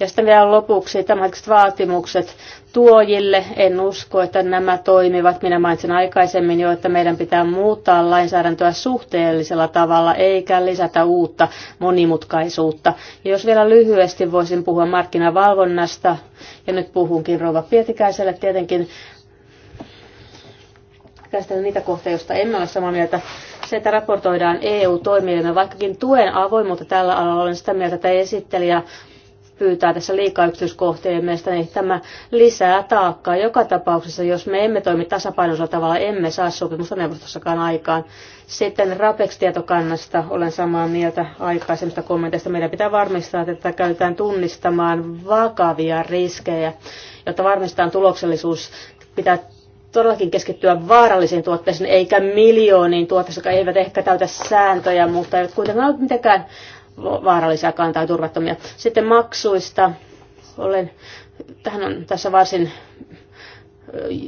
Ja sitten vielä lopuksi tämänhetkiset vaatimukset tuojille. En usko, että nämä toimivat. Minä mainitsin aikaisemmin jo, että meidän pitää muuttaa lainsäädäntöä suhteellisella tavalla eikä lisätä uutta monimutkaisuutta. Ja jos vielä lyhyesti voisin puhua markkinavalvonnasta, ja nyt puhunkin Rova Pietikäiselle tietenkin käsitellä niitä kohtia, joista emme ole samaa mieltä. Se, että raportoidaan EU-toimijoille, vaikkakin tuen avoimuutta tällä alalla, olen sitä mieltä, että esittelijä pyytää tässä liikaa yksityiskohtia ja mielestäni tämä lisää taakkaa. Joka tapauksessa, jos me emme toimi tasapainoisella tavalla, emme saa sopimusta neuvostossakaan aikaan. Sitten RAPEX-tietokannasta olen samaa mieltä aikaisemmista kommenteista. Meidän pitää varmistaa, että käytetään tunnistamaan vakavia riskejä, jotta varmistetaan tuloksellisuus. Pitää todellakin keskittyä vaarallisiin tuotteisiin, eikä miljooniin tuotteisiin, jotka eivät ehkä täytä sääntöjä, mutta eivät kuitenkaan ole mitenkään vaarallisiakaan tai turvattomia. Sitten maksuista. Olen, tähän on tässä varsin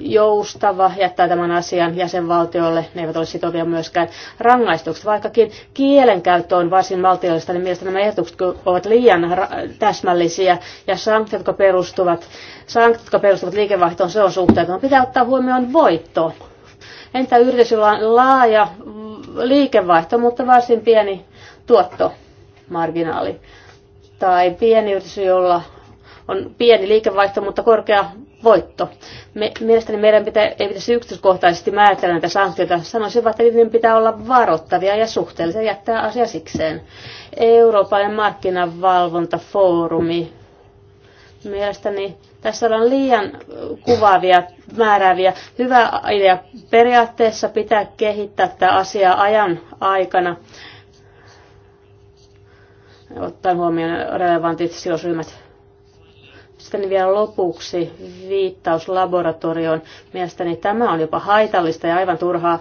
joustava jättää tämän asian jäsenvaltiolle, ne eivät ole sitovia myöskään rangaistukset. Vaikkakin kielenkäyttö on varsin valtiollista, niin mielestäni nämä ehdotukset ovat liian täsmällisiä ja sanktiot, jotka perustuvat, sanktiot, jotka perustuvat liikevaihtoon, se on suhteeton. Pitää ottaa huomioon voitto. Entä yritys, jolla on laaja liikevaihto, mutta varsin pieni tuotto? marginaali. Tai pieni yritys, jolla on pieni liikevaihto, mutta korkea voitto. Me, mielestäni meidän pitä, ei pitäisi yksityiskohtaisesti määritellä näitä sanktioita. Sanoisin että niiden pitää olla varoittavia ja suhteellisia jättää asia sikseen. Euroopan markkinavalvontafoorumi. Mielestäni tässä on liian kuvaavia, määrääviä. Hyvä idea. Periaatteessa pitää kehittää tämä asia ajan aikana ottaen huomioon relevantit sidosryhmät. Sitten vielä lopuksi viittaus laboratorioon. Mielestäni tämä on jopa haitallista ja aivan turhaa.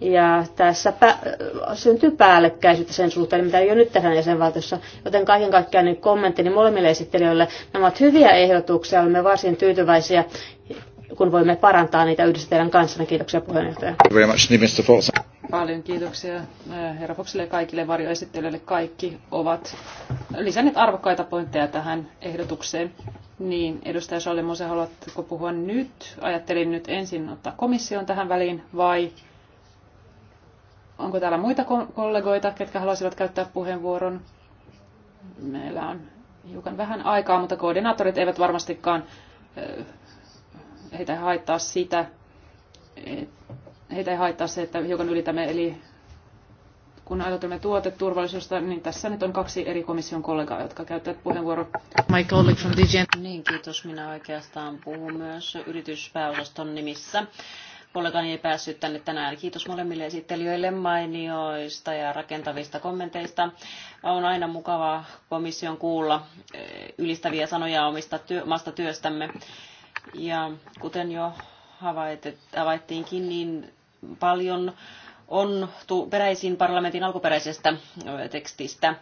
Ja tässä pä- syntyy päällekkäisyyttä sen suhteen, mitä jo nyt tehdään jäsenvaltiossa. Joten kaiken kaikkiaan niin kommenttini molemmille esittelijöille. Nämä ovat hyviä ehdotuksia, olemme varsin tyytyväisiä, kun voimme parantaa niitä yhdessä teidän kanssanne. Kiitoksia puheenjohtaja. Paljon kiitoksia herra Foxille ja kaikille varjoesittelijöille. Kaikki ovat lisänneet arvokkaita pointteja tähän ehdotukseen. Niin, edustaja Salimose, haluatteko puhua nyt? Ajattelin nyt ensin ottaa komission tähän väliin vai onko täällä muita kollegoita, ketkä haluaisivat käyttää puheenvuoron? Meillä on hiukan vähän aikaa, mutta koordinaattorit eivät varmastikaan heitä haittaa sitä, että heitä ei haittaa se, että hiukan ylitämme. Eli kun ajattelemme tuoteturvallisuudesta, niin tässä nyt on kaksi eri komission kollegaa, jotka käyttävät puheenvuoron. My colleague from DGN. Niin, kiitos. Minä oikeastaan puhun myös yrityspääosaston nimissä. Kollegani ei päässyt tänne tänään. Kiitos molemmille esittelijöille mainioista ja rakentavista kommenteista. On aina mukava komission kuulla eh, ylistäviä sanoja omista työ, omasta työstämme. Ja kuten jo havaittiinkin, niin paljon on peräisin parlamentin alkuperäisestä tekstistä.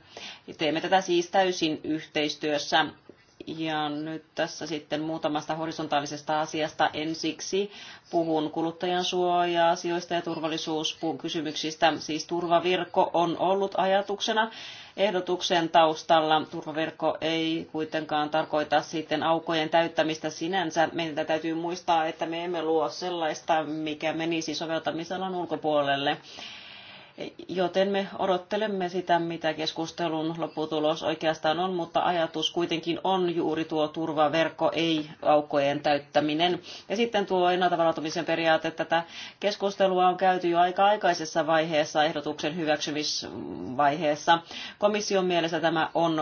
Teemme tätä siis täysin yhteistyössä ja nyt tässä sitten muutamasta horisontaalisesta asiasta ensiksi puhun kuluttajan suoja-asioista ja turvallisuuskysymyksistä. Siis turvavirkko on ollut ajatuksena ehdotuksen taustalla. Turvaverkko ei kuitenkaan tarkoita sitten aukojen täyttämistä sinänsä. Meidän täytyy muistaa, että me emme luo sellaista, mikä menisi soveltamisalan ulkopuolelle joten me odottelemme sitä, mitä keskustelun lopputulos oikeastaan on, mutta ajatus kuitenkin on juuri tuo turvaverkko, ei aukkojen täyttäminen. Ja sitten tuo ennaltavarautumisen periaate, tätä keskustelua on käyty jo aika aikaisessa vaiheessa, ehdotuksen hyväksymisvaiheessa. Komission mielestä tämä on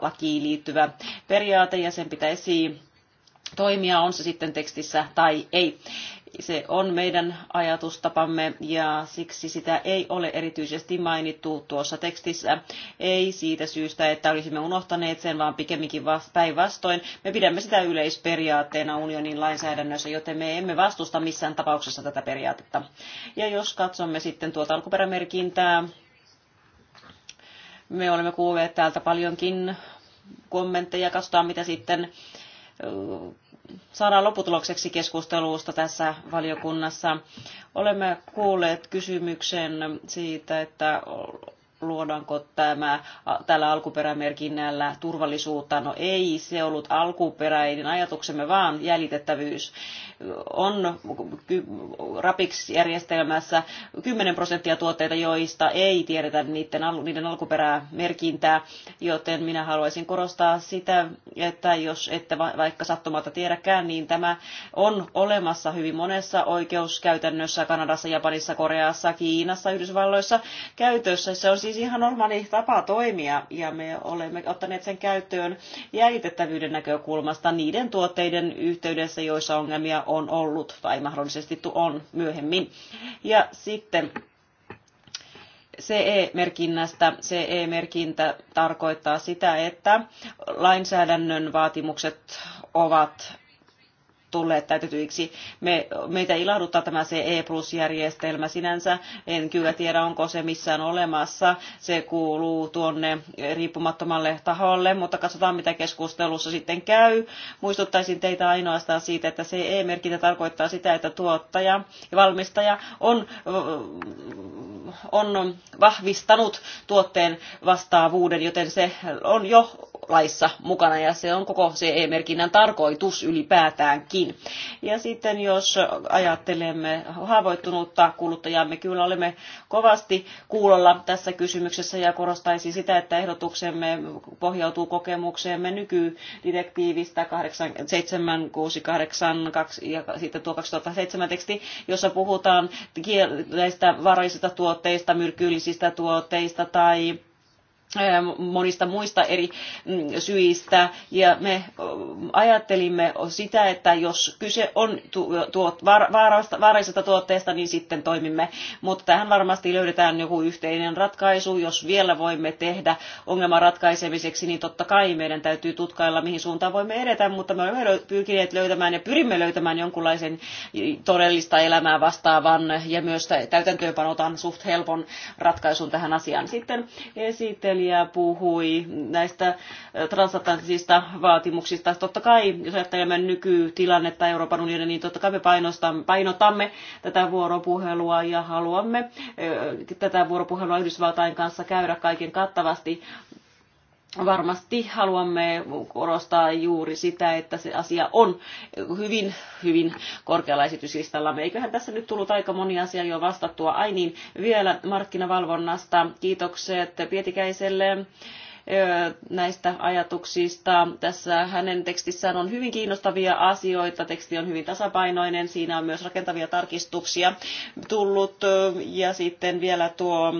lakiin liittyvä periaate ja sen pitäisi toimia, on se sitten tekstissä tai ei. Se on meidän ajatustapamme ja siksi sitä ei ole erityisesti mainittu tuossa tekstissä. Ei siitä syystä, että olisimme unohtaneet sen, vaan pikemminkin päinvastoin. Me pidämme sitä yleisperiaatteena unionin lainsäädännössä, joten me emme vastusta missään tapauksessa tätä periaatetta. Ja jos katsomme sitten tuota alkuperämerkintää, me olemme kuulleet täältä paljonkin kommentteja, katsotaan mitä sitten saadaan lopputulokseksi keskustelusta tässä valiokunnassa. Olemme kuulleet kysymyksen siitä, että luodaanko tämä, tällä alkuperämerkinnällä turvallisuutta. No ei se ollut alkuperäinen ajatuksemme, vaan jäljitettävyys. On RAPIX-järjestelmässä 10 prosenttia tuotteita, joista ei tiedetä niiden, niiden alkuperämerkintää, joten minä haluaisin korostaa sitä, että jos ette vaikka sattumalta tiedäkään, niin tämä on olemassa hyvin monessa oikeuskäytännössä Kanadassa, Japanissa, Koreassa, Kiinassa, Yhdysvalloissa käytössä. Se on siis siis ihan normaali tapa toimia ja me olemme ottaneet sen käyttöön jäljitettävyyden näkökulmasta niiden tuotteiden yhteydessä, joissa ongelmia on ollut tai mahdollisesti on myöhemmin. Ja sitten CE-merkinnästä. CE-merkintä tarkoittaa sitä, että lainsäädännön vaatimukset ovat tulleet täytetyiksi. Me, meitä ilahduttaa tämä se E-Plus-järjestelmä sinänsä. En kyllä tiedä, onko se missään olemassa. Se kuuluu tuonne riippumattomalle taholle, mutta katsotaan, mitä keskustelussa sitten käy. Muistuttaisin teitä ainoastaan siitä, että se E-merkintä tarkoittaa sitä, että tuottaja ja valmistaja on, on vahvistanut tuotteen vastaavuuden, joten se on jo laissa mukana ja se on koko CE-merkinnän tarkoitus ylipäätäänkin. Ja sitten jos ajattelemme haavoittunutta kuluttajaa, me kyllä olemme kovasti kuulolla tässä kysymyksessä ja korostaisi sitä, että ehdotuksemme pohjautuu kokemukseemme nykydirektiivistä 768 ja sitten tuo 2007 teksti, jossa puhutaan näistä vaarallisista tuotteista, myrkyllisistä tuotteista tai monista muista eri mm, syistä. Ja me ajattelimme sitä, että jos kyse on tuot, vaarallisesta tuotteesta, niin sitten toimimme. Mutta tähän varmasti löydetään joku yhteinen ratkaisu. Jos vielä voimme tehdä ongelman ratkaisemiseksi, niin totta kai meidän täytyy tutkailla, mihin suuntaan voimme edetä, mutta me olemme pyrkineet löytämään ja pyrimme löytämään jonkunlaisen todellista elämää vastaavan ja myös täytäntöönpanotan suht helpon ratkaisun tähän asiaan. Sitten, sitten esittelijä puhui näistä transatlanttisista vaatimuksista. Totta kai, jos ajattelemme nykytilannetta Euroopan unionin, niin totta kai me painotamme tätä vuoropuhelua ja haluamme tätä vuoropuhelua Yhdysvaltain kanssa käydä kaiken kattavasti varmasti haluamme korostaa juuri sitä, että se asia on hyvin, hyvin korkealla esityslistallamme. Eiköhän tässä nyt tullut aika moni asia jo vastattua. Ai niin, vielä markkinavalvonnasta. Kiitokset Pietikäiselle näistä ajatuksista. Tässä hänen tekstissään on hyvin kiinnostavia asioita. Teksti on hyvin tasapainoinen. Siinä on myös rakentavia tarkistuksia tullut. Ja sitten vielä tuo,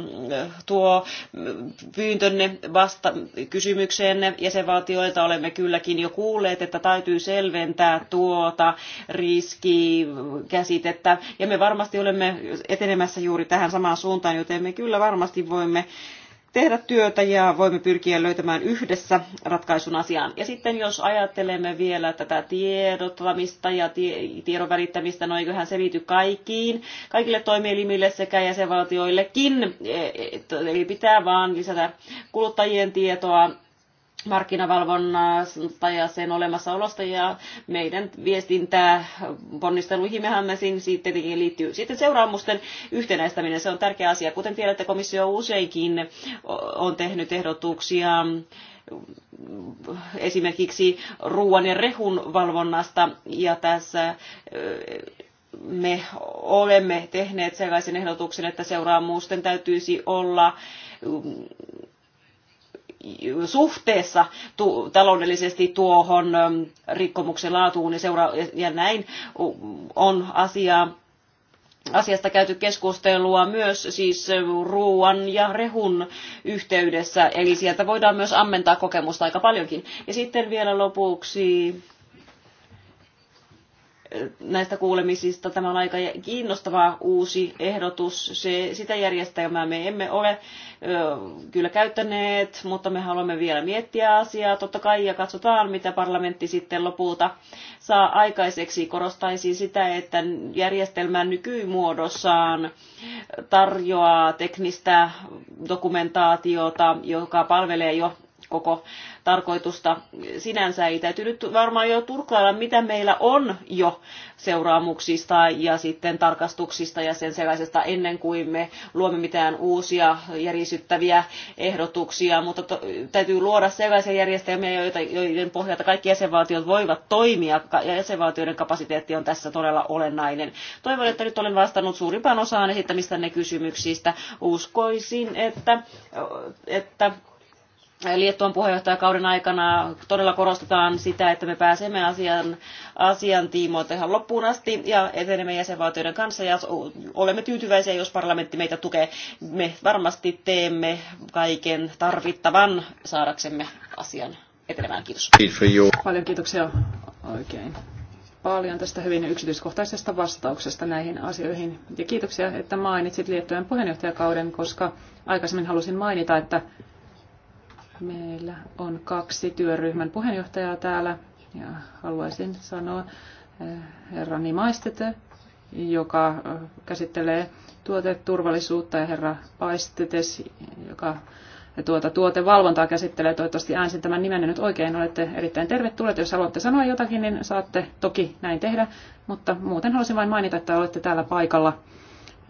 tuo pyyntönne vasta kysymykseenne jäsenvaltioilta olemme kylläkin jo kuulleet, että täytyy selventää tuota riskikäsitettä. Ja me varmasti olemme etenemässä juuri tähän samaan suuntaan, joten me kyllä varmasti voimme tehdä työtä ja voimme pyrkiä löytämään yhdessä ratkaisun asiaan. Ja sitten jos ajattelemme vielä tätä tiedottamista ja tiedon välittämistä, no eiköhän se liity kaikkiin, kaikille toimielimille sekä jäsenvaltioillekin. E, e, e, eli pitää vaan lisätä kuluttajien tietoa markkinavalvonnasta ja sen olemassaolosta ja meidän viestintää ponnisteluihin me siitä tietenkin liittyy. Sitten seuraamusten yhtenäistäminen, se on tärkeä asia. Kuten tiedätte, komissio useinkin on tehnyt ehdotuksia esimerkiksi ruoan ja rehun valvonnasta ja tässä me olemme tehneet sellaisen ehdotuksen, että seuraamusten täytyisi olla suhteessa tu, taloudellisesti tuohon rikkomuksen laatuun ja, seura- ja näin on asiaa asiasta käyty keskustelua myös siis ruoan ja rehun yhteydessä, eli sieltä voidaan myös ammentaa kokemusta aika paljonkin. Ja sitten vielä lopuksi näistä kuulemisista. Tämä on aika kiinnostava uusi ehdotus. Se, sitä järjestelmää me emme ole ö, kyllä käyttäneet, mutta me haluamme vielä miettiä asiaa totta kai ja katsotaan, mitä parlamentti sitten lopulta saa aikaiseksi. Korostaisin sitä, että järjestelmä nykymuodossaan tarjoaa teknistä dokumentaatiota, joka palvelee jo koko tarkoitusta sinänsä. Ei täytyy nyt varmaan jo turklailla, mitä meillä on jo seuraamuksista ja sitten tarkastuksista ja sen sellaisesta ennen kuin me luomme mitään uusia järisyttäviä ehdotuksia, mutta to, täytyy luoda sellaisia järjestelmiä, joita, joiden pohjalta kaikki jäsenvaltiot voivat toimia ja jäsenvaltioiden kapasiteetti on tässä todella olennainen. Toivon, että nyt olen vastannut suurimpaan osaan ne kysymyksistä. Uskoisin, että, että Liettuan puheenjohtajakauden aikana todella korostetaan sitä, että me pääsemme asian, asian tiimoilta ihan loppuun asti ja etenemme jäsenvaltioiden kanssa ja olemme tyytyväisiä, jos parlamentti meitä tukee. Me varmasti teemme kaiken tarvittavan saadaksemme asian etenemään. Kiitos. Paljon kiitoksia oikein paljon tästä hyvin yksityiskohtaisesta vastauksesta näihin asioihin. Ja kiitoksia, että mainitsit Liettuan puheenjohtajakauden, koska aikaisemmin halusin mainita, että Meillä on kaksi työryhmän puheenjohtajaa täällä ja haluaisin sanoa eh, herra Nimaistete, joka eh, käsittelee tuoteturvallisuutta ja herra Paistetes, joka tuota tuotevalvontaa käsittelee. Toivottavasti äänsin tämän nimen nyt oikein. Olette erittäin tervetulleet. Jos haluatte sanoa jotakin, niin saatte toki näin tehdä. Mutta muuten haluaisin vain mainita, että olette täällä paikalla,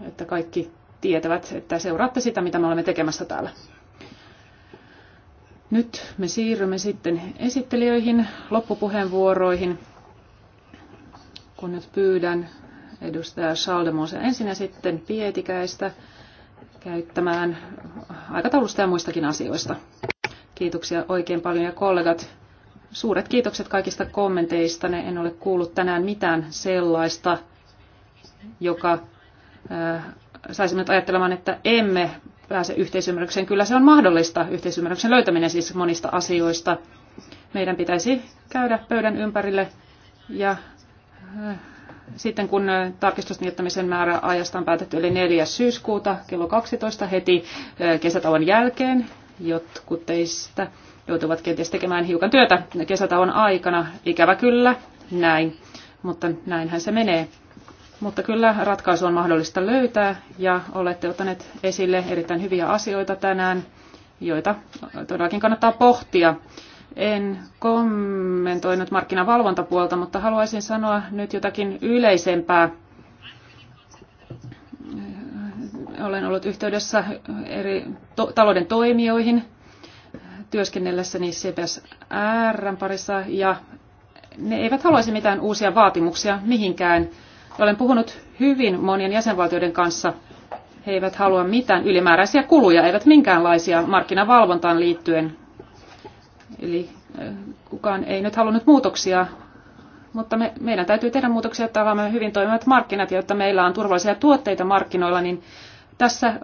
että kaikki tietävät, että seuraatte sitä, mitä me olemme tekemässä täällä. Nyt me siirrymme sitten esittelijöihin, loppupuheenvuoroihin, kun nyt pyydän edustaja Saldemosen ensin ja sitten Pietikäistä käyttämään aikataulusta ja muistakin asioista. Kiitoksia oikein paljon ja kollegat, suuret kiitokset kaikista kommenteista. En ole kuullut tänään mitään sellaista, joka äh, saisi nyt ajattelemaan, että emme pääse yhteisymmärrykseen. Kyllä se on mahdollista, yhteisymmärryksen löytäminen siis monista asioista. Meidän pitäisi käydä pöydän ympärille ja äh, sitten kun äh, tarkistusten määrä ajasta on päätetty, eli 4. syyskuuta kello 12 heti äh, kesätauon jälkeen, jotkut teistä joutuvat kenties tekemään hiukan työtä kesätauon aikana. Ikävä kyllä, näin, mutta näinhän se menee. Mutta kyllä ratkaisu on mahdollista löytää ja olette ottaneet esille erittäin hyviä asioita tänään, joita todellakin kannattaa pohtia. En kommentoinut markkinavalvontapuolta, mutta haluaisin sanoa nyt jotakin yleisempää. Olen ollut yhteydessä eri to- talouden toimijoihin työskennellessäni CPSR parissa ja ne eivät haluaisi mitään uusia vaatimuksia mihinkään olen puhunut hyvin monien jäsenvaltioiden kanssa. He eivät halua mitään ylimääräisiä kuluja, eivät minkäänlaisia markkinavalvontaan liittyen. Eli äh, kukaan ei nyt halunnut muutoksia, mutta me, meidän täytyy tehdä muutoksia, että avaamme hyvin toimivat markkinat, ja jotta meillä on turvallisia tuotteita markkinoilla, niin tässä, äh,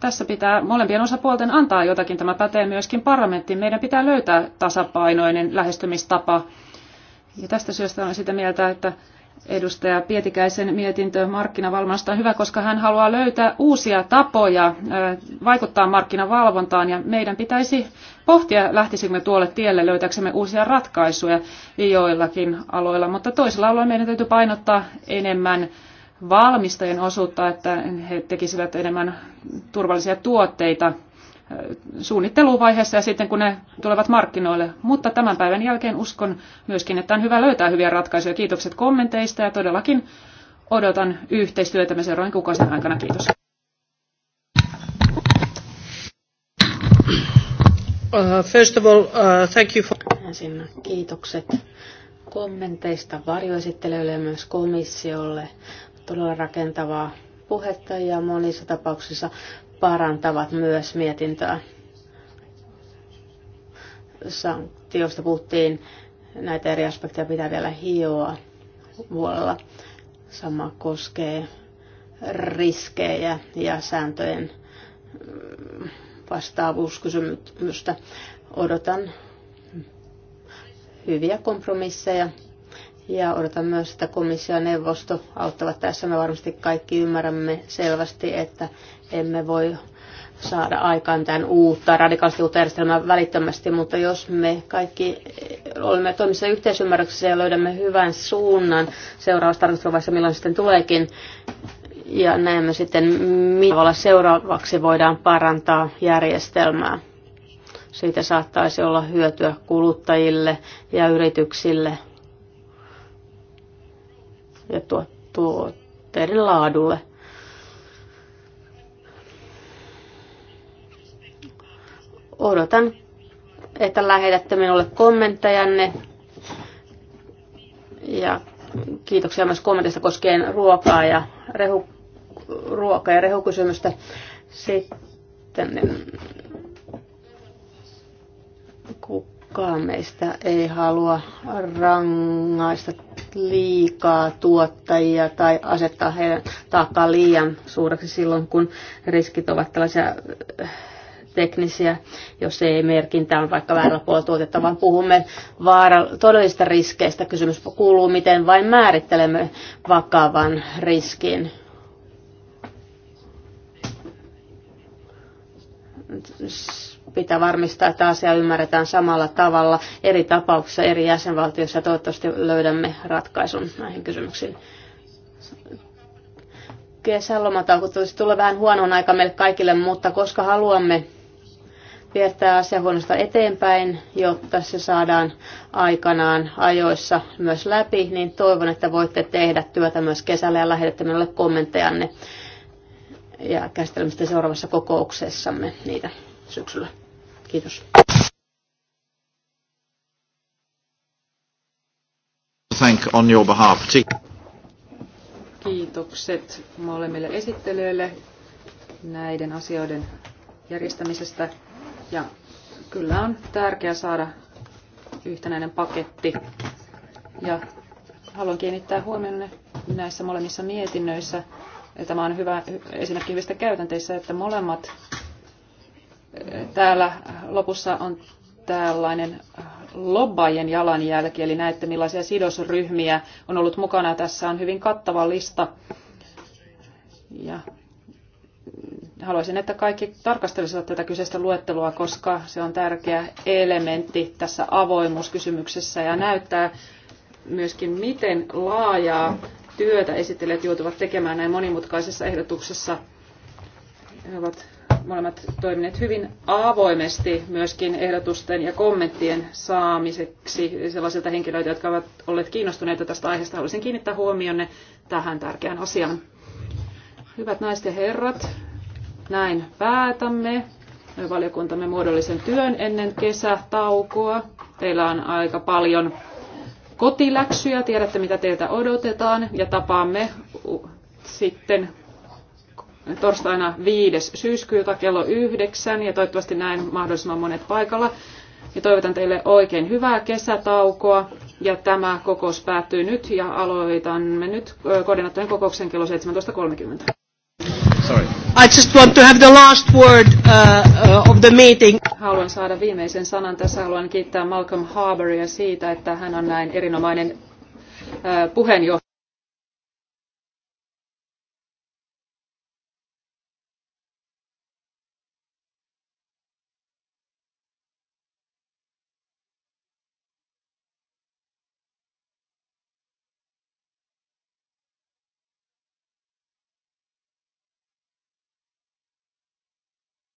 tässä pitää molempien osapuolten antaa jotakin. Tämä pätee myöskin parlamenttiin. Meidän pitää löytää tasapainoinen lähestymistapa. Ja tästä syystä olen sitä mieltä, että edustaja Pietikäisen mietintö markkinavalvonnasta on hyvä, koska hän haluaa löytää uusia tapoja vaikuttaa markkinavalvontaan ja meidän pitäisi pohtia, lähtisimme tuolle tielle löytääksemme uusia ratkaisuja joillakin aloilla, mutta toisilla aloilla meidän täytyy painottaa enemmän valmistajien osuutta, että he tekisivät enemmän turvallisia tuotteita suunnitteluvaiheessa ja sitten kun ne tulevat markkinoille. Mutta tämän päivän jälkeen uskon myöskin, että on hyvä löytää hyviä ratkaisuja. Kiitokset kommenteista ja todellakin odotan yhteistyötä seuraavien kuukausien aikana. Kiitos. Uh, first of all, uh, thank you for... Ensin kiitokset kommenteista varjoesittelijöille ja myös komissiolle. Todella rakentavaa puhetta ja monissa tapauksissa parantavat myös mietintöä. Sanktiosta puhuttiin, näitä eri aspekteja pitää vielä hioa huolella. Sama koskee riskejä ja sääntöjen mm, vastaavuuskysymystä. Odotan hyviä kompromisseja ja odotan myös, että komissio ja neuvosto auttavat tässä. Me varmasti kaikki ymmärrämme selvästi, että emme voi saada aikaan tämän uutta, radikaalisti uutta järjestelmää välittömästi, mutta jos me kaikki olemme toimissa yhteisymmärryksessä ja löydämme hyvän suunnan seuraavassa tarkastelussa, milloin sitten tuleekin, ja näemme sitten, millä tavalla seuraavaksi voidaan parantaa järjestelmää. Siitä saattaisi olla hyötyä kuluttajille ja yrityksille ja tuotteiden laadulle. Odotan, että lähetätte minulle kommenttejanne ja kiitoksia myös kommentista koskien ruokaa ja, rehu, ruoka- ja rehukysymystä. Sitten kukaan meistä ei halua rangaista liikaa tuottajia tai asettaa heidän taakkaa liian suureksi silloin, kun riskit ovat tällaisia äh, teknisiä, jos ei merkintä on vaikka väärällä puolella tuotetta, vaan puhumme vaara, todellisista riskeistä. Kysymys kuuluu, miten vain määrittelemme vakavan riskin. S pitää varmistaa, että asia ymmärretään samalla tavalla eri tapauksissa eri jäsenvaltioissa. Toivottavasti löydämme ratkaisun näihin kysymyksiin. Kesälomatauko tulisi tulla vähän huonoon aika meille kaikille, mutta koska haluamme viettää asiahuonosta eteenpäin, jotta se saadaan aikanaan ajoissa myös läpi, niin toivon, että voitte tehdä työtä myös kesällä ja lähetätte minulle kommenttejanne ja käsittelemme seuraavassa kokouksessamme niitä syksyllä. Kiitos. Thank on your behalf. Kiitokset molemmille esittelijöille näiden asioiden järjestämisestä. Ja kyllä on tärkeää saada yhtenäinen paketti. Ja haluan kiinnittää huomioon näissä molemmissa mietinnöissä. Tämä on hyvä esimerkki hyvistä käytänteissä, että molemmat Täällä lopussa on tällainen lobbaajien jalanjälki, eli näette millaisia sidosryhmiä on ollut mukana. Tässä on hyvin kattava lista. Ja haluaisin, että kaikki tarkastelisivat tätä kyseistä luettelua, koska se on tärkeä elementti tässä avoimuuskysymyksessä ja näyttää myöskin, miten laajaa työtä esittelijät joutuvat tekemään näin monimutkaisessa ehdotuksessa. He ovat molemmat toimineet hyvin avoimesti myöskin ehdotusten ja kommenttien saamiseksi sellaisilta henkilöiltä, jotka ovat olleet kiinnostuneita tästä aiheesta. Haluaisin kiinnittää huomionne tähän tärkeään asiaan. Hyvät naiset ja herrat, näin päätämme valiokuntamme muodollisen työn ennen kesätaukoa. Teillä on aika paljon kotiläksyjä, tiedätte mitä teiltä odotetaan ja tapaamme sitten torstaina 5. syyskuuta kello 9 ja toivottavasti näin mahdollisimman monet paikalla. Ja toivotan teille oikein hyvää kesätaukoa ja tämä kokous päättyy nyt ja aloitamme nyt koordinaattorin kokouksen kello 17.30. Sorry. I just want to have the last word uh, uh, of the meeting. Haluan saada viimeisen sanan tässä. Haluan kiittää Malcolm Harbouria siitä, että hän on näin erinomainen uh, puheenjohtaja.